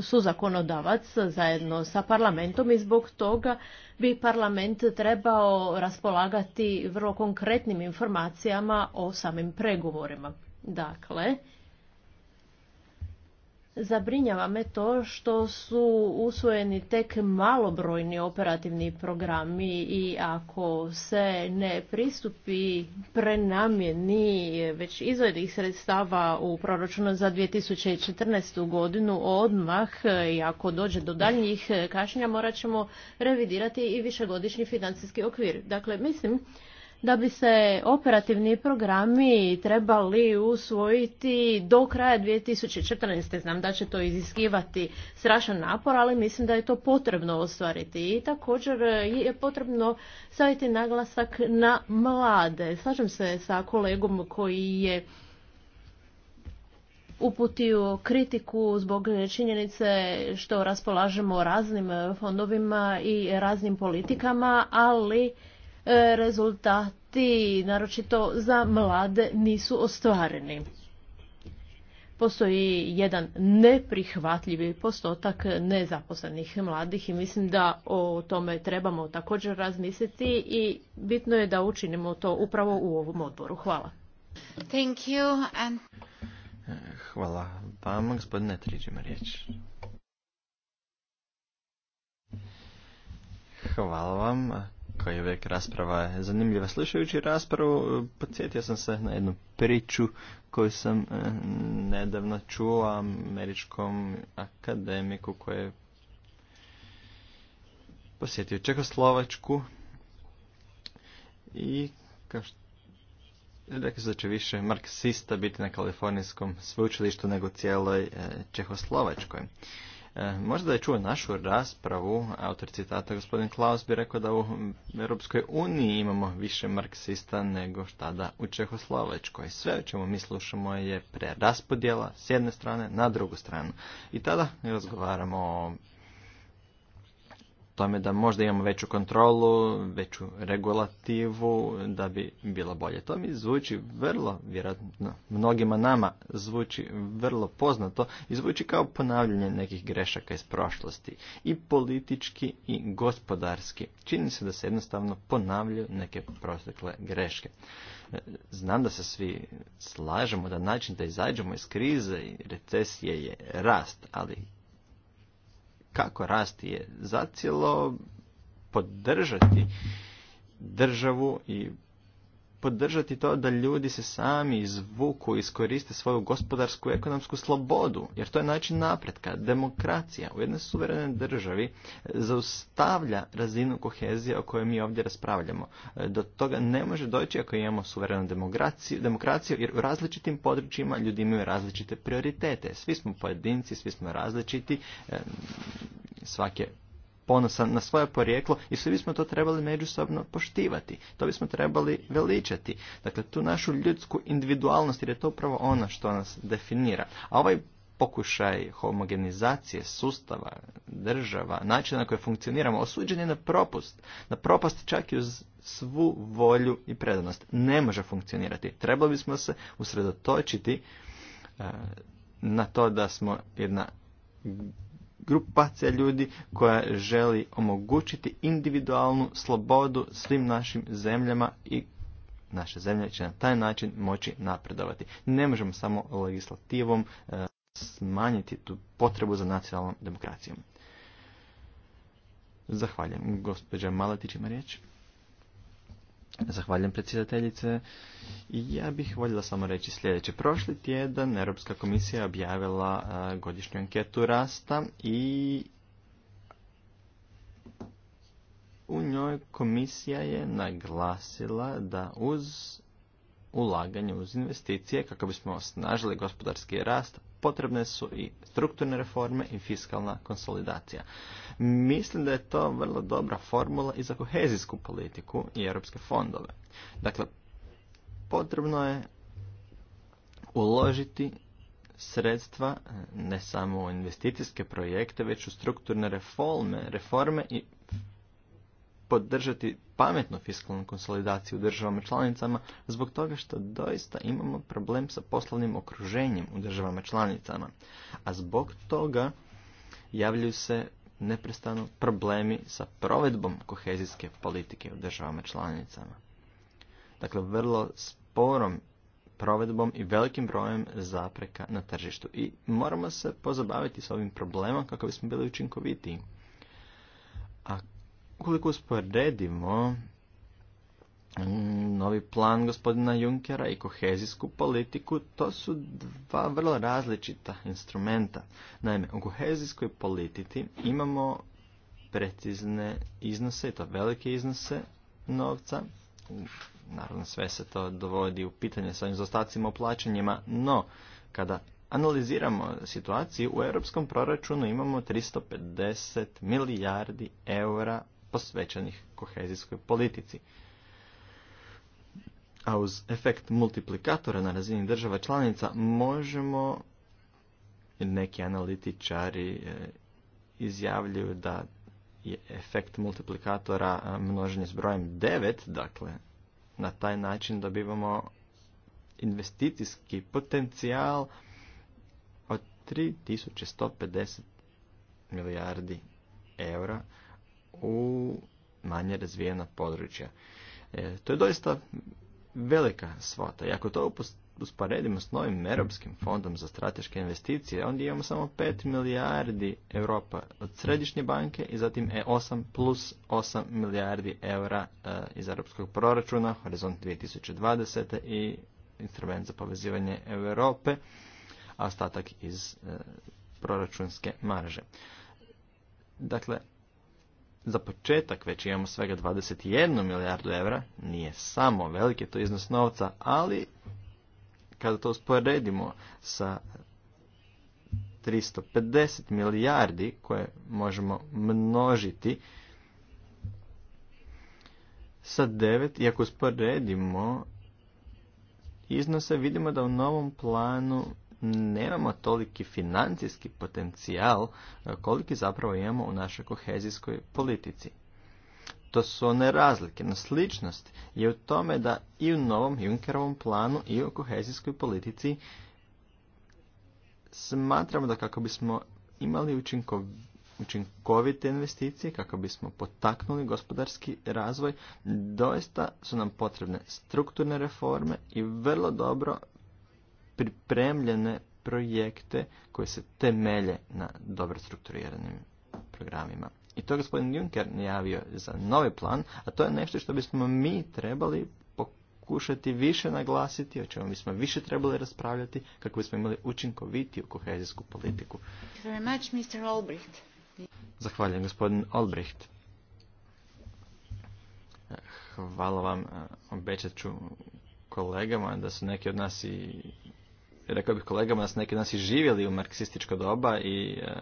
suzakonodavac zajedno sa parlamentom i zbog toga bi parlament trebao raspolagati vrlo konkretnim informacijama o samim pregovorima. Dakle, Zabrinjava me to što su usvojeni tek malobrojni operativni programi i ako se ne pristupi prenamjeni već izvojnih sredstava u proračunu za 2014. godinu odmah i ako dođe do daljnjih kašnja morat ćemo revidirati i višegodišnji financijski okvir. Dakle, mislim da bi se operativni programi trebali usvojiti do kraja 2014. Znam da će to iziskivati strašan napor, ali mislim da je to potrebno ostvariti. I također je potrebno staviti naglasak na mlade. Slažem se sa kolegom koji je uputio kritiku zbog činjenice što raspolažemo raznim fondovima i raznim politikama, ali E, rezultati, naročito za mlade, nisu ostvareni. Postoji jedan neprihvatljivi postotak nezaposlenih mladih i mislim da o tome trebamo također razmisliti i bitno je da učinimo to upravo u ovom odboru. Hvala. Thank you Hvala vam, gospodine Triđima Hvala vam. Kao i uvijek rasprava je zanimljiva. Slušajući raspravu, e, podsjetio sam se na jednu priču koju sam e, nedavno čuo američkom akademiku koji je posjetio Čehoslovačku i kao što Rekli su da će više marksista biti na kalifornijskom sveučilištu nego cijeloj e, Čehoslovačkoj. E, možda je čuo našu raspravu, autor citata gospodin Klaus bi rekao da u Europskoj uniji imamo više marksista nego štada u Čehoslovačkoj. Sve o čemu mi slušamo je preraspodjela s jedne strane na drugu stranu. I tada razgovaramo o tome da možda imamo veću kontrolu, veću regulativu, da bi bilo bolje. To mi zvuči vrlo, vjerojatno, mnogima nama zvuči vrlo poznato i zvuči kao ponavljanje nekih grešaka iz prošlosti. I politički i gospodarski. Čini se da se jednostavno ponavljaju neke protekle greške. E, znam da se svi slažemo da način da izađemo iz krize i recesije je rast, ali kako rasti je zacijelo podržati državu i podržati to da ljudi se sami izvuku, iskoriste svoju gospodarsku i ekonomsku slobodu, jer to je način napretka. Demokracija u jednoj suverenoj državi zaustavlja razinu kohezije o kojoj mi ovdje raspravljamo. Do toga ne može doći ako imamo suverenu demokraciju, demokraciju jer u različitim područjima ljudi imaju različite prioritete. Svi smo pojedinci, svi smo različiti, svake ponosan na svoje porijeklo i svi bismo to trebali međusobno poštivati. To bismo trebali veličati. Dakle, tu našu ljudsku individualnost jer je to upravo ono što nas definira. A ovaj pokušaj homogenizacije sustava, država, načina na koji funkcioniramo, osuđen je na propust. Na propast čak i uz svu volju i predanost. Ne može funkcionirati. Trebali bismo se usredotočiti eh, na to da smo jedna grupacija ljudi koja želi omogućiti individualnu slobodu svim našim zemljama i naše zemlje će na taj način moći napredovati. Ne možemo samo legislativom e, smanjiti tu potrebu za nacionalnom demokracijom. Zahvaljujem. Gospođa Maletić ima riječ. Zahvaljujem predsjedateljice. Ja bih voljela samo reći sljedeće. Prošli tjedan Europska komisija objavila godišnju anketu rasta i u njoj komisija je naglasila da uz ulaganje uz investicije kako bismo osnažili gospodarski rast, potrebne su i strukturne reforme i fiskalna konsolidacija. Mislim da je to vrlo dobra formula i za kohezijsku politiku i europske fondove. Dakle, potrebno je uložiti sredstva ne samo u investicijske projekte, već u strukturne reforme, reforme i podržati pametnu fiskalnu konsolidaciju u državama članicama zbog toga što doista imamo problem sa poslovnim okruženjem u državama članicama. A zbog toga javljaju se neprestano problemi sa provedbom kohezijske politike u državama članicama. Dakle, vrlo sporom provedbom i velikim brojem zapreka na tržištu. I moramo se pozabaviti s ovim problemom kako bismo bili učinkovitiji. Ukoliko usporedimo mm, novi plan gospodina Junkera i kohezijsku politiku, to su dva vrlo različita instrumenta. Naime, u kohezijskoj politici imamo precizne iznose, i to velike iznose novca. Naravno, sve se to dovodi u pitanje sa ovim zostacima u plaćanjima, no, kada analiziramo situaciju, u europskom proračunu imamo 350 milijardi eura posvećenih kohezijskoj politici. A uz efekt multiplikatora na razini država članica možemo, neki analitičari e, izjavljuju da je efekt multiplikatora množenje s brojem 9, dakle na taj način dobivamo investicijski potencijal od 3150 milijardi eura u manje razvijena područja. E, to je doista velika svota. I ako to usporedimo s novim Europskim fondom za strateške investicije, onda imamo samo 5 milijardi Europa od središnje banke i zatim E8 plus 8 milijardi eura e, iz europskog proračuna, Horizont 2020. i instrument za povezivanje Europe, a ostatak iz e, proračunske marže. Dakle, za početak već imamo svega 21 milijardu evra, nije samo veliki to iznos novca, ali kada to usporedimo sa 350 milijardi koje možemo množiti sa 9 i ako usporedimo iznose vidimo da u novom planu nemamo toliki financijski potencijal e, koliki zapravo imamo u našoj kohezijskoj politici. To su one razlike, no sličnost je u tome da i u novom Junkerovom planu i u kohezijskoj politici smatramo da kako bismo imali učinkovite investicije, kako bismo potaknuli gospodarski razvoj, doista su nam potrebne strukturne reforme i vrlo dobro pripremljene projekte koje se temelje na dobro strukturiranim programima. I to gospodin Juncker najavio za novi plan, a to je nešto što bismo mi trebali pokušati više naglasiti, o čemu bismo više trebali raspravljati kako bismo imali učinkovitiju kohezijsku politiku. Zahvaljujem gospodin Olbricht. Hvala vam, obećat ću kolegama da su neki od nas i rekao bih kolegama da su neki nas i živjeli u marksističko doba i e,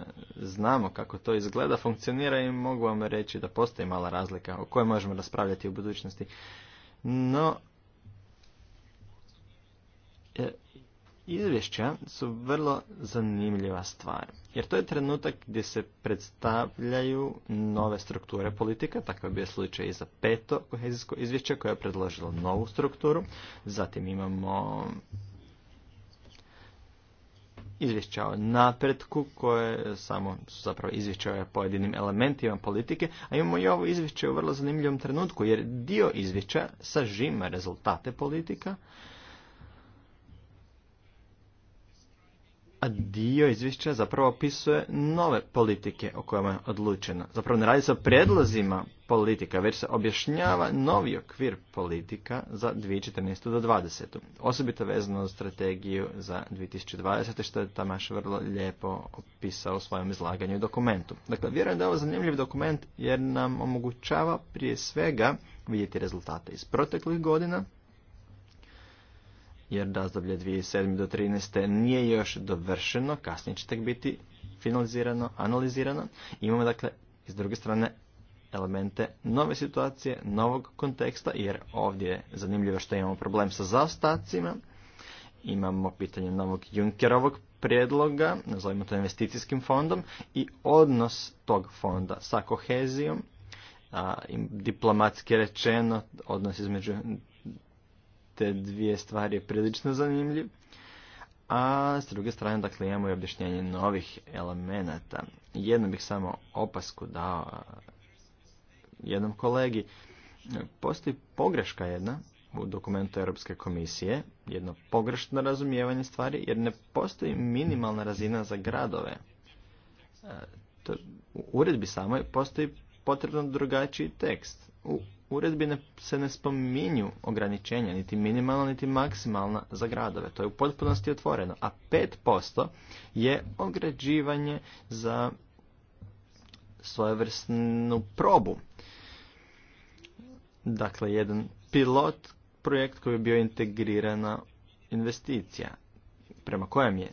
znamo kako to izgleda, funkcionira i mogu vam reći da postoji mala razlika o kojoj možemo raspravljati u budućnosti. No, e, izvješća su vrlo zanimljiva stvar. Jer to je trenutak gdje se predstavljaju nove strukture politika, takav bio slučaj i za peto kohezijsko izvješće koje je predložilo novu strukturu. Zatim imamo izvješća o napretku koje samo su zapravo izvješća o pojedinim elementima politike, a imamo i ovo izvješće u vrlo zanimljivom trenutku jer dio izvješća sažima rezultate politika, a dio izvješća zapravo opisuje nove politike o kojima je odlučeno. Zapravo ne radi se o prijedlozima politika, već se objašnjava novi okvir politika za 2014. do 2020. Osobito vezano uz strategiju za 2020. što je Tamaš vrlo lijepo opisao u svojem izlaganju i dokumentu. Dakle, vjerujem da je ovo zanimljiv dokument jer nam omogućava prije svega vidjeti rezultate iz proteklih godina, jer razdoblje 2007. do 2013. nije još dovršeno, kasnije će tek biti finalizirano, analizirano. Imamo dakle s druge strane elemente nove situacije, novog konteksta, jer ovdje je zanimljivo što imamo problem sa zaostacima, imamo pitanje novog Junkerovog prijedloga, nazovimo to investicijskim fondom, i odnos tog fonda sa kohezijom, diplomatski rečeno, odnos između te dvije stvari je prilično zanimljiv. A s druge strane, dakle, imamo i objašnjenje novih elemenata. Jednom bih samo opasku dao jednom kolegi. Postoji pogreška jedna u dokumentu Europske komisije, jedno pogrešno razumijevanje stvari, jer ne postoji minimalna razina za gradove. E, u uredbi samoj postoji potrebno drugačiji tekst. U uredbi se ne spominju ograničenja, niti minimalna, niti maksimalna za gradove. To je u potpunosti otvoreno. A 5% je ograđivanje za svojevrsnu probu. Dakle, jedan pilot projekt koji je bio integrirana investicija, prema kojem je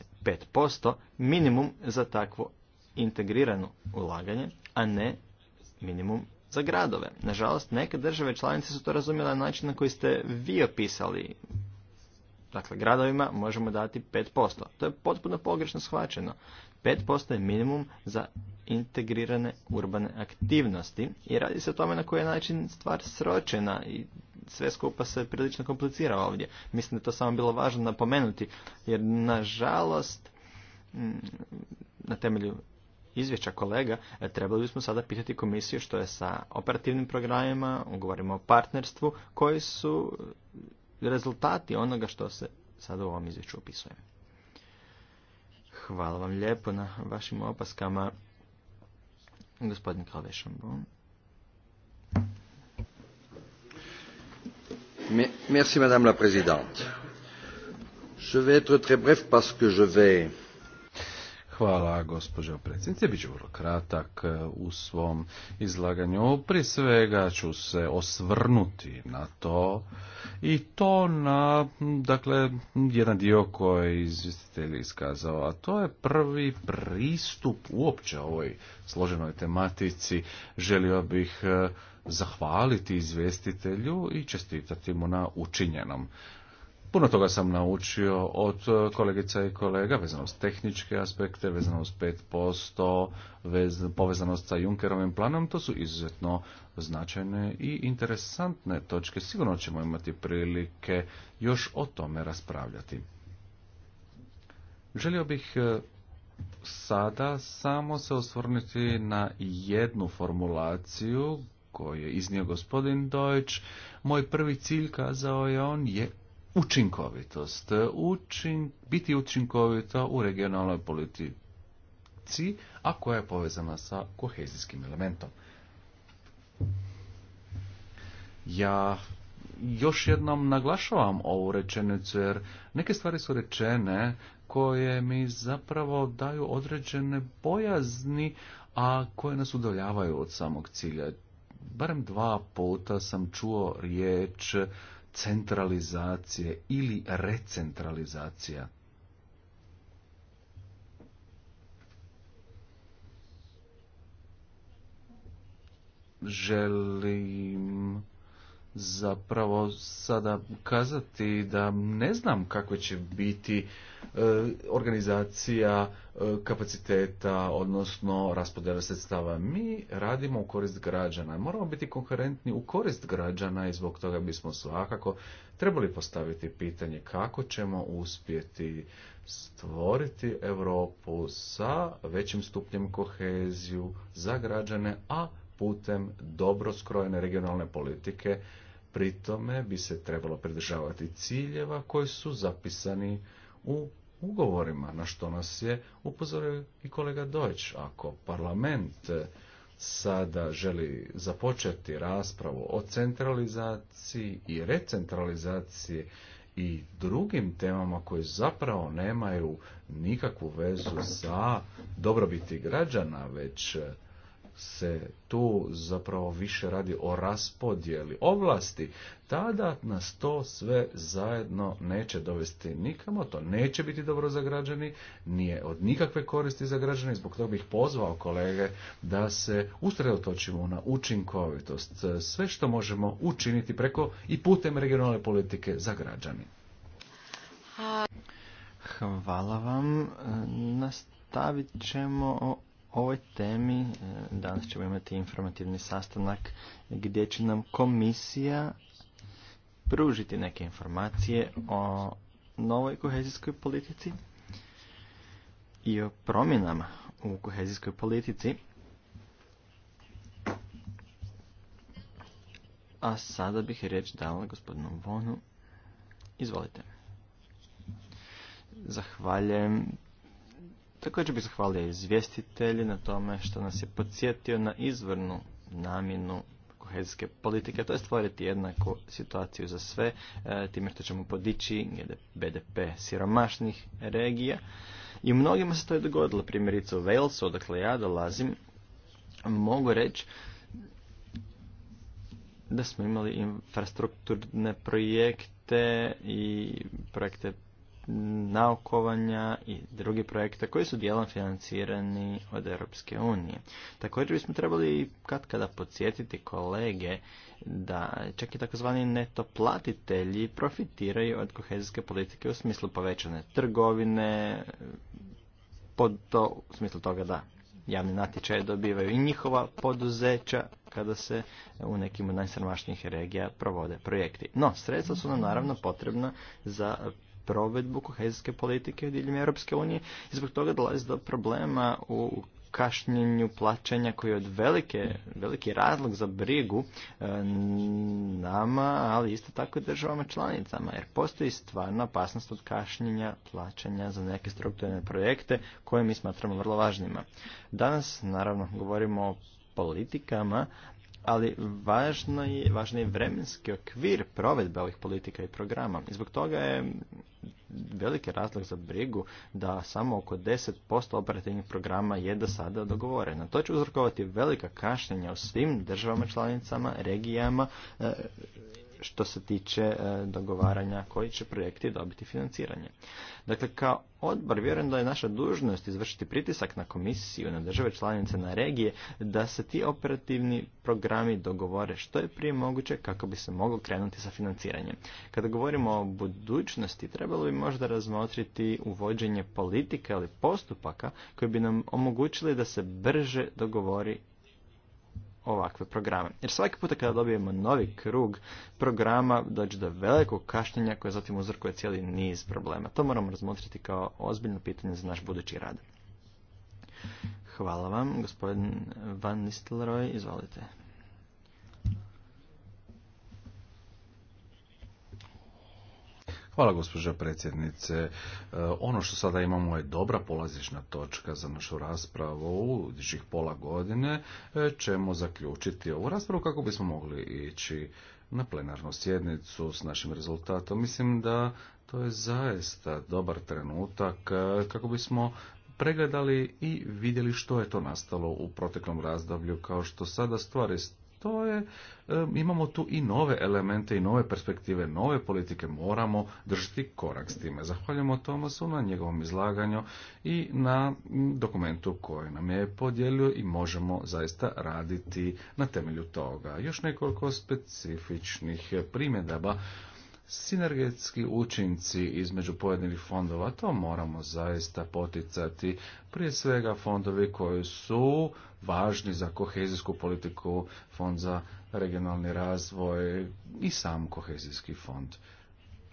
5% minimum za takvo integrirano ulaganje, a ne minimum za gradove. Nažalost, neke države članice su to razumjele na način na koji ste vi opisali. Dakle, gradovima možemo dati 5%. To je potpuno pogrešno shvaćeno. 5% je minimum za integrirane urbane aktivnosti i radi se o tome na koji je način stvar sročena i sve skupa se prilično komplicira ovdje. Mislim da je to samo bilo važno napomenuti jer nažalost mm, na temelju izvješća kolega, e, trebali bismo sada pitati komisiju što je sa operativnim programima, govorimo o partnerstvu, koji su rezultati onoga što se sada u ovom izvješću opisuje. Hvala vam lijepo na vašim opaskama, gospodin Kalvešambon. Merci, madame la présidente. Je vais être très bref parce que je vais Hvala, gospođo predsjednice. ću vrlo kratak e, u svom izlaganju. Prije svega ću se osvrnuti na to i to na, dakle, jedan dio koji je izvjestitelj iskazao, a to je prvi pristup uopće ovoj složenoj tematici. Želio bih e, zahvaliti izvjestitelju i čestitati mu na učinjenom. Puno toga sam naučio od kolegica i kolega vezano s tehničke aspekte, vezano s 5%, vez, povezanost sa Junkerovim planom. To su izuzetno značajne i interesantne točke. Sigurno ćemo imati prilike još o tome raspravljati. Želio bih e, sada samo se osvrnuti na jednu formulaciju koju je iznio gospodin Deutsch. Moj prvi cilj, kazao je on, je učinkovitost. Učin, biti učinkovita u regionalnoj politici, a koja je povezana sa kohezijskim elementom. Ja još jednom naglašavam ovu rečenicu, jer neke stvari su rečene koje mi zapravo daju određene bojazni, a koje nas udaljavaju od samog cilja. Barem dva puta sam čuo riječ centralizacije ili recentralizacija. Želim zapravo sada kazati da ne znam kako će biti E, organizacija e, kapaciteta, odnosno raspodjela sredstava. Mi radimo u korist građana. Moramo biti konkurentni u korist građana i zbog toga bismo svakako trebali postaviti pitanje kako ćemo uspjeti stvoriti Europu sa većim stupnjem koheziju za građane, a putem dobro skrojene regionalne politike. Pri tome bi se trebalo pridržavati ciljeva koji su zapisani u ugovorima, na što nas je upozorio i kolega Dojč. Ako parlament eh, sada želi započeti raspravu o centralizaciji i recentralizaciji i drugim temama koje zapravo nemaju nikakvu vezu sa dobrobiti građana, već eh, se tu zapravo više radi o raspodjeli ovlasti, tada nas to sve zajedno neće dovesti nikamo, to neće biti dobro za građani, nije od nikakve koristi za građani, zbog toga bih pozvao kolege da se usredotočimo na učinkovitost, sve što možemo učiniti preko i putem regionalne politike za građani. Hvala vam. Nastavit ćemo o ovoj temi e, danas ćemo imati informativni sastanak gdje će nam komisija pružiti neke informacije o novoj kohezijskoj politici i o promjenama u kohezijskoj politici. A sada bih riječ dala gospodinu Vonu. Izvolite. Zahvaljujem Također bih zahvalio izvjestitelji na tome što nas je podsjetio na izvornu namjenu kohezijske politike, to je stvoriti jednaku situaciju za sve, e, time što ćemo podići BDP siromašnih regija. I u mnogima se to je dogodilo, primjerice u Walesu, odakle ja dolazim, mogu reći da smo imali infrastrukturne projekte i projekte naukovanja i drugi projekta koji su dijelom financirani od Europske unije. Također bismo trebali kad kada podsjetiti kolege da čak i takozvani neto platitelji profitiraju od kohezijske politike u smislu povećane trgovine, to, u smislu toga da javni natječaj dobivaju i njihova poduzeća kada se u nekim od najsrmašnijih regija provode projekti. No, sredstva su nam naravno potrebna za provedbu kohezijske politike diljem Europske unije i zbog toga dolazi do problema u kašnjenju plaćanja koji je od velike, veliki razlog za brigu e, nama, ali isto tako i državama članicama, jer postoji stvarna opasnost od kašnjenja plaćanja za neke strukturne projekte koje mi smatramo vrlo važnima. Danas, naravno, govorimo o politikama, ali važno je, važno je vremenski okvir provedbe ovih politika i programa. I zbog toga je veliki razlog za brigu da samo oko 10% operativnih programa je do sada dogovoreno. To će uzrokovati velika kašnjenja u svim državama članicama, regijama e, što se tiče e, dogovaranja koji će projekti dobiti financiranje. Dakle, kao odbor vjerujem da je naša dužnost izvršiti pritisak na komisiju, na države članice, na regije, da se ti operativni programi dogovore što je prije moguće kako bi se moglo krenuti sa financiranjem. Kada govorimo o budućnosti, trebalo bi možda razmotriti uvođenje politika ili postupaka koji bi nam omogućili da se brže dogovori ovakve programe. Jer svaki puta kada dobijemo novi krug programa dođe do velikog kašnjenja koje zatim uzrokuje cijeli niz problema. To moramo razmotriti kao ozbiljno pitanje za naš budući rad. Hvala vam, gospodin Van Nistelroj, izvolite. Hvala gospođa predsjednice. E, ono što sada imamo je dobra polazišna točka za našu raspravu u idućih pola godine. Čemo e, zaključiti ovu raspravu kako bismo mogli ići na plenarnu sjednicu s našim rezultatom. Mislim da to je zaista dobar trenutak e, kako bismo pregledali i vidjeli što je to nastalo u proteklom razdoblju, kao što sada stvari to je, imamo tu i nove elemente i nove perspektive, nove politike, moramo držati korak s time. Zahvaljujemo Tomasu na njegovom izlaganju i na dokumentu koji nam je podijelio i možemo zaista raditi na temelju toga. Još nekoliko specifičnih primjedaba sinergetski učinci između pojedinih fondova, to moramo zaista poticati. Prije svega fondovi koji su važni za kohezijsku politiku, fond za regionalni razvoj i sam kohezijski fond.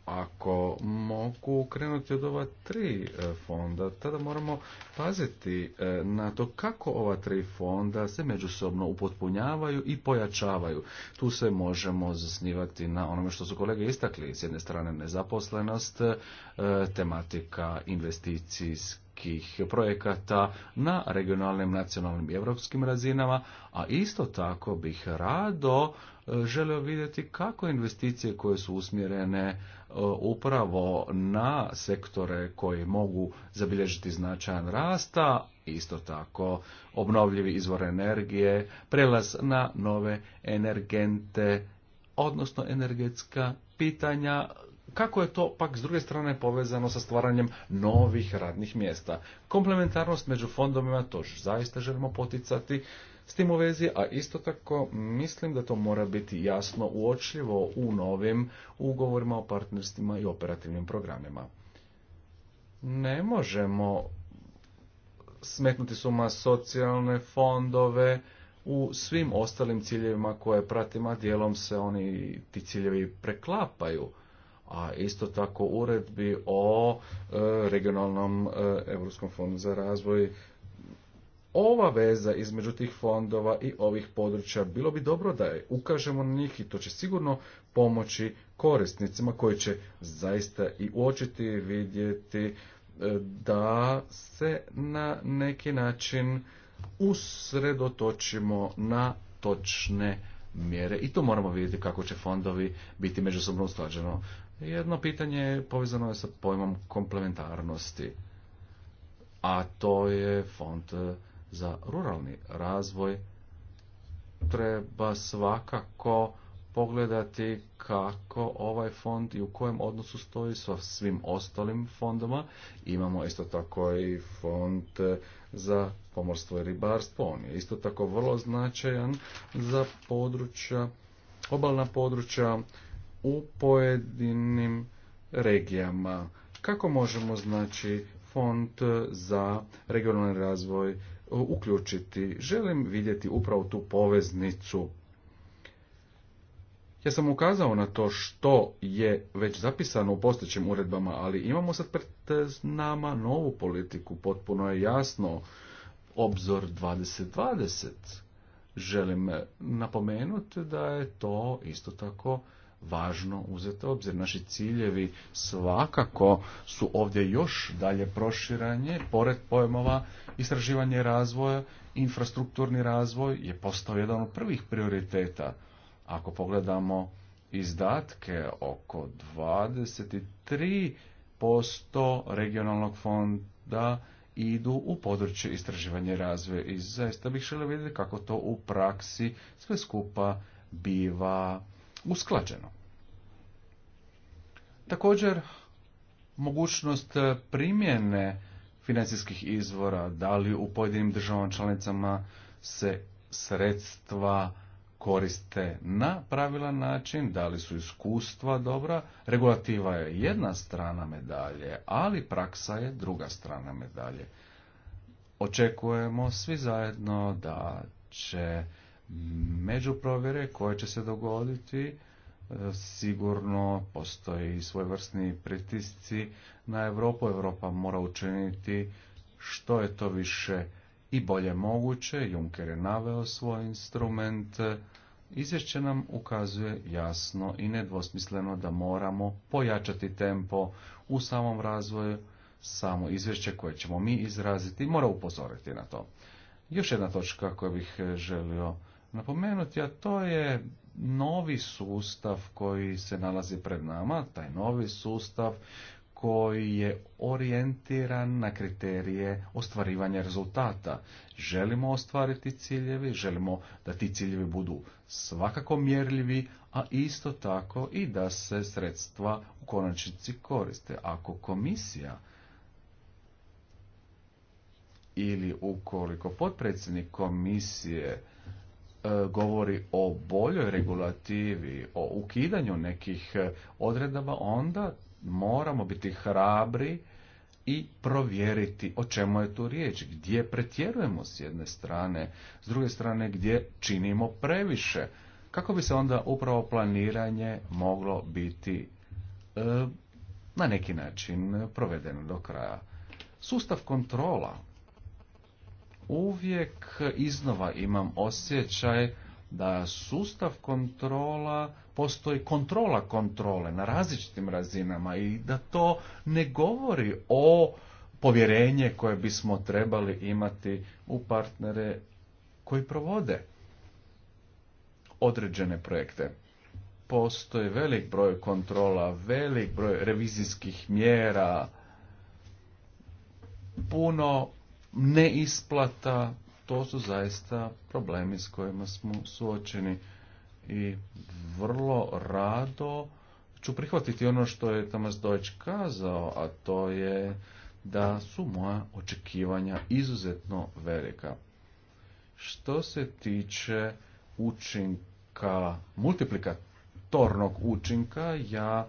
Ako mogu krenuti od ova tri e, fonda, tada moramo paziti e, na to kako ova tri fonda se međusobno upotpunjavaju i pojačavaju. Tu se možemo zasnivati na onome što su kolege istakli. S jedne strane nezaposlenost, e, tematika investicijski, projekata na regionalnim, nacionalnim i europskim razinama, a isto tako bih rado e, želio vidjeti kako investicije koje su usmjerene e, upravo na sektore koji mogu zabilježiti značajan rasta, isto tako obnovljivi izvor energije, prelaz na nove energente, odnosno energetska pitanja kako je to pak s druge strane povezano sa stvaranjem novih radnih mjesta? Komplementarnost među fondovima to zaista želimo poticati s tim u vezi, a isto tako mislim da to mora biti jasno uočljivo u novim ugovorima o partnerstvima i operativnim programima. Ne možemo smetnuti suma socijalne fondove, u svim ostalim ciljevima koje pratimo, dijelom se oni ti ciljevi preklapaju a isto tako uredbi o e, regionalnom e, Europskom fondu za razvoj ova veza između tih fondova i ovih područja bilo bi dobro da je ukažemo na njih i to će sigurno pomoći korisnicima koji će zaista i uočiti vidjeti e, da se na neki način usredotočimo na točne mjere i to moramo vidjeti kako će fondovi biti međusobno usklađeno. Jedno pitanje povezano je sa pojmom komplementarnosti, a to je fond e, za ruralni razvoj. Treba svakako pogledati kako ovaj fond i u kojem odnosu stoji sa svim ostalim fondama. Imamo isto tako i fond e, za pomorstvo i ribarstvo. On je isto tako vrlo značajan za područja, obalna područja, u pojedinim regijama. Kako možemo znači fond za regionalni razvoj uh, uključiti? Želim vidjeti upravo tu poveznicu. Ja sam ukazao na to što je već zapisano u postojećim uredbama, ali imamo sad pred nama novu politiku, potpuno je jasno, obzor 2020. Želim napomenuti da je to isto tako važno uzeti obzir. Naši ciljevi svakako su ovdje još dalje proširanje, pored pojmova istraživanje razvoja, infrastrukturni razvoj je postao jedan od prvih prioriteta. Ako pogledamo izdatke oko 23% regionalnog fonda idu u područje istraživanja i razvoja i zaista bih želio vidjeti kako to u praksi sve skupa biva usklađeno. Također, mogućnost primjene financijskih izvora, da li u pojedinim državama članicama se sredstva koriste na pravilan način, da li su iskustva dobra. Regulativa je jedna strana medalje, ali praksa je druga strana medalje. Očekujemo svi zajedno da će međuprovjere koje će se dogoditi e, sigurno postoji svojevrsni pritisci na Europu. Europa mora učiniti što je to više i bolje moguće. Juncker je naveo svoj instrument. Izvješće nam ukazuje jasno i nedvosmisleno da moramo pojačati tempo u samom razvoju. Samo izvješće koje ćemo mi izraziti mora upozoriti na to. Još jedna točka koju bih želio napomenuti, a to je novi sustav koji se nalazi pred nama, taj novi sustav koji je orijentiran na kriterije ostvarivanja rezultata. Želimo ostvariti ciljevi, želimo da ti ciljevi budu svakako mjerljivi, a isto tako i da se sredstva u konačnici koriste. Ako komisija ili ukoliko potpredsjednik komisije E, govori o boljoj regulativi, o ukidanju nekih e, odredaba, onda moramo biti hrabri i provjeriti o čemu je tu riječ, gdje pretjerujemo s jedne strane, s druge strane gdje činimo previše, kako bi se onda upravo planiranje moglo biti e, na neki način provedeno do kraja. Sustav kontrola uvijek iznova imam osjećaj da sustav kontrola postoji kontrola kontrole na različitim razinama i da to ne govori o povjerenje koje bismo trebali imati u partnere koji provode određene projekte. Postoji velik broj kontrola, velik broj revizijskih mjera, puno neisplata, to su zaista problemi s kojima smo suočeni i vrlo rado ću prihvatiti ono što je Tamas Dojč kazao, a to je da su moja očekivanja izuzetno velika. Što se tiče učinka, multiplikatornog učinka, ja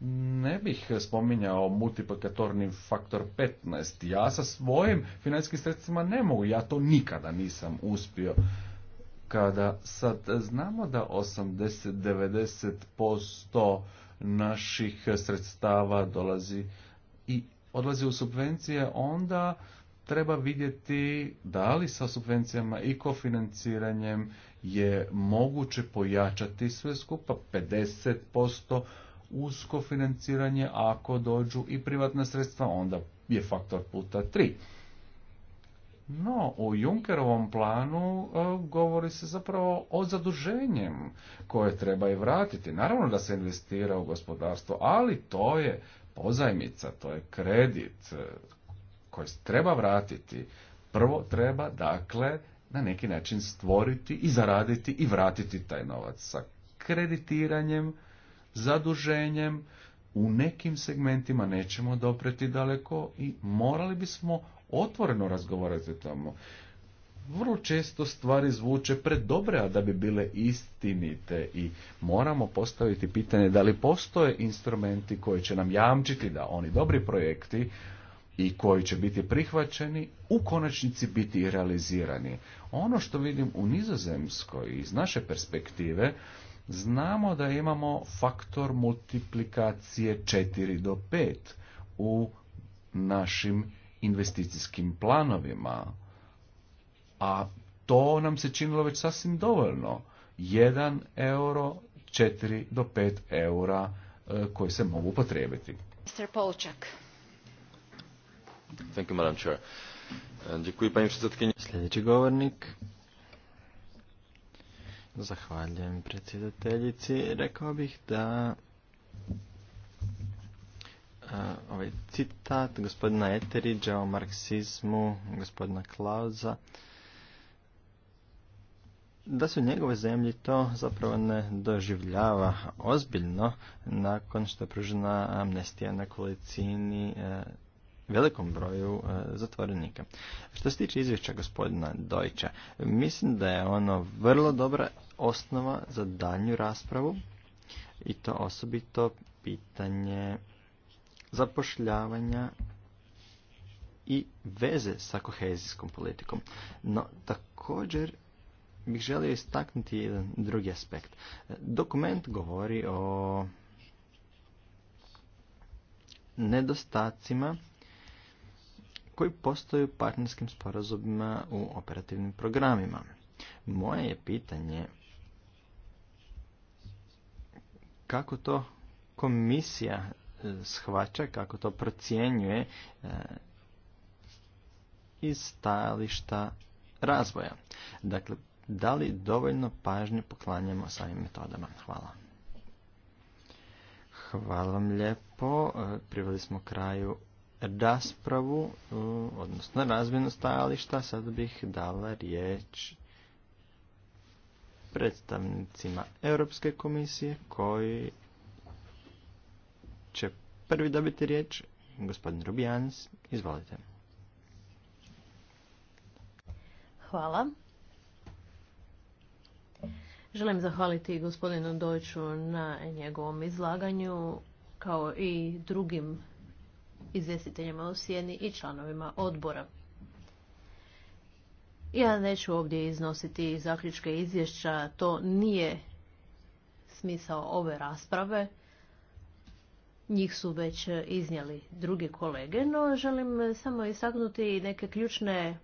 ne bih spominjao multiplikatorni faktor 15. Ja sa svojim financijskim sredstvima ne mogu, ja to nikada nisam uspio. Kada sad znamo da 80-90% naših sredstava dolazi i odlazi u subvencije, onda treba vidjeti da li sa subvencijama i kofinanciranjem je moguće pojačati sve skupa 50% usko financiranje, a ako dođu i privatna sredstva, onda je faktor puta tri. No, u Junkerovom planu e, govori se zapravo o zaduženjem koje treba i vratiti. Naravno da se investira u gospodarstvo, ali to je pozajmica, to je kredit e, koji treba vratiti. Prvo treba, dakle, na neki način stvoriti i zaraditi i vratiti taj novac sa kreditiranjem zaduženjem u nekim segmentima nećemo dopreti daleko i morali bismo otvoreno razgovarati o tome. Vrlo često stvari zvuče predobre, a da bi bile istinite i moramo postaviti pitanje da li postoje instrumenti koji će nam jamčiti da oni dobri projekti i koji će biti prihvaćeni, u konačnici biti realizirani. Ono što vidim u Nizozemskoj iz naše perspektive, znamo da imamo faktor multiplikacije 4 do 5 u našim investicijskim planovima. A to nam se činilo već sasvim dovoljno. 1 euro, 4 do 5 eura e, koji se mogu potrebiti. Mr. Polčak. Thank you, Madam Chair. E, Sljedeći govornik. Zahvaljujem predsjedateljici. Rekao bih da ovaj citat gospodina Eteriđa o marksizmu gospodina Klauza da se u njegove zemlji to zapravo ne doživljava ozbiljno nakon što je pružena amnestija na kolicini velikom broju e, zatvorenika. Što se tiče izvješća gospodina Dojča, mislim da je ono vrlo dobra osnova za daljnju raspravu i to osobito pitanje zapošljavanja i veze sa kohezijskom politikom. No, također bih želio istaknuti jedan drugi aspekt. Dokument govori o nedostacima koji postoju partnerskim sporazumima u operativnim programima. Moje je pitanje kako to komisija e, shvaća, kako to procjenjuje e, iz stajališta razvoja. Dakle, da li dovoljno pažnje poklanjamo samim metodama? Hvala. Hvala vam lijepo. E, priveli smo kraju raspravu, odnosno razmjenu stajališta, sad bih dala riječ predstavnicima Europske komisije koji će prvi dobiti riječ. Gospodin Rubijanis, izvolite. Hvala. Želim zahvaliti gospodinu Dojču na njegovom izlaganju kao i drugim izvjestiteljima u sjeni i članovima odbora. Ja neću ovdje iznositi zaključke izvješća, to nije smisao ove rasprave. Njih su već iznijeli drugi kolege, no želim samo istaknuti neke ključne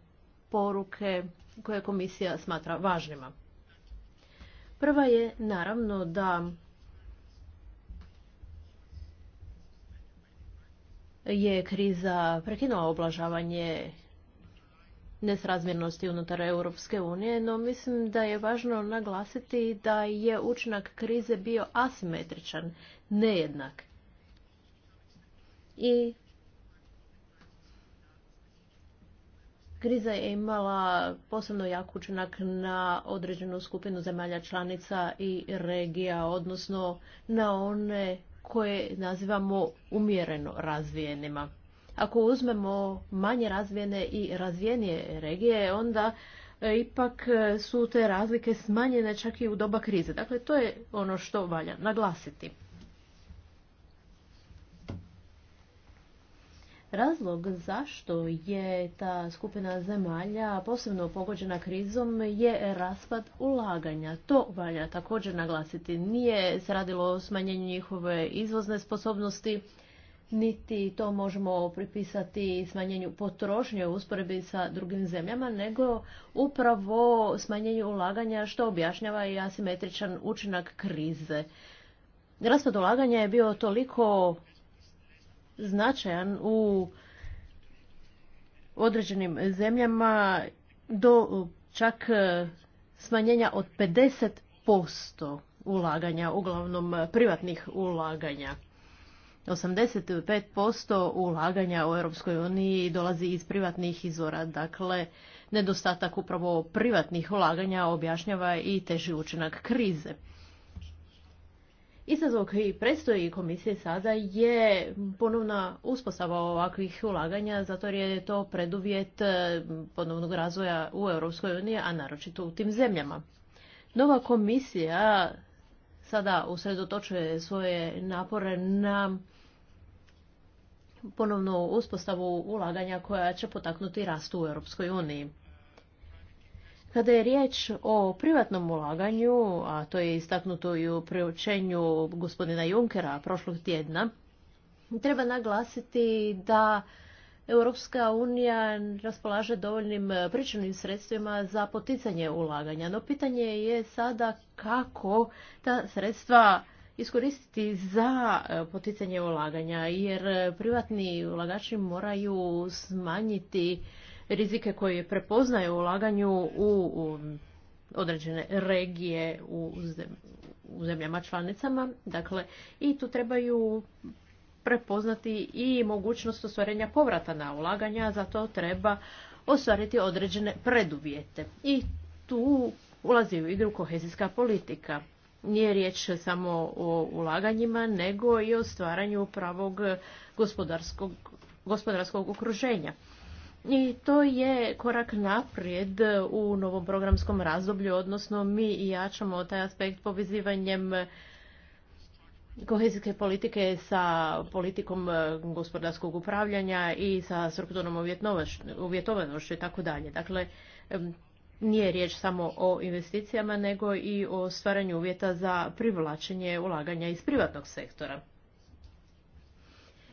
poruke koje komisija smatra važnima. Prva je naravno da je kriza prekinula oblažavanje nesrazmjernosti unutar Europske unije, no mislim da je važno naglasiti da je učinak krize bio asimetričan, nejednak. I kriza je imala posebno jak učinak na određenu skupinu zemalja članica i regija, odnosno na one koje nazivamo umjereno razvijenima. Ako uzmemo manje razvijene i razvijenije regije, onda e, ipak su te razlike smanjene čak i u doba krize. Dakle, to je ono što valja naglasiti. Razlog zašto je ta skupina zemalja posebno pogođena krizom je raspad ulaganja. To valja također naglasiti. Nije se radilo o smanjenju njihove izvozne sposobnosti, niti to možemo pripisati smanjenju potrošnje u usporedbi sa drugim zemljama, nego upravo smanjenju ulaganja što objašnjava i asimetričan učinak krize. Raspad ulaganja je bio toliko značajan u određenim zemljama do čak e, smanjenja od 50% ulaganja, uglavnom privatnih ulaganja. 85% ulaganja u Europskoj uniji dolazi iz privatnih izvora, dakle nedostatak upravo privatnih ulaganja objašnjava i teži učinak krize. Izazov koji predstoji komisije sada je ponovna uspostava ovakvih ulaganja, zato jer je to preduvjet e, ponovnog razvoja u Europskoj uniji, a naročito u tim zemljama. Nova komisija sada usredotočuje svoje napore na ponovnu uspostavu ulaganja koja će potaknuti rast u Europskoj uniji. Kada je riječ o privatnom ulaganju, a to je istaknuto i u preučenju gospodina Junkera prošlog tjedna, treba naglasiti da Europska unija raspolaže dovoljnim pričanim sredstvima za poticanje ulaganja, no pitanje je sada kako ta sredstva iskoristiti za e, poticanje ulaganja, jer privatni ulagači moraju smanjiti rizike koje prepoznaju u ulaganju u određene regije u zemljama članicama. Dakle, i tu trebaju prepoznati i mogućnost ostvarenja povrata na ulaganja, zato treba ostvariti određene preduvjete. I tu ulazi u igru kohezijska politika. Nije riječ samo o ulaganjima, nego i o stvaranju pravog gospodarskog, gospodarskog okruženja. I to je korak naprijed u novom programskom razdoblju, odnosno mi i jačamo taj aspekt povezivanjem kohezijske politike sa politikom e, gospodarskog upravljanja i sa strukturnom uvjetovanošću i tako dalje. Dakle, nije riječ samo o investicijama, nego i o stvaranju uvjeta za privlačenje ulaganja iz privatnog sektora.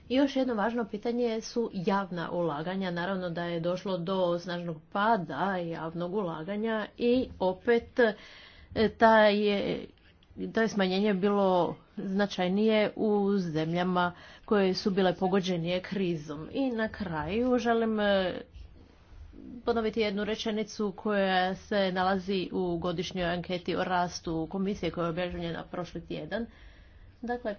I još jedno važno pitanje su javna ulaganja. Naravno da je došlo do snažnog pada javnog ulaganja i opet e, taj je, to je smanjenje bilo značajnije u zemljama koje su bile pogođenije krizom. I na kraju želim e, ponoviti jednu rečenicu koja se nalazi u godišnjoj anketi o rastu komisije koja je objavljena prošli tjedan. Dakle,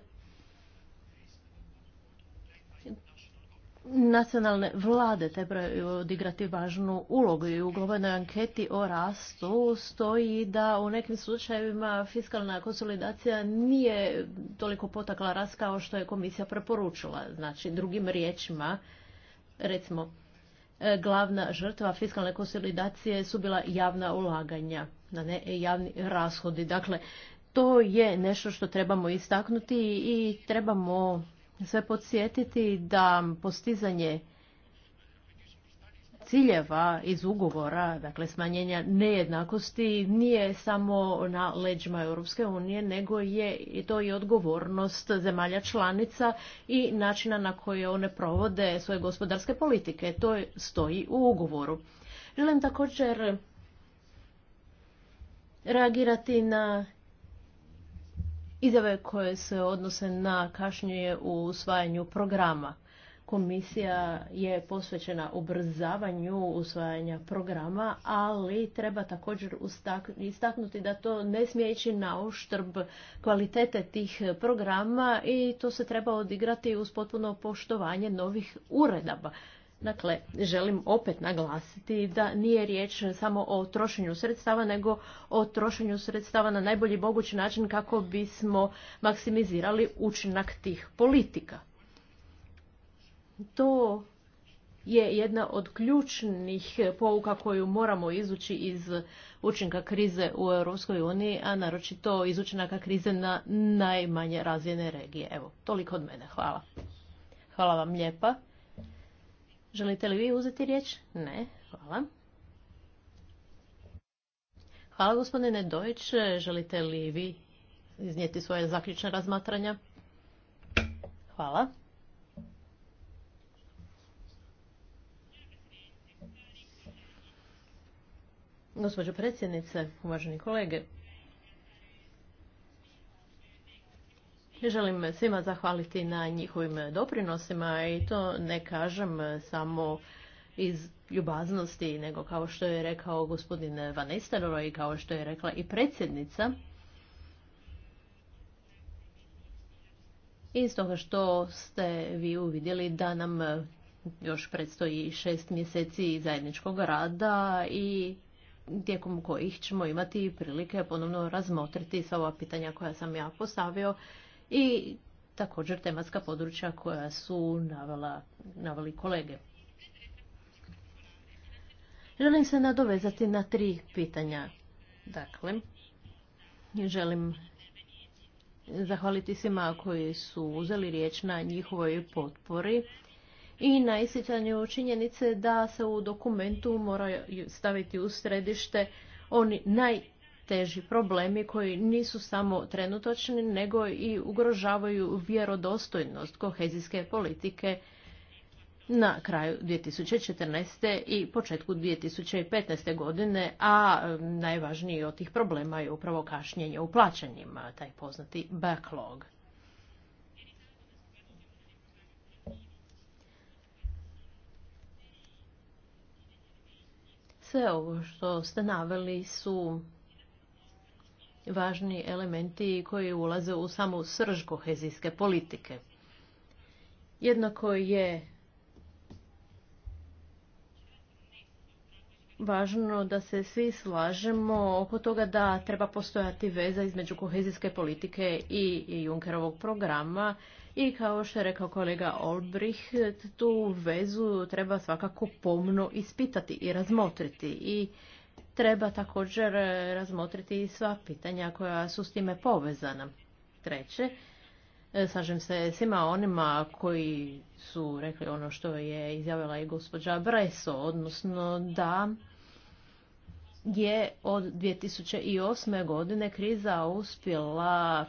nacionalne vlade trebaju odigrati važnu ulogu i u globalnoj anketi o rastu stoji da u nekim slučajevima fiskalna konsolidacija nije toliko potakla rast kao što je komisija preporučila. Znači, drugim riječima, recimo, e, glavna žrtva fiskalne konsolidacije su bila javna ulaganja, na ne javni rashodi. Dakle, to je nešto što trebamo istaknuti i trebamo sve podsjetiti da postizanje ciljeva iz ugovora, dakle smanjenja nejednakosti, nije samo na leđima Europske unije, nego je i to i odgovornost zemalja članica i načina na koje one provode svoje gospodarske politike. To stoji u ugovoru. Želim također reagirati na izjave koje se odnose na kašnjenje u usvajanju programa. Komisija je posvećena ubrzavanju usvajanja programa, ali treba također istaknuti da to ne smije ići na uštrb kvalitete tih programa i to se treba odigrati uz potpuno poštovanje novih uredaba. Dakle, želim opet naglasiti da nije riječ samo o trošenju sredstava, nego o trošenju sredstava na najbolji mogući način kako bismo maksimizirali učinak tih politika. To je jedna od ključnih pouka koju moramo izući iz učinka krize u Europskoj uniji, a naročito iz učinaka krize na najmanje razvijene regije. Evo, toliko od mene. Hvala. Hvala vam lijepa. Želite li vi uzeti riječ? Ne, hvala. Hvala gospodine Dojić. Želite li vi iznijeti svoje zaključne razmatranja? Hvala. Gospođo predsjednice, uvaženi kolege, Želim svima zahvaliti na njihovim doprinosima i to ne kažem samo iz ljubaznosti, nego kao što je rekao gospodin Van i kao što je rekla i predsjednica. I stoga što ste vi uvidjeli da nam još predstoji šest mjeseci zajedničkog rada i tijekom kojih ćemo imati prilike ponovno razmotriti sva ova pitanja koja sam ja postavio i također tematska područja koja su naveli navali kolege. Želim se nadovezati na tri pitanja. Dakle, želim zahvaliti svima koji su uzeli riječ na njihovoj potpori i na isjećanju činjenice da se u dokumentu moraju staviti u središte oni naj teži problemi koji nisu samo trenutočni, nego i ugrožavaju vjerodostojnost kohezijske politike na kraju 2014. i početku 2015. godine, a najvažniji od tih problema je upravo kašnjenje u plaćanjima, taj poznati backlog. Sve ovo što ste naveli su važni elementi koji ulaze u samu srž kohezijske politike. Jednako je važno da se svi slažemo oko toga da treba postojati veza između kohezijske politike i Junkerovog programa i kao što je rekao kolega Olbrich, tu vezu treba svakako pomno ispitati i razmotriti i treba također e, razmotriti sva pitanja koja su s time povezana. Treće, e, slažem se svima onima koji su rekli ono što je izjavila i gospođa Breso, odnosno da je od 2008. godine kriza uspjela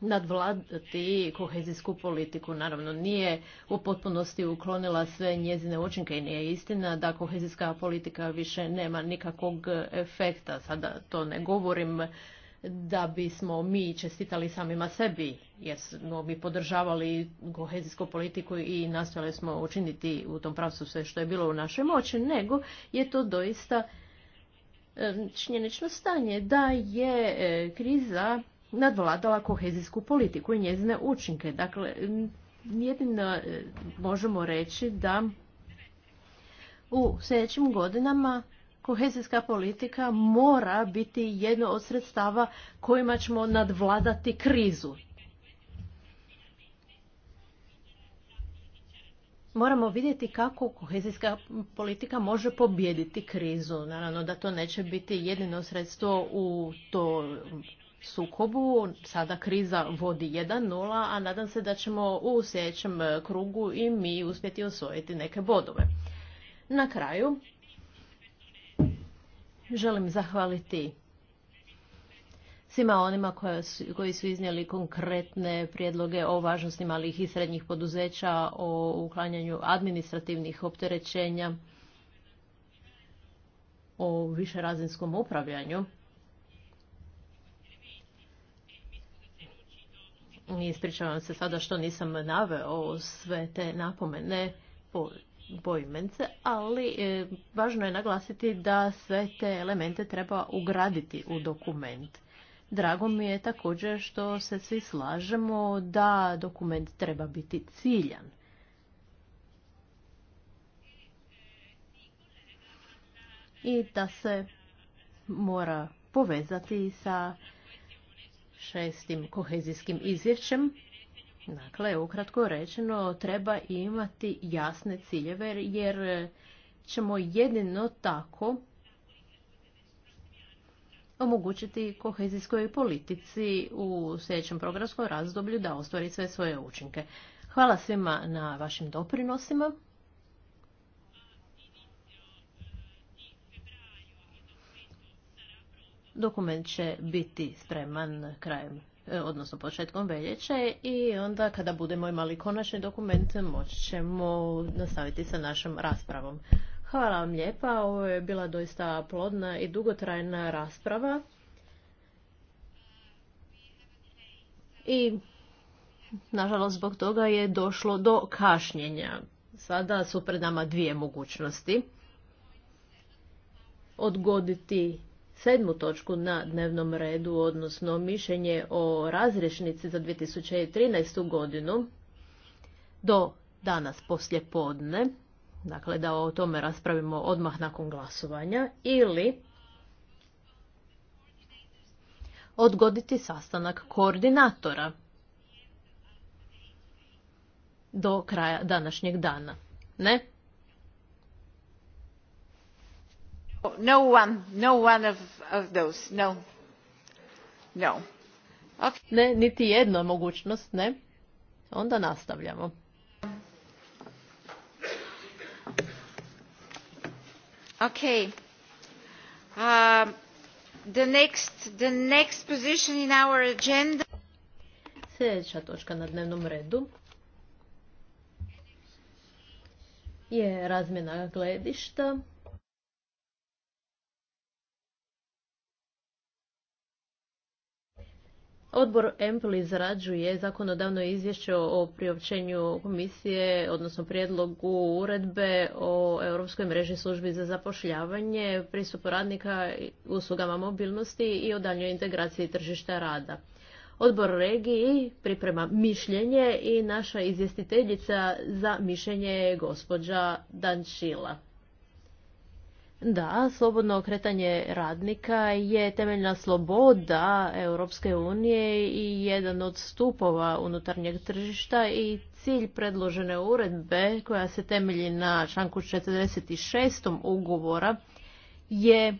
nadvladati kohezijsku politiku. Naravno, nije u potpunosti uklonila sve njezine učinke i nije istina da kohezijska politika više nema nikakvog efekta. Sada to ne govorim da bismo mi čestitali samima sebi, jer smo bi podržavali kohezijsku politiku i nastojali smo učiniti u tom pravcu sve što je bilo u našoj moći, nego je to doista e, činjenično stanje da je e, kriza nadvladala kohezijsku politiku i njezine učinke. Dakle, jedino e, možemo reći da u sljedećim godinama kohezijska politika mora biti jedno od sredstava kojima ćemo nadvladati krizu. Moramo vidjeti kako kohezijska politika može pobijediti krizu. Naravno da to neće biti jedino sredstvo u to sukobu. Sada kriza vodi 1-0, a nadam se da ćemo u sljedećem krugu i mi uspjeti osvojiti neke bodove. Na kraju želim zahvaliti svima onima koji su iznijeli konkretne prijedloge o važnosti malih i srednjih poduzeća, o uklanjanju administrativnih opterećenja, o višerazinskom upravljanju. Ispričavam se sada što nisam naveo sve te napomene po poimence, ali e, važno je naglasiti da sve te elemente treba ugraditi u dokument. Drago mi je također što se svi slažemo da dokument treba biti ciljan. I da se mora povezati sa šestim kohezijskim izvješćem. Dakle, ukratko rečeno, treba imati jasne ciljeve jer ćemo jedino tako omogućiti kohezijskoj politici u sljedećem programskom razdoblju da ostvari sve svoje učinke. Hvala svima na vašim doprinosima. Dokument će biti spreman krajem, e, odnosno početkom veljeće i onda kada budemo imali konačni dokument moći ćemo nastaviti sa našom raspravom. Hvala vam lijepa, ovo je bila doista plodna i dugotrajna rasprava. I nažalost zbog toga je došlo do kašnjenja. Sada su pred nama dvije mogućnosti. Odgoditi sedmu točku na dnevnom redu, odnosno mišljenje o razrešnici za 2013. godinu do danas poslje podne, dakle da o tome raspravimo odmah nakon glasovanja, ili odgoditi sastanak koordinatora do kraja današnjeg dana. Ne? No one, no one of, those, no. No. Okay. Ne, niti jedna mogućnost, ne. Onda nastavljamo. Okay. um, the next, the next position in our agenda. Sljedeća točka na dnevnom redu je razmjena gledišta Odbor EMPL izrađuje zakonodavno izvješće o priopćenju komisije, odnosno prijedlogu uredbe o Europskoj mreži službi za zapošljavanje, pristupu radnika uslugama mobilnosti i o daljnjoj integraciji tržišta rada. Odbor regiji priprema mišljenje i naša izvjestiteljica za mišljenje je gospođa Dančila. Da, slobodno kretanje radnika je temeljna sloboda Europske unije i jedan od stupova unutarnjeg tržišta i cilj predložene uredbe koja se temelji na članku 46. ugovora je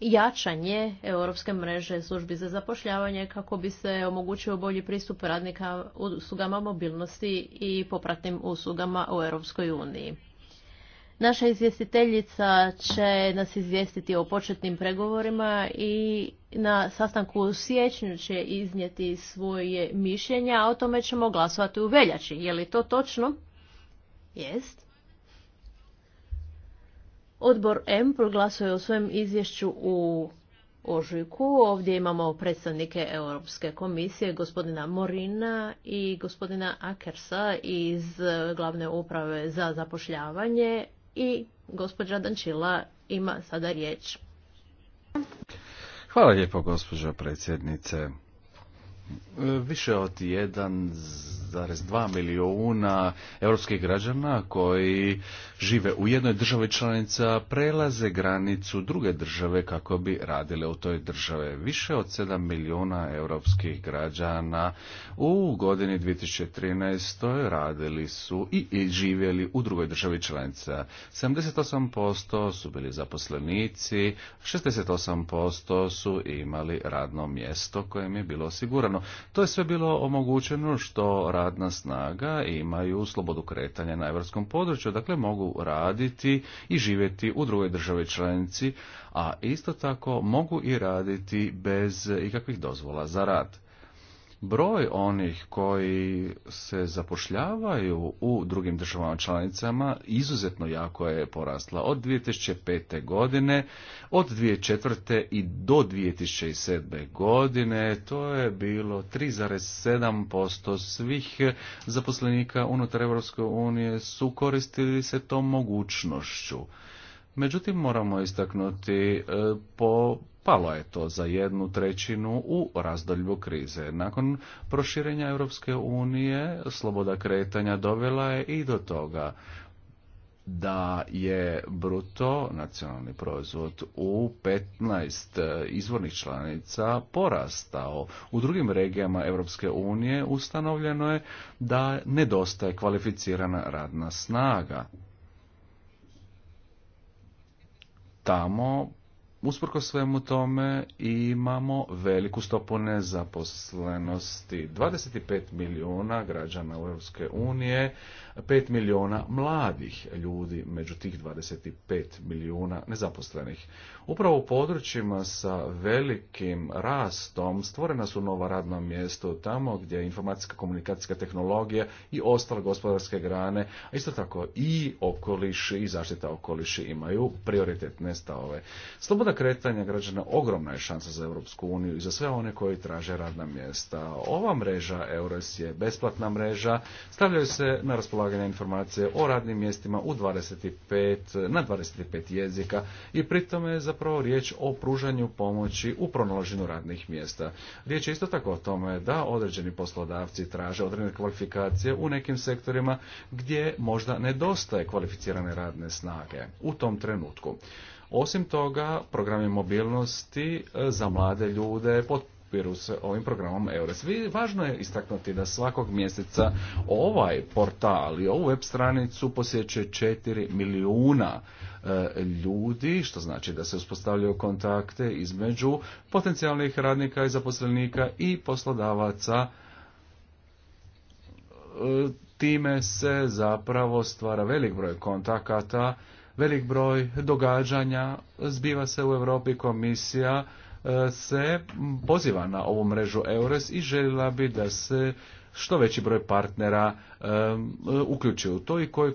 jačanje Europske mreže službi za zapošljavanje kako bi se omogućio bolji pristup radnika uslugama mobilnosti i popratnim uslugama u Europskoj uniji. Naša izvjestiteljica će nas izvijestiti o početnim pregovorima i na sastanku u siječnju će iznijeti svoje mišljenja, a o tome ćemo glasovati u veljači. Je li to točno? Jest. Odbor M proglasuje o svojem izvješću u ožujku. Ovdje imamo predstavnike Europske komisije, gospodina Morina i gospodina Akersa iz glavne uprave za zapošljavanje, i gospođa Dančila ima sada riječ. Hvala lijepo gospođo predsjednice više od 1,2 milijuna europskih građana koji žive u jednoj državi članica prelaze granicu druge države kako bi radile u toj države. Više od 7 milijuna europskih građana u godini 2013. radili su i, i živjeli u drugoj državi članica. 78% su bili zaposlenici, 68% su imali radno mjesto kojem je bilo osigurano to je sve bilo omogućeno što radna snaga imaju slobodu kretanja na evropskom području, dakle mogu raditi i živjeti u drugoj državi članici, a isto tako mogu i raditi bez ikakvih dozvola za rad broj onih koji se zapošljavaju u drugim državama članicama izuzetno jako je porasla od 2005. godine, od 2004. i do 2007. godine to je bilo 3,7% svih zaposlenika unutar Europske unije su koristili se tom mogućnošću. Međutim, moramo istaknuti e, po Palo je to za jednu trećinu u razdolju krize. Nakon proširenja Europske unije, sloboda kretanja dovela je i do toga da je bruto nacionalni proizvod u 15 izvornih članica porastao. U drugim regijama Europske unije ustanovljeno je da nedostaje kvalificirana radna snaga. Tamo Usprko svemu tome imamo veliku stopu nezaposlenosti. 25 milijuna građana u Europske unije, 5 milijuna mladih ljudi među tih 25 milijuna nezaposlenih. Upravo u područjima sa velikim rastom stvorena su nova radna mjesta tamo gdje je informacijska komunikacijska tehnologija i ostale gospodarske grane, a isto tako i okoliš i zaštita okoliša imaju prioritetne stavove. Sloboda kretanja građana ogromna je šansa za Europsku uniju i za sve one koji traže radna mjesta. Ova mreža EURES je besplatna mreža, stavljaju se na raspolaganje informacije o radnim mjestima u 25, na 25 jezika i pritome je zapravo riječ o pružanju pomoći u pronalaženju radnih mjesta. Riječ je isto tako o tome da određeni poslodavci traže određene kvalifikacije u nekim sektorima gdje možda nedostaje kvalificirane radne snage u tom trenutku. Osim toga, programi mobilnosti e, za mlade ljude potpiru se ovim programom EURES. Važno je istaknuti da svakog mjeseca ovaj portal i ovu web stranicu posjećuje 4 milijuna e, ljudi, što znači da se uspostavljaju kontakte između potencijalnih radnika i zaposlenika i poslodavaca. E, time se zapravo stvara velik broj kontakata Velik broj događanja zbiva se u Europi komisija e, se poziva na ovu mrežu EURES i željela bi da se što veći broj partnera e, uključi uključuje u to i koji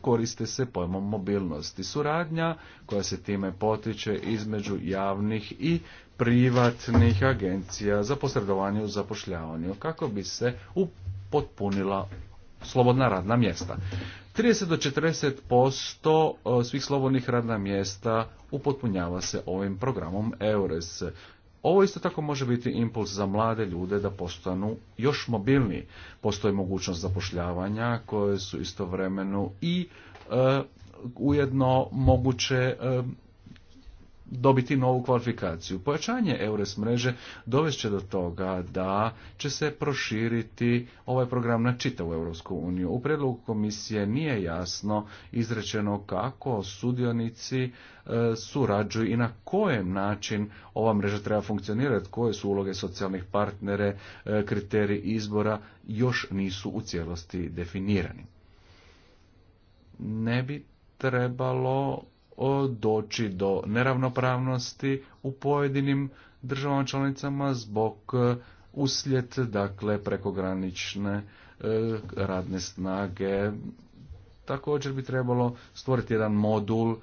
koriste se pojmom mobilnosti. Suradnja koja se time potiče između javnih i privatnih agencija za posredovanje u zapošljavanju kako bi se upotpunila slobodna radna mjesta. 30 do 40% e, svih slobodnih radna mjesta upotpunjava se ovim programom EURES. Ovo isto tako može biti impuls za mlade ljude da postanu još mobilniji. Postoji mogućnost zapošljavanja koje su istovremeno i e, ujedno moguće e, dobiti novu kvalifikaciju. Pojačanje EURES mreže dovest će do toga da će se proširiti ovaj program na čitavu Europsku uniju. U predlogu komisije nije jasno izrečeno kako sudionici e, surađuju i na kojem način ova mreža treba funkcionirati, koje su uloge socijalnih partnere, e, kriteriji izbora još nisu u cijelosti definirani. Ne bi trebalo doći do neravnopravnosti u pojedinim državama članicama zbog e, uslijed dakle prekogranične e, radne snage. Također bi trebalo stvoriti jedan modul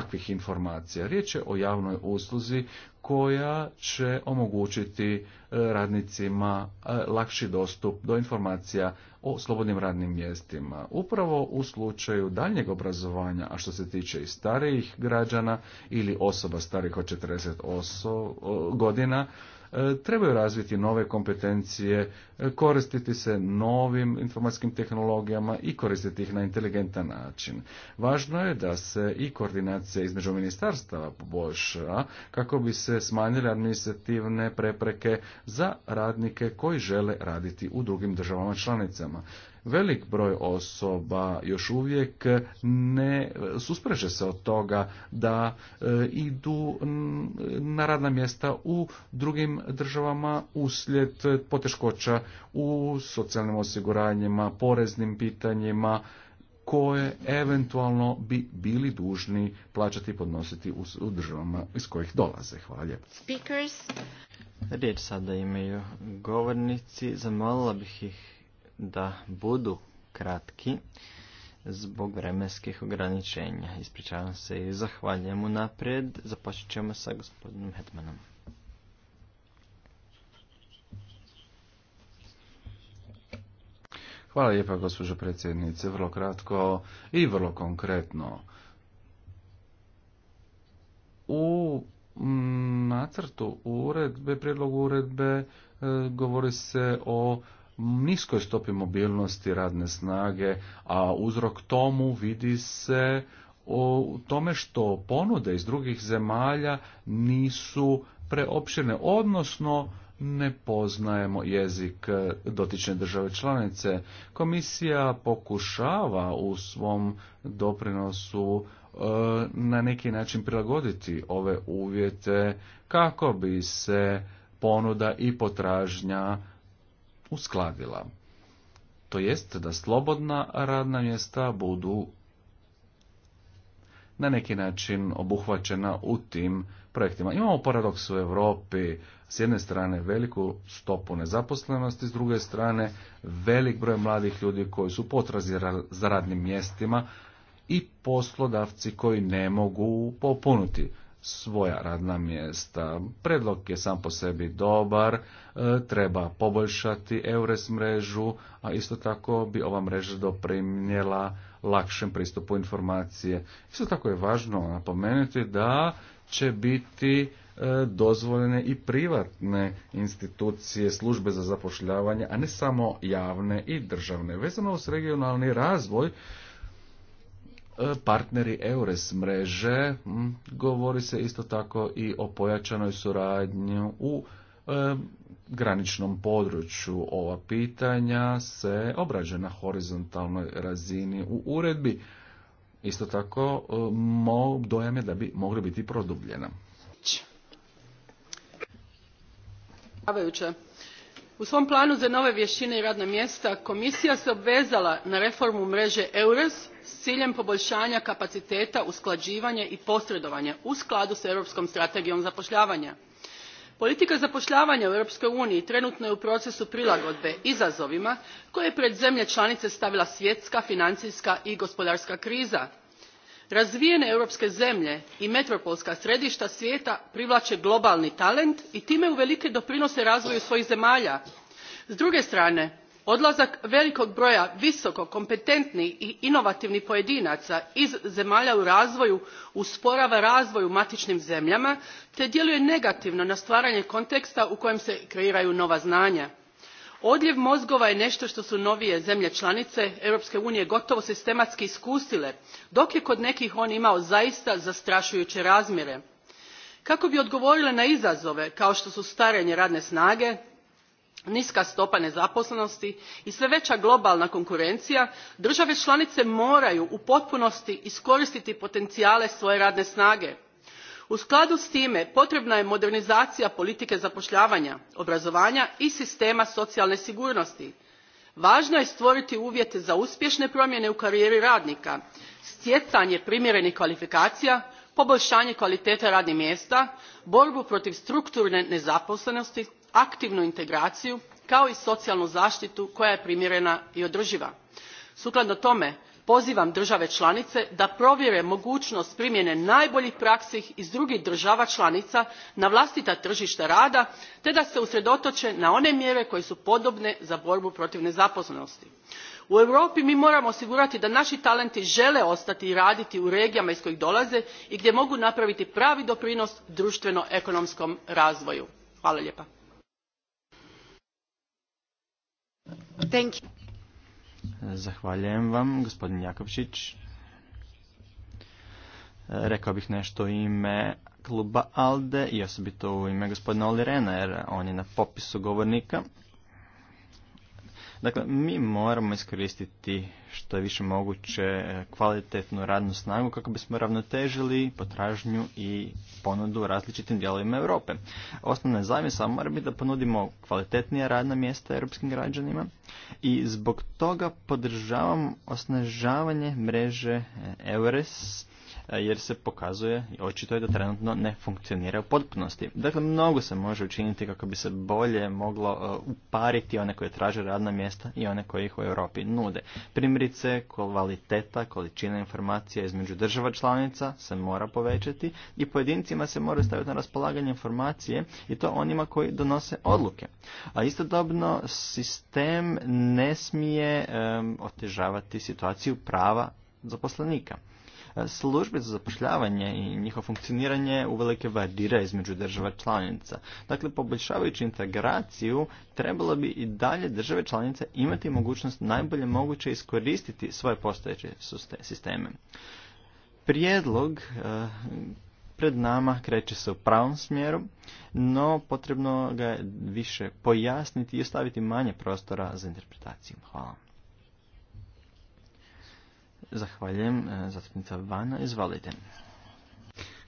takvih informacija. Riječ je o javnoj usluzi koja će omogućiti e, radnicima e, lakši dostup do informacija o slobodnim radnim mjestima. Upravo u slučaju daljnjeg obrazovanja, a što se tiče i starijih građana ili osoba starijih od 48 godina, E, trebaju razviti nove kompetencije, e, koristiti se novim informatskim tehnologijama i koristiti ih na inteligentan način. Važno je da se i koordinacija između ministarstava poboljša kako bi se smanjile administrativne prepreke za radnike koji žele raditi u drugim državama članicama velik broj osoba još uvijek ne suspreže se od toga da e, idu na radna mjesta u drugim državama uslijed poteškoća u socijalnim osiguranjima, poreznim pitanjima koje eventualno bi bili dužni plaćati i podnositi u, državama iz kojih dolaze. Hvala lijepo. Speakers. Riječ sada imaju govornici. Zamolila bih ih da budu kratki zbog vremenskih ograničenja. Ispričavam se i zahvaljujem unaprijed. Započet ćemo sa gospodinom Hetmanom. Hvala lijepa, gospođo predsjednice. Vrlo kratko i vrlo konkretno. U mm, nacrtu uredbe, prijedlogu uredbe, e, govori se o niskoj stopi mobilnosti radne snage, a uzrok tomu vidi se u tome što ponude iz drugih zemalja nisu preopširne, odnosno ne poznajemo jezik dotične države članice. Komisija pokušava u svom doprinosu e, na neki način prilagoditi ove uvjete kako bi se ponuda i potražnja uskladila. To jest da slobodna radna mjesta budu na neki način obuhvaćena u tim projektima. Imamo paradoks u Europi, s jedne strane veliku stopu nezaposlenosti, s druge strane velik broj mladih ljudi koji su potrazi za radnim mjestima i poslodavci koji ne mogu popuniti svoja radna mjesta. Predlog je sam po sebi dobar, e, treba poboljšati EURES mrežu, a isto tako bi ova mreža doprinijela lakšem pristupu informacije. Isto tako je važno napomenuti da će biti e, dozvoljene i privatne institucije, službe za zapošljavanje, a ne samo javne i državne. Vezano uz regionalni razvoj, partneri EURES mreže, govori se isto tako i o pojačanoj suradnju u e, graničnom području. Ova pitanja se obrađena na horizontalnoj razini u uredbi. Isto tako, e, dojam je da bi mogli biti produbljena u svom planu za nove vještine i radna mjesta komisija se obvezala na reformu mreže eures s ciljem poboljšanja kapaciteta usklađivanja i posredovanja u skladu s europskom strategijom zapošljavanja. politika zapošljavanja u europskoj uniji trenutno je u procesu prilagodbe izazovima koje je pred zemlje članice stavila svjetska financijska i gospodarska kriza razvijene europske zemlje i metropolska središta svijeta privlače globalni talent i time uvelike doprinose razvoju svojih zemalja. s druge strane odlazak velikog broja visoko kompetentnih i inovativnih pojedinaca iz zemalja u razvoju usporava razvoj u matičnim zemljama te djeluje negativno na stvaranje konteksta u kojem se kreiraju nova znanja odljev mozgova je nešto što su novije zemlje članice europske unije gotovo sistematski iskusile dok je kod nekih on imao zaista zastrašujuće razmjere. kako bi odgovorile na izazove kao što su starenje radne snage niska stopa nezaposlenosti i sve veća globalna konkurencija države članice moraju u potpunosti iskoristiti potencijale svoje radne snage u skladu s time potrebna je modernizacija politike zapošljavanja obrazovanja i sistema socijalne sigurnosti važno je stvoriti uvjete za uspješne promjene u karijeri radnika stjecanje primjerenih kvalifikacija poboljšanje kvalitete radnih mjesta borbu protiv strukturne nezaposlenosti aktivnu integraciju kao i socijalnu zaštitu koja je primjerena i održiva. sukladno tome pozivam države članice da provjere mogućnost primjene najboljih praksi iz drugih država članica na vlastita tržišta rada te da se usredotoče na one mjere koje su podobne za borbu protiv nezaposlenosti. u europi mi moramo osigurati da naši talenti žele ostati i raditi u regijama iz kojih dolaze i gdje mogu napraviti pravi doprinos društveno ekonomskom razvoju. hvala Zahvaljujem vam, gospodin Jakovčić. Rekao bih nešto u ime kluba ALDE i osobito u ime gospodina Olirena, jer on je na popisu govornika. Dakle, mi moramo iskoristiti što je više moguće e, kvalitetnu radnu snagu kako bismo ravnotežili potražnju i ponudu različitim dijelovima Europe. Osnovna zamisla mora biti da ponudimo kvalitetnija radna mjesta europskim građanima i zbog toga podržavam osnažavanje mreže e, EURES E, jer se pokazuje i očito je da trenutno ne funkcionira u potpunosti. Dakle, mnogo se može učiniti kako bi se bolje moglo e, upariti one koje traže radna mjesta i one koje ih u Europi nude. Primjerice, kvaliteta, količina informacija između država članica se mora povećati i pojedincima se mora staviti na raspolaganje informacije i to onima koji donose odluke. A istodobno sistem ne smije otežavati situaciju prava zaposlenika službe za zapošljavanje i njihovo funkcioniranje uvelike varira između država članica. Dakle, poboljšavajući integraciju, trebalo bi i dalje države članice imati mogućnost najbolje moguće iskoristiti svoje postojeće sisteme. Prijedlog e, pred nama kreće se u pravom smjeru, no potrebno ga je više pojasniti i ostaviti manje prostora za interpretaciju. Hvala. Zahvaljujem. E, zastupnica Vana, izvalite.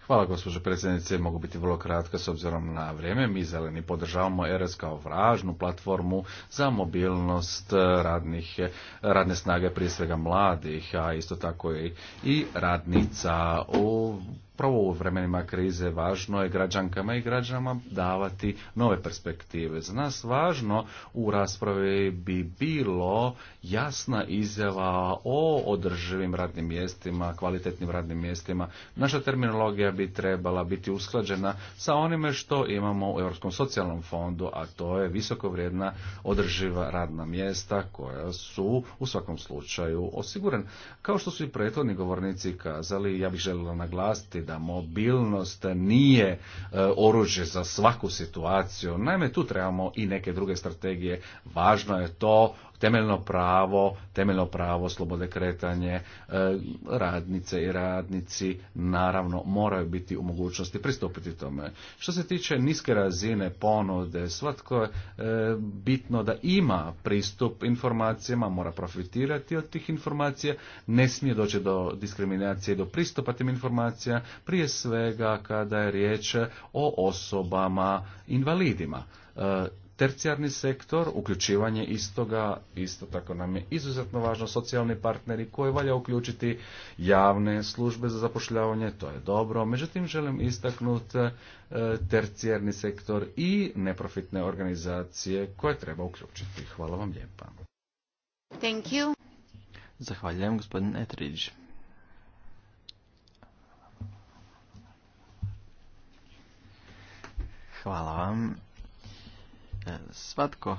Hvala gospođo predsjednice, mogu biti vrlo kratka s obzirom na vrijeme. Mi zeleni podržavamo ERS kao vražnu platformu za mobilnost e, radnih, e, radne snage, prije svega mladih, a isto tako i, i radnica u upravo u vremenima krize važno je građankama i građanama davati nove perspektive. Za nas važno u raspravi bi bilo jasna izjava o održivim radnim mjestima, kvalitetnim radnim mjestima. Naša terminologija bi trebala biti usklađena sa onime što imamo u Europskom socijalnom fondu, a to je visoko vrijedna održiva radna mjesta koja su u svakom slučaju osigurana. Kao što su i prethodni govornici kazali, ja bih željela naglasiti da mobilnost nije e, oružje za svaku situaciju. Naime, tu trebamo i neke druge strategije. Važno je to temeljno pravo, temeljno pravo slobode kretanje, radnice i radnici naravno moraju biti u mogućnosti pristupiti tome. Što se tiče niske razine ponude, svatko je bitno da ima pristup informacijama, mora profitirati od tih informacija, ne smije doći do diskriminacije, do pristupa tim informacija, prije svega kada je riječ o osobama invalidima e, tercijarni sektor, uključivanje istoga, isto tako nam je izuzetno važno socijalni partneri koje valja uključiti javne službe za zapošljavanje, to je dobro. Međutim, želim istaknuti e, tercijarni sektor i neprofitne organizacije koje treba uključiti. Hvala vam lijepa. Thank you. Zahvaljujem gospodin Hvala vam. E, svatko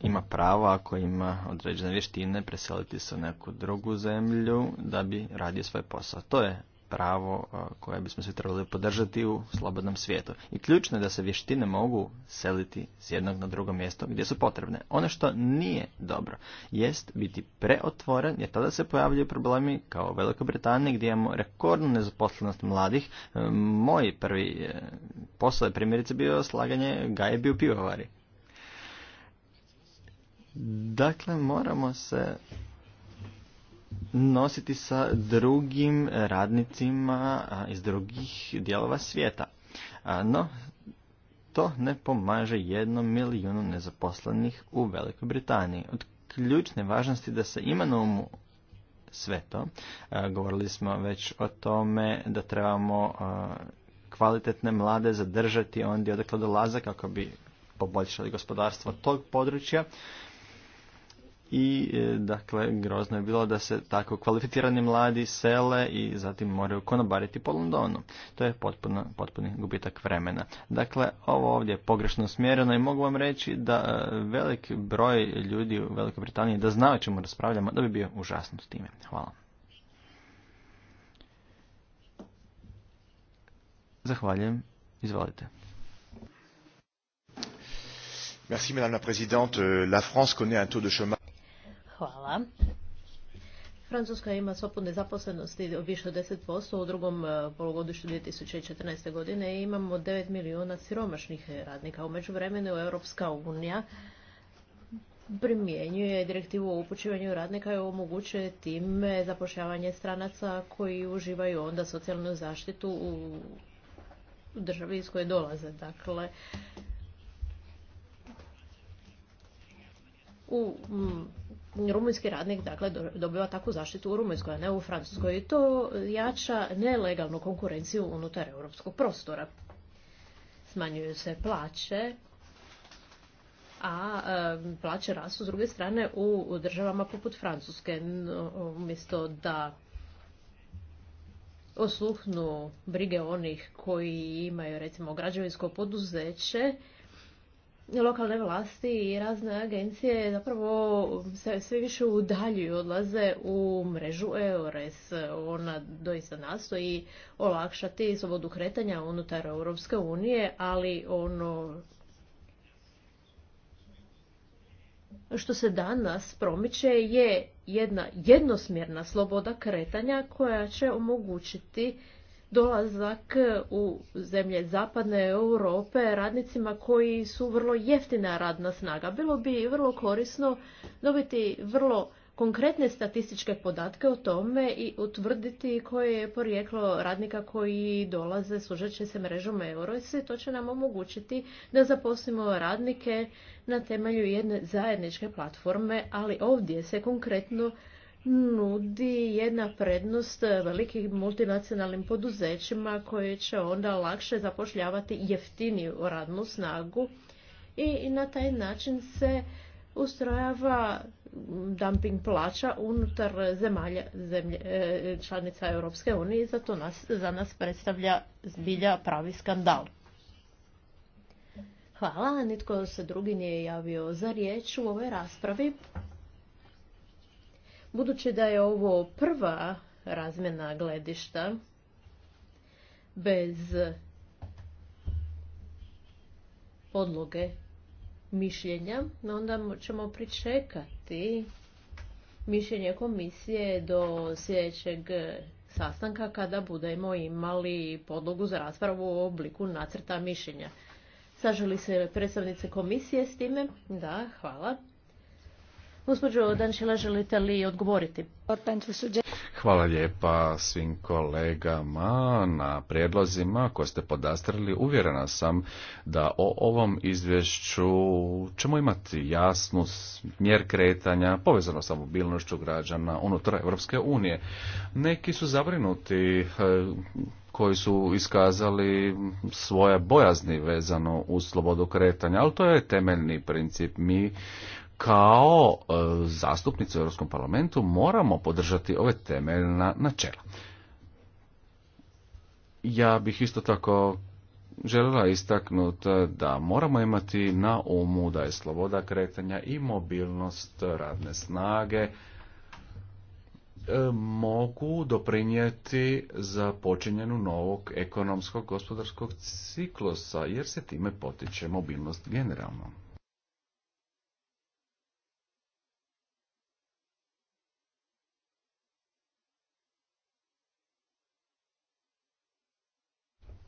ima pravo ako ima određene vještine preseliti se u neku drugu zemlju da bi radio svoj posao. To je pravo e, koje bismo svi trebali podržati u slobodnom svijetu. I ključno je da se vještine mogu seliti s jednog na drugo mjesto gdje su potrebne. Ono što nije dobro jest biti preotvoren jer tada se pojavljaju problemi kao u Velikoj Britaniji gdje imamo rekordnu nezaposlenost mladih. E, moj prvi posao je primjerice bio slaganje gajbi u pivovari. Dakle, moramo se nositi sa drugim radnicima iz drugih dijelova svijeta. No, to ne pomaže jednom milijunu nezaposlenih u Velikoj Britaniji. Od ključne važnosti da se ima na umu sve to. Govorili smo već o tome da trebamo kvalitetne mlade zadržati ondje odakle dolaze kako bi poboljšali gospodarstvo tog područja i e, dakle grozno je bilo da se tako kvalificirani mladi sele i zatim moraju konobariti po Londonu. To je potpuno, potpuni gubitak vremena. Dakle, ovo ovdje je pogrešno smjereno i mogu vam reći da e, velik broj ljudi u Velikoj Britaniji da zna o čemu raspravljamo, da bi bio užasno s time. Hvala. Zahvaljujem. Izvolite. Merci Madame la Présidente. La France connaît un taux de chômage. Hvala. Francuska ima stopu nezaposlenosti više od 10% u drugom e, polugodištu 2014. godine i imamo 9 milijuna siromašnih radnika. U međuvremenu Europska unija primjenjuje direktivu o upućivanju radnika i omogućuje tim zapošljavanje stranaca koji uživaju onda socijalnu zaštitu u državi iz koje dolaze. Dakle, u rumunjski radnik dakle dobiva takvu zaštitu u Rumunjskoj, a ne u Francuskoj. I to jača nelegalnu konkurenciju unutar europskog prostora. Smanjuju se plaće, a plaće rastu s druge strane u državama poput Francuske. Umjesto da osluhnu brige onih koji imaju recimo građevinsko poduzeće, lokalne vlasti i razne agencije zapravo se sve više udaljuju, odlaze u mrežu EURES. Ona doista nastoji olakšati slobodu kretanja unutar Europske unije, ali ono što se danas promiče je jedna jednosmjerna sloboda kretanja koja će omogućiti dolazak e, u zemlje zapadne Europe radnicima koji su vrlo jeftina radna snaga. Bilo bi vrlo korisno dobiti vrlo konkretne statističke podatke o tome i utvrditi koje je porijeklo radnika koji dolaze služeći se mrežom Eurose. To će nam omogućiti da zaposlimo radnike na temelju jedne zajedničke platforme, ali ovdje se konkretno nudi jedna prednost velikim multinacionalnim poduzećima koje će onda lakše zapošljavati jeftiniju radnu snagu i na taj način se ustrojava dumping plaća unutar zemalja zemlje, e, članica Europske unije i zato nas, za nas predstavlja zbilja pravi skandal. Hvala, nitko se drugi nije javio za riječ u ovoj raspravi. Budući da je ovo prva razmjena gledišta bez podloge mišljenja, onda ćemo pričekati mišljenje komisije do sljedećeg sastanka kada budemo imali podlogu za raspravu u obliku nacrta mišljenja. Saželi se predstavnice komisije s time? Da, hvala. Gospođo želite li odgovoriti? Hvala lijepa svim kolegama na prijedlozima koje ste podastrili. Uvjerena sam da o ovom izvješću ćemo imati jasnu smjer kretanja povezano sa mobilnošću građana unutar Europske unije. Neki su zabrinuti e, koji su iskazali svoje bojazni vezano uz slobodu kretanja, ali to je temeljni princip. Mi kao e, zastupnici u Europskom parlamentu moramo podržati ove temeljna načela. Ja bih isto tako željela istaknuti da moramo imati na umu da je sloboda kretanja i mobilnost radne snage e, mogu doprinijeti za počinjenu novog ekonomskog gospodarskog ciklusa, jer se time potiče mobilnost generalno.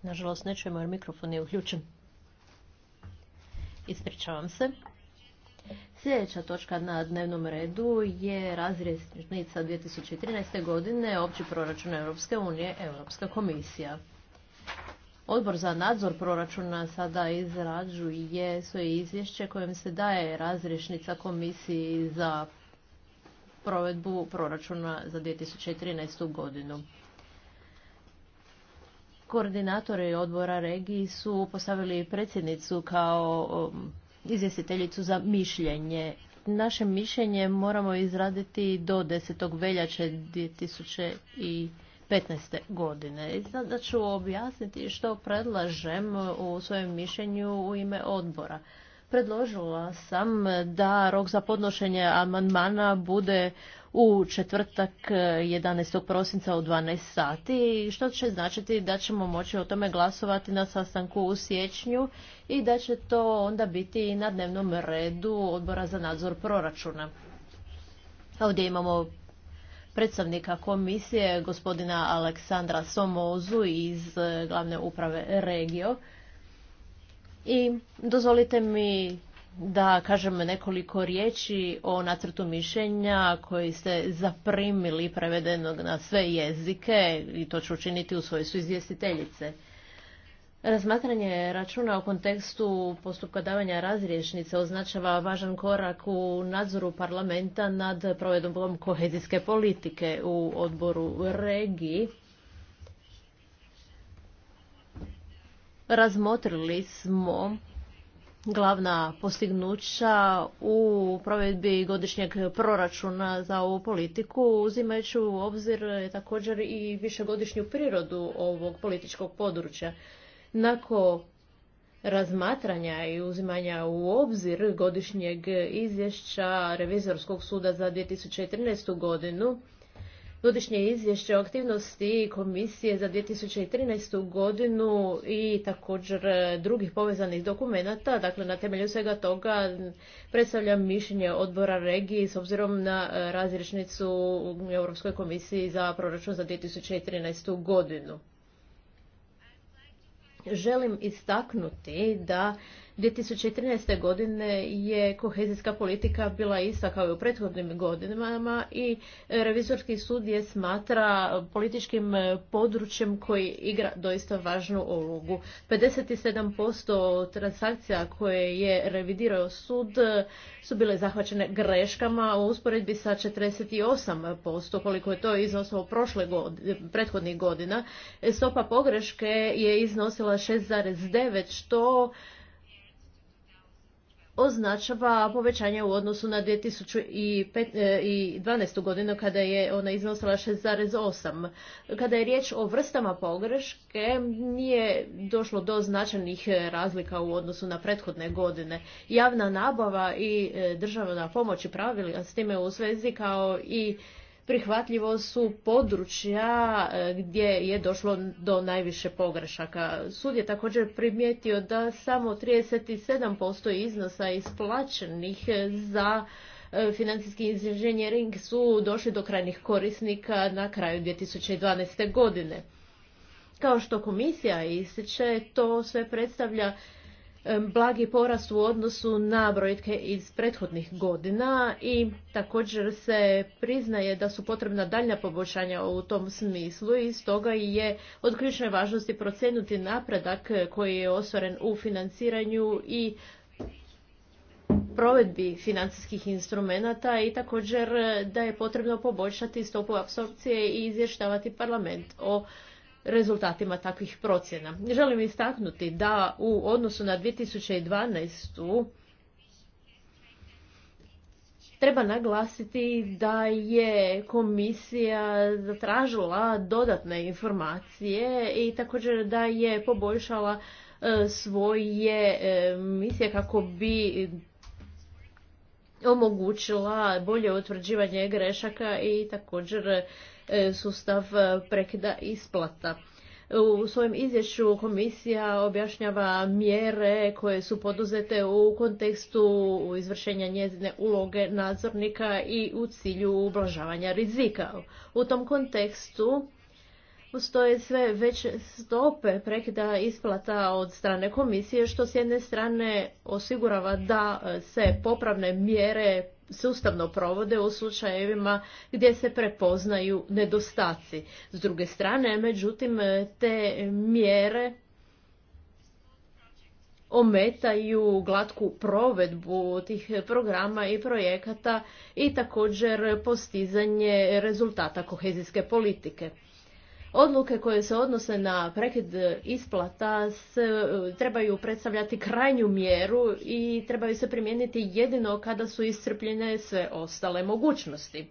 Nažalost, ne čujemo jer mikrofon je uključen. Ispričavam se. Sljedeća točka na dnevnom redu je razrješnica 2013. godine opći proračun Europske unije, Europska komisija. Odbor za nadzor proračuna sada izrađuje svoje izvješće kojim se daje razrješnica komisiji za provedbu proračuna za 2013. godinu. Koordinatori odbora regiji su postavili predsjednicu kao um, izvjestiteljicu za mišljenje. Naše mišljenje moramo izraditi do 10. veljače 2015. godine. I sada ću objasniti što predlažem u svojem mišljenju u ime odbora. Predložila sam da rok za podnošenje amandmana bude u četvrtak 11. Eh, prosinca u 12 sati, što će značiti da ćemo moći o tome glasovati na sastanku u siječnju i da će to onda biti na dnevnom redu odbora za nadzor proračuna. Ovdje imamo predstavnika komisije, gospodina Aleksandra Somozu iz eh, glavne uprave Regio. I dozvolite mi da kažem nekoliko riječi o nacrtu mišljenja koji ste zaprimili prevedenog na sve jezike i to ću učiniti u su izvjestiteljice. Razmatranje računa u kontekstu postupka davanja razriješnice označava važan korak u nadzoru parlamenta nad provedbom kohezijske politike u odboru regiji. razmotrili smo glavna postignuća u provedbi godišnjeg proračuna za ovu politiku, uzimajući u obzir također i višegodišnju prirodu ovog političkog područja. Nakon razmatranja i uzimanja u obzir godišnjeg izvješća Revizorskog suda za 2013. godinu, godišnje izvješće o aktivnosti komisije za 2013. godinu i također e, drugih povezanih dokumenata. Dakle, na temelju svega toga predstavljam mišljenje odbora regiji s obzirom na e, razrišnicu Europskoj komisiji za proračun za 2013. godinu. Želim istaknuti da 2013. godine je kohezijska politika bila ista kao i u prethodnim godinama i revizorski sud je smatra političkim područjem koji igra doista važnu ulogu. 57% transakcija koje je revidirao sud su bile zahvaćene greškama u usporedbi sa 48% koliko je to iznosilo prošle prethodnih godina. Stopa pogreške je iznosila 6,9 što označava povećanje u odnosu na 2012. E, godinu kada je ona iznosila 6,8. Kada je riječ o vrstama pogreške, nije došlo do značajnih e, razlika u odnosu na prethodne godine. Javna nabava i e, državna pomoć i pravila s time u svezi kao i prihvatljivo su područja e, gdje je došlo do najviše pogrešaka. Sud je također primijetio da samo 37% iznosa isplaćenih za e, financijski inženjering su došli do krajnjih korisnika na kraju 2012. godine. Kao što komisija ističe, to sve predstavlja blagi porast u odnosu na brojke iz prethodnih godina i također se priznaje da su potrebna daljnja poboljšanja u tom smislu i stoga je od ključne važnosti procenuti napredak koji je ostvaren u financiranju i provedbi financijskih instrumenata i također da je potrebno poboljšati stopu apsorpcije i izvještavati parlament o rezultatima takvih procjena. Želim istaknuti da u odnosu na 2012. Treba naglasiti da je komisija zatražila dodatne informacije i također da je poboljšala e, svoje e, misije kako bi omogućila bolje utvrđivanje grešaka i također E, sustav e, prekida isplata. U svojem izvješću komisija objašnjava mjere koje su poduzete u kontekstu izvršenja njezine uloge nadzornika i u cilju ublažavanja rizika. U tom kontekstu postoje sve već stope prekida isplata od strane komisije, što s jedne strane osigurava da se popravne mjere sustavno provode u slučajevima gdje se prepoznaju nedostaci. S druge strane, međutim, te mjere ometaju glatku provedbu tih programa i projekata i također postizanje rezultata kohezijske politike. Odluke koje se odnose na prekid isplata se, e, trebaju predstavljati krajnju mjeru i trebaju se primijeniti jedino kada su iscrpljene sve ostale mogućnosti.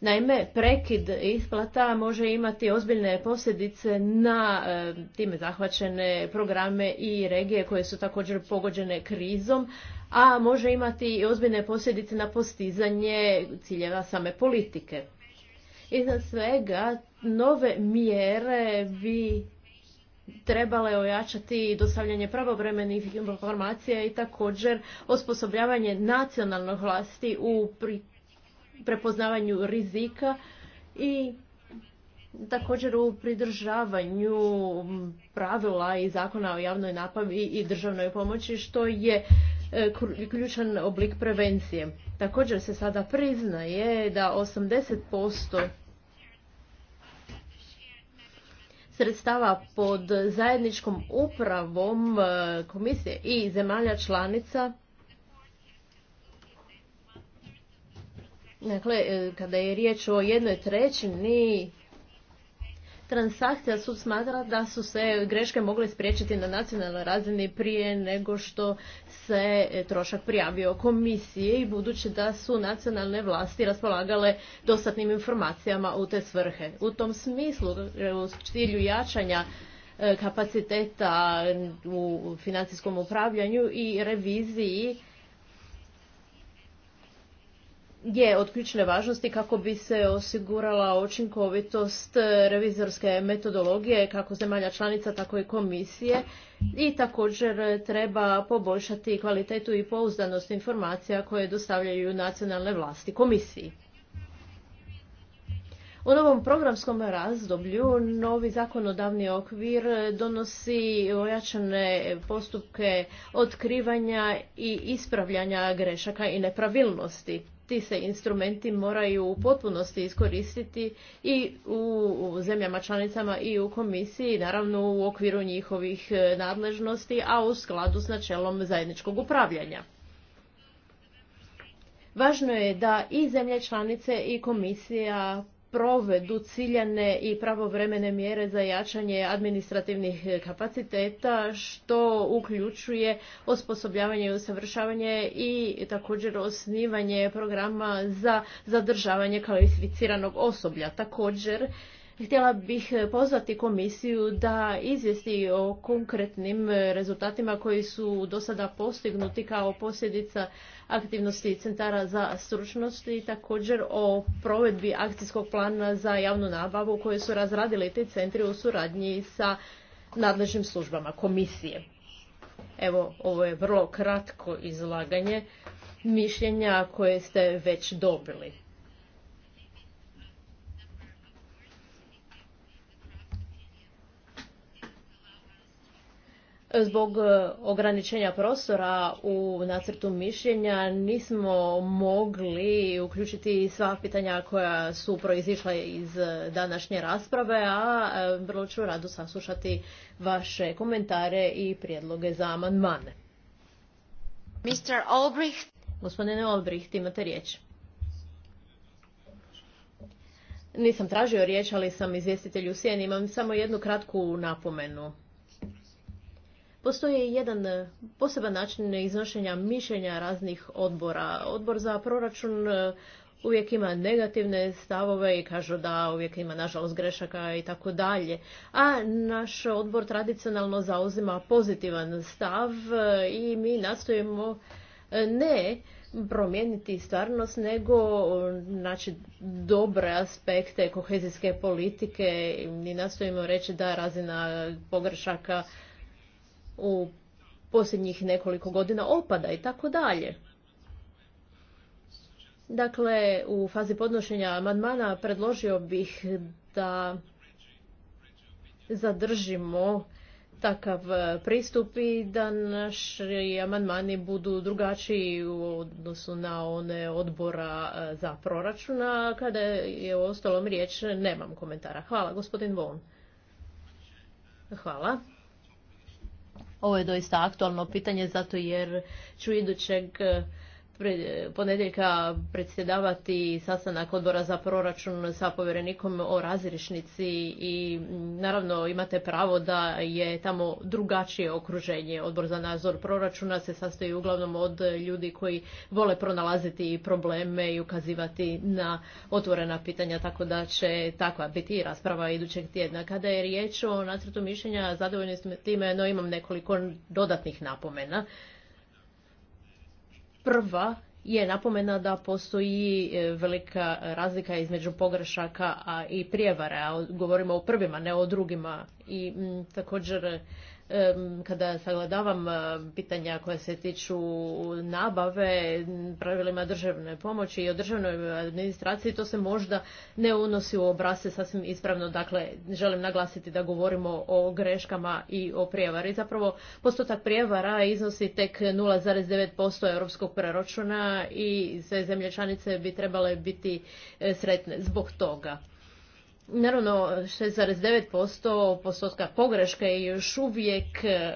Naime, prekid isplata može imati ozbiljne posljedice na e, time zahvaćene programe i regije koje su također pogođene krizom, a može imati i ozbiljne posljedice na postizanje ciljeva same politike. Iznad svega, nove mjere bi trebale ojačati dostavljanje pravovremenih informacija i također osposobljavanje nacionalnog vlasti u prepoznavanju rizika i također u pridržavanju pravila i zakona o javnoj napavi i državnoj pomoći, što je E, ključan oblik prevencije. Također se sada priznaje da 80% sredstava pod zajedničkom upravom e, komisije i zemalja članica Dakle, e, kada je riječ o jednoj trećini transakcija su smatra da su se greške mogle spriječiti na nacionalnoj razini prije nego što se e, trošak prijavio komisije i budući da su nacionalne vlasti raspolagale dostatnim informacijama u te svrhe. U tom smislu, e, u cilju jačanja e, kapaciteta u financijskom upravljanju i reviziji, je od ključne važnosti kako bi se osigurala učinkovitost revizorske metodologije kako zemalja članica tako i komisije i također treba poboljšati kvalitetu i pouzdanost informacija koje dostavljaju nacionalne vlasti komisiji. U novom programskom razdoblju novi zakonodavni okvir donosi ojačane postupke otkrivanja i ispravljanja grešaka i nepravilnosti ti se instrumenti moraju u potpunosti iskoristiti i u zemljama članicama i u komisiji, naravno u okviru njihovih e, nadležnosti, a u skladu s načelom zajedničkog upravljanja. Važno je da i zemlje članice i komisija provedu ciljane i pravovremene mjere za jačanje administrativnih kapaciteta što uključuje osposobljavanje i usavršavanje i također osnivanje programa za zadržavanje kvalificiranog osoblja. Također Htjela bih pozvati komisiju da izvijesti o konkretnim rezultatima koji su do sada postignuti kao posljedica aktivnosti centara za stručnost i također o provedbi akcijskog plana za javnu nabavu koje su razradili te centri u suradnji sa nadležnim službama komisije. Evo, ovo je vrlo kratko izlaganje mišljenja koje ste već dobili. Zbog e, ograničenja prostora u nacrtu mišljenja nismo mogli uključiti sva pitanja koja su proizišla iz današnje rasprave, a e, vrlo ću rado saslušati vaše komentare i prijedloge za amandmane. Mr. Albrecht. Gospodine Olbricht, imate riječ. Nisam tražio riječ, ali sam izvjestitelj u sjeni. Imam samo jednu kratku napomenu. Postoji jedan e, poseban način iznošenja mišljenja raznih odbora. Odbor za proračun e, uvijek ima negativne stavove i kažu da uvijek ima nažalost grešaka i tako dalje. A naš odbor tradicionalno zauzima pozitivan stav e, i mi nastojimo ne promijeniti stvarnost, nego znači, dobre aspekte kohezijske politike i nastojimo reći da razina pogrešaka u posljednjih nekoliko godina opada i tako dalje. Dakle, u fazi podnošenja amandmana predložio bih da zadržimo takav pristup i da naši amandmani budu drugačiji u odnosu na one odbora e, za proračuna. Kada je o ostalom riječ, nemam komentara. Hvala, gospodin Von. Hvala. Ovo je doista aktualno pitanje zato jer ću idućeg eh, ponedjeljka predsjedavati sastanak odbora za proračun sa povjerenikom o razrišnici i naravno imate pravo da je tamo drugačije okruženje. Odbor za nadzor proračuna se sastoji uglavnom od ljudi koji vole pronalaziti probleme i ukazivati na otvorena pitanja, tako da će takva biti rasprava idućeg tjedna. Kada je riječ o nacrtu mišljenja, zadovoljni smo time, no imam nekoliko dodatnih napomena. Prva je napomena da postoji e, velika razlika između pogrešaka a i prijevara. Govorimo o prvima, ne o drugima. I također kada sagledavam pitanja koja se tiču nabave, pravilima državne pomoći i o državnoj administraciji, to se možda ne unosi u obrase sasvim ispravno. Dakle, želim naglasiti da govorimo o greškama i o prijevari. Zapravo, postotak prijevara iznosi tek 0,9% europskog proračuna i sve zemlje članice bi trebale biti e, sretne zbog toga. Naravno, 6,9% postotka pogreška je još uvijek e,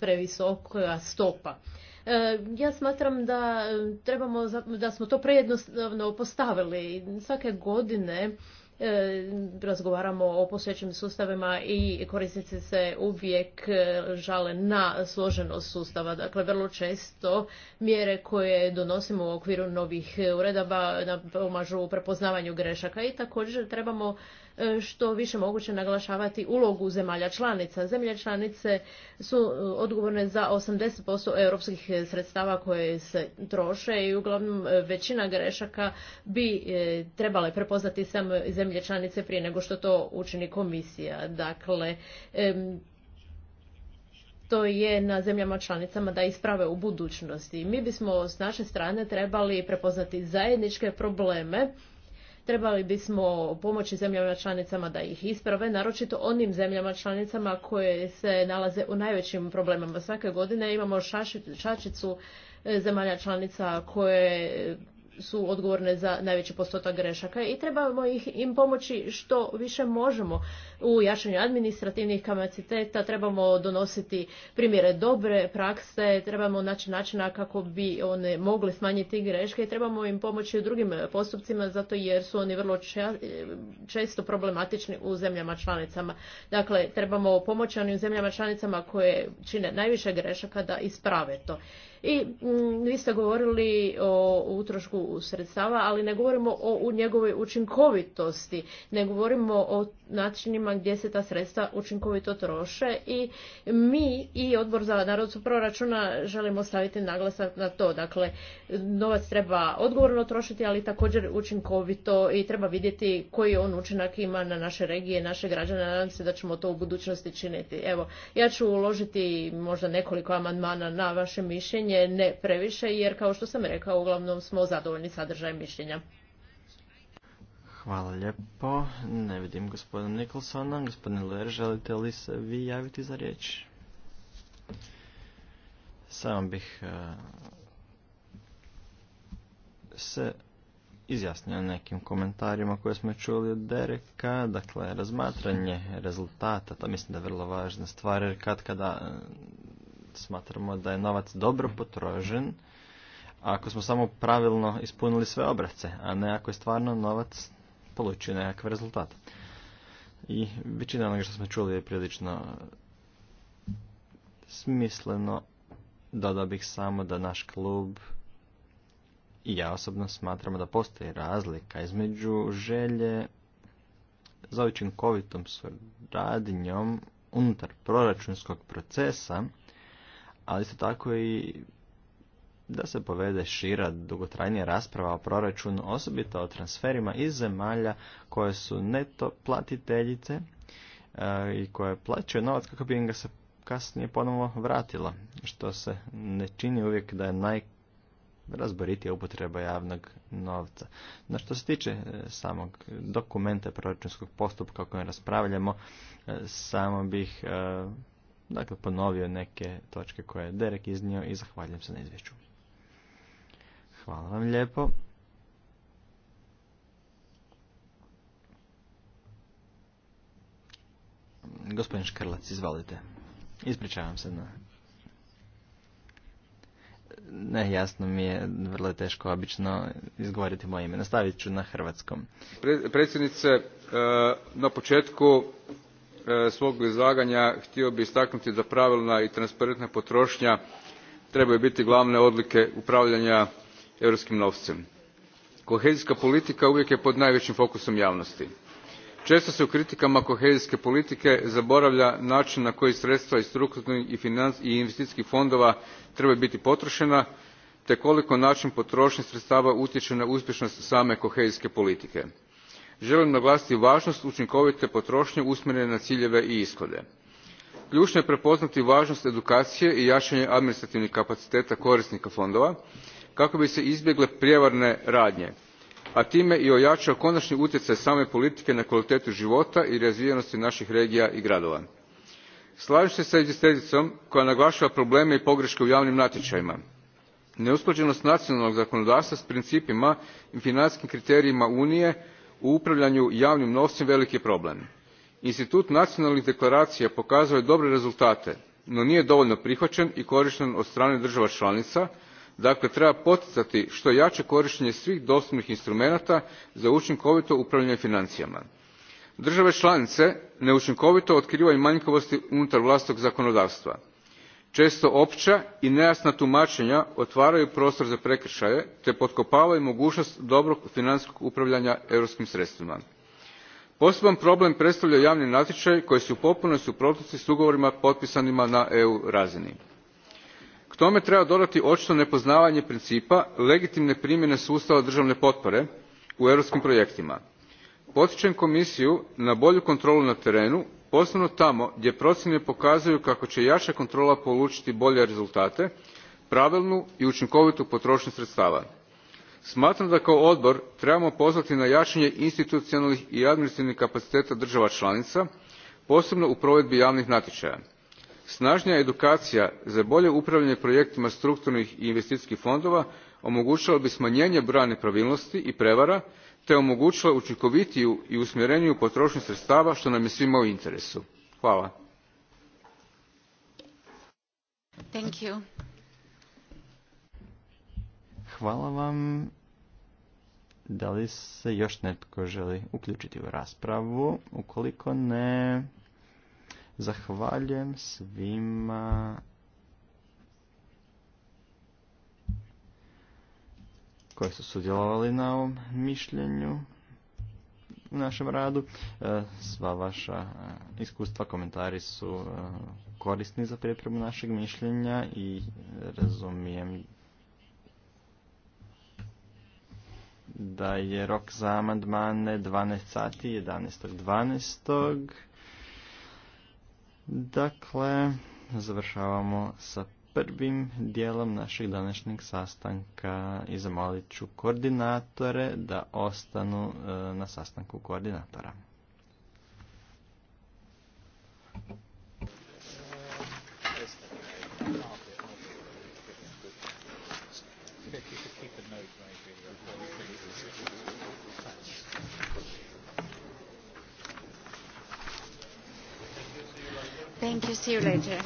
previsoka stopa. E, ja smatram da, e, trebamo, da smo to prejednostavno postavili. Svake godine E, razgovaramo o postojećim sustavima i korisnici se uvijek e, žale na složenost sustava. Dakle, vrlo često mjere koje donosimo u okviru novih uredaba pomažu u prepoznavanju grešaka i također trebamo E, što više moguće naglašavati ulogu zemalja članica. Zemlje članice su e, odgovorne za 80% europskih sredstava koje se troše i uglavnom e, većina grešaka bi trebale prepoznati samo zemlje članice prije nego što to učini komisija. Dakle, to je na zemljama članicama da isprave u budućnosti. Mi bismo s naše strane trebali prepoznati zajedničke probleme Trebali bismo pomoći zemljama članicama da ih isprave, naročito onim zemljama članicama koje se nalaze u najvećim problemama. Svake godine imamo šačicu e, zemalja članica koje su odgovorne za najveći postotak grešaka i trebamo ih, im pomoći što više možemo u jačanju administrativnih kapaciteta, trebamo donositi primjere dobre prakse, trebamo naći načina kako bi one mogle smanjiti greške i trebamo im pomoći u drugim postupcima zato jer su oni vrlo često problematični u zemljama članicama. Dakle, trebamo pomoći onim zemljama članicama koje čine najviše grešaka da isprave to. I mm, vi ste govorili o utrošku sredstava, ali ne govorimo o njegovoj učinkovitosti, ne govorimo o načinima gdje se ta sredstva učinkovito troše i mi i odbor za narodcu proračuna želimo staviti naglasak na to. Dakle, novac treba odgovorno trošiti, ali također učinkovito i treba vidjeti koji on učinak ima na naše regije, naše građane. Nadam se da ćemo to u budućnosti činiti. Evo, ja ću uložiti možda nekoliko amandmana na vaše mišljenje, ne previše, jer kao što sam rekao, uglavnom smo zadovoljni sadržajem mišljenja. Hvala lijepo. Ne vidim gospodina Nikolsona. Gospodin Ler, želite li se vi javiti za riječ? Samo bih e, se izjasnio nekim komentarima koje smo čuli od Dereka, dakle razmatranje rezultata, to mislim da je vrlo važna stvar, jer kad kada e, smatramo da je novac dobro potrožen, ako smo samo pravilno ispunili sve obrace a ne ako je stvarno novac polučio nekakav rezultat. I većina onoga što smo čuli je prilično smisleno. Dodao bih samo da naš klub i ja osobno smatramo da postoji razlika između želje za učinkovitom suradnjom unutar proračunskog procesa, ali isto tako i da se povede šira dugotrajnija rasprava o proračunu, osobito o transferima iz zemalja koje su neto platiteljice e, i koje plaćaju novac kako bi im ga se kasnije ponovo vratila, što se ne čini uvijek da je naj upotreba javnog novca. Na što se tiče e, samog dokumenta proračunskog postupka o kojem raspravljamo, e, samo bih dakle, ponovio neke točke koje je Derek iznio i zahvaljujem se na izvješću. Hvala vam lijepo. Gospodin Škrlac, izvalite. Ispričavam se na... Ne, jasno mi je, vrlo je teško obično izgovoriti moje ime. Nastavit ću na hrvatskom. predsjednice, e, na početku e, svog izlaganja htio bi istaknuti da pravilna i transparentna potrošnja trebaju biti glavne odlike upravljanja europskim novcem. kohezijska politika uvijek je pod najvećim fokusom javnosti. često se u kritikama kohezijske politike zaboravlja način na koji sredstva iz strukturnih i investicijskih fondova trebaju biti potrošena te koliko način potrošnje sredstava utječe na uspješnost same kohezijske politike. želim naglasiti važnost učinkovite potrošnje usmjerene na ciljeve i ishode. ključno je prepoznati važnost edukacije i jačanje administrativnih kapaciteta korisnika fondova kako bi se izbjegle prijevarne radnje a time i ojačao konačni utjecaj same politike na kvalitetu života i razvijenosti naših regija i gradova. slažem se s izvjestiteljicom koja naglašava probleme i pogreške u javnim natječajima. neusklađenost nacionalnog zakonodavstva s principima i financijskim kriterijima unije u upravljanju javnim novcem veliki je problem. institut nacionalnih deklaracija pokazao je dobre rezultate no nije dovoljno prihvaćen i korišten od strane država članica dakle treba poticati što jače korištenje svih dostupnih instrumenata za učinkovito upravljanje financijama. države članice neučinkovito otkrivaju manjkavosti unutar vlastitog zakonodavstva. često opća i nejasna tumačenja otvaraju prostor za prekršaje te potkopavaju mogućnost dobrog financijskog upravljanja europskim sredstvima. poseban problem predstavlja javni natječaji koji su u potpunoj suprotnosti s ugovorima potpisanima na eu razini tome treba dodati očito nepoznavanje principa legitimne primjene sustava državne potpore u europskim projektima. potičem komisiju na bolju kontrolu na terenu posebno tamo gdje procjene pokazuju kako će jača kontrola polučiti bolje rezultate pravilnu i učinkovitu potrošnju sredstava. smatram da kao odbor trebamo pozvati na jačanje institucionalnih i administrativnih kapaciteta država članica posebno u provedbi javnih natječaja snanija edukacija za bolje upravljanje projektima strukturnih i investicijskih fondova omoguila bi smanjenje broja nepravilnosti i prevara te omoguila učinkovitiju i usmjereniju potronju sredstava što nam je svima u interesu. hvala. hvala vam. Da li se još netko želi uključiti u raspravu? Ukoliko ne, Zahvaljujem svima koji su sudjelovali na ovom mišljenju u našem radu. E, sva vaša e, iskustva, komentari su e, korisni za pripremu našeg mišljenja i razumijem da je rok za amandmane 12 sati 11., 12. Dakle, završavamo sa prvim dijelom našeg današnjeg sastanka i zamolit ću koordinatore da ostanu e, na sastanku koordinatora. Thank you. See you later.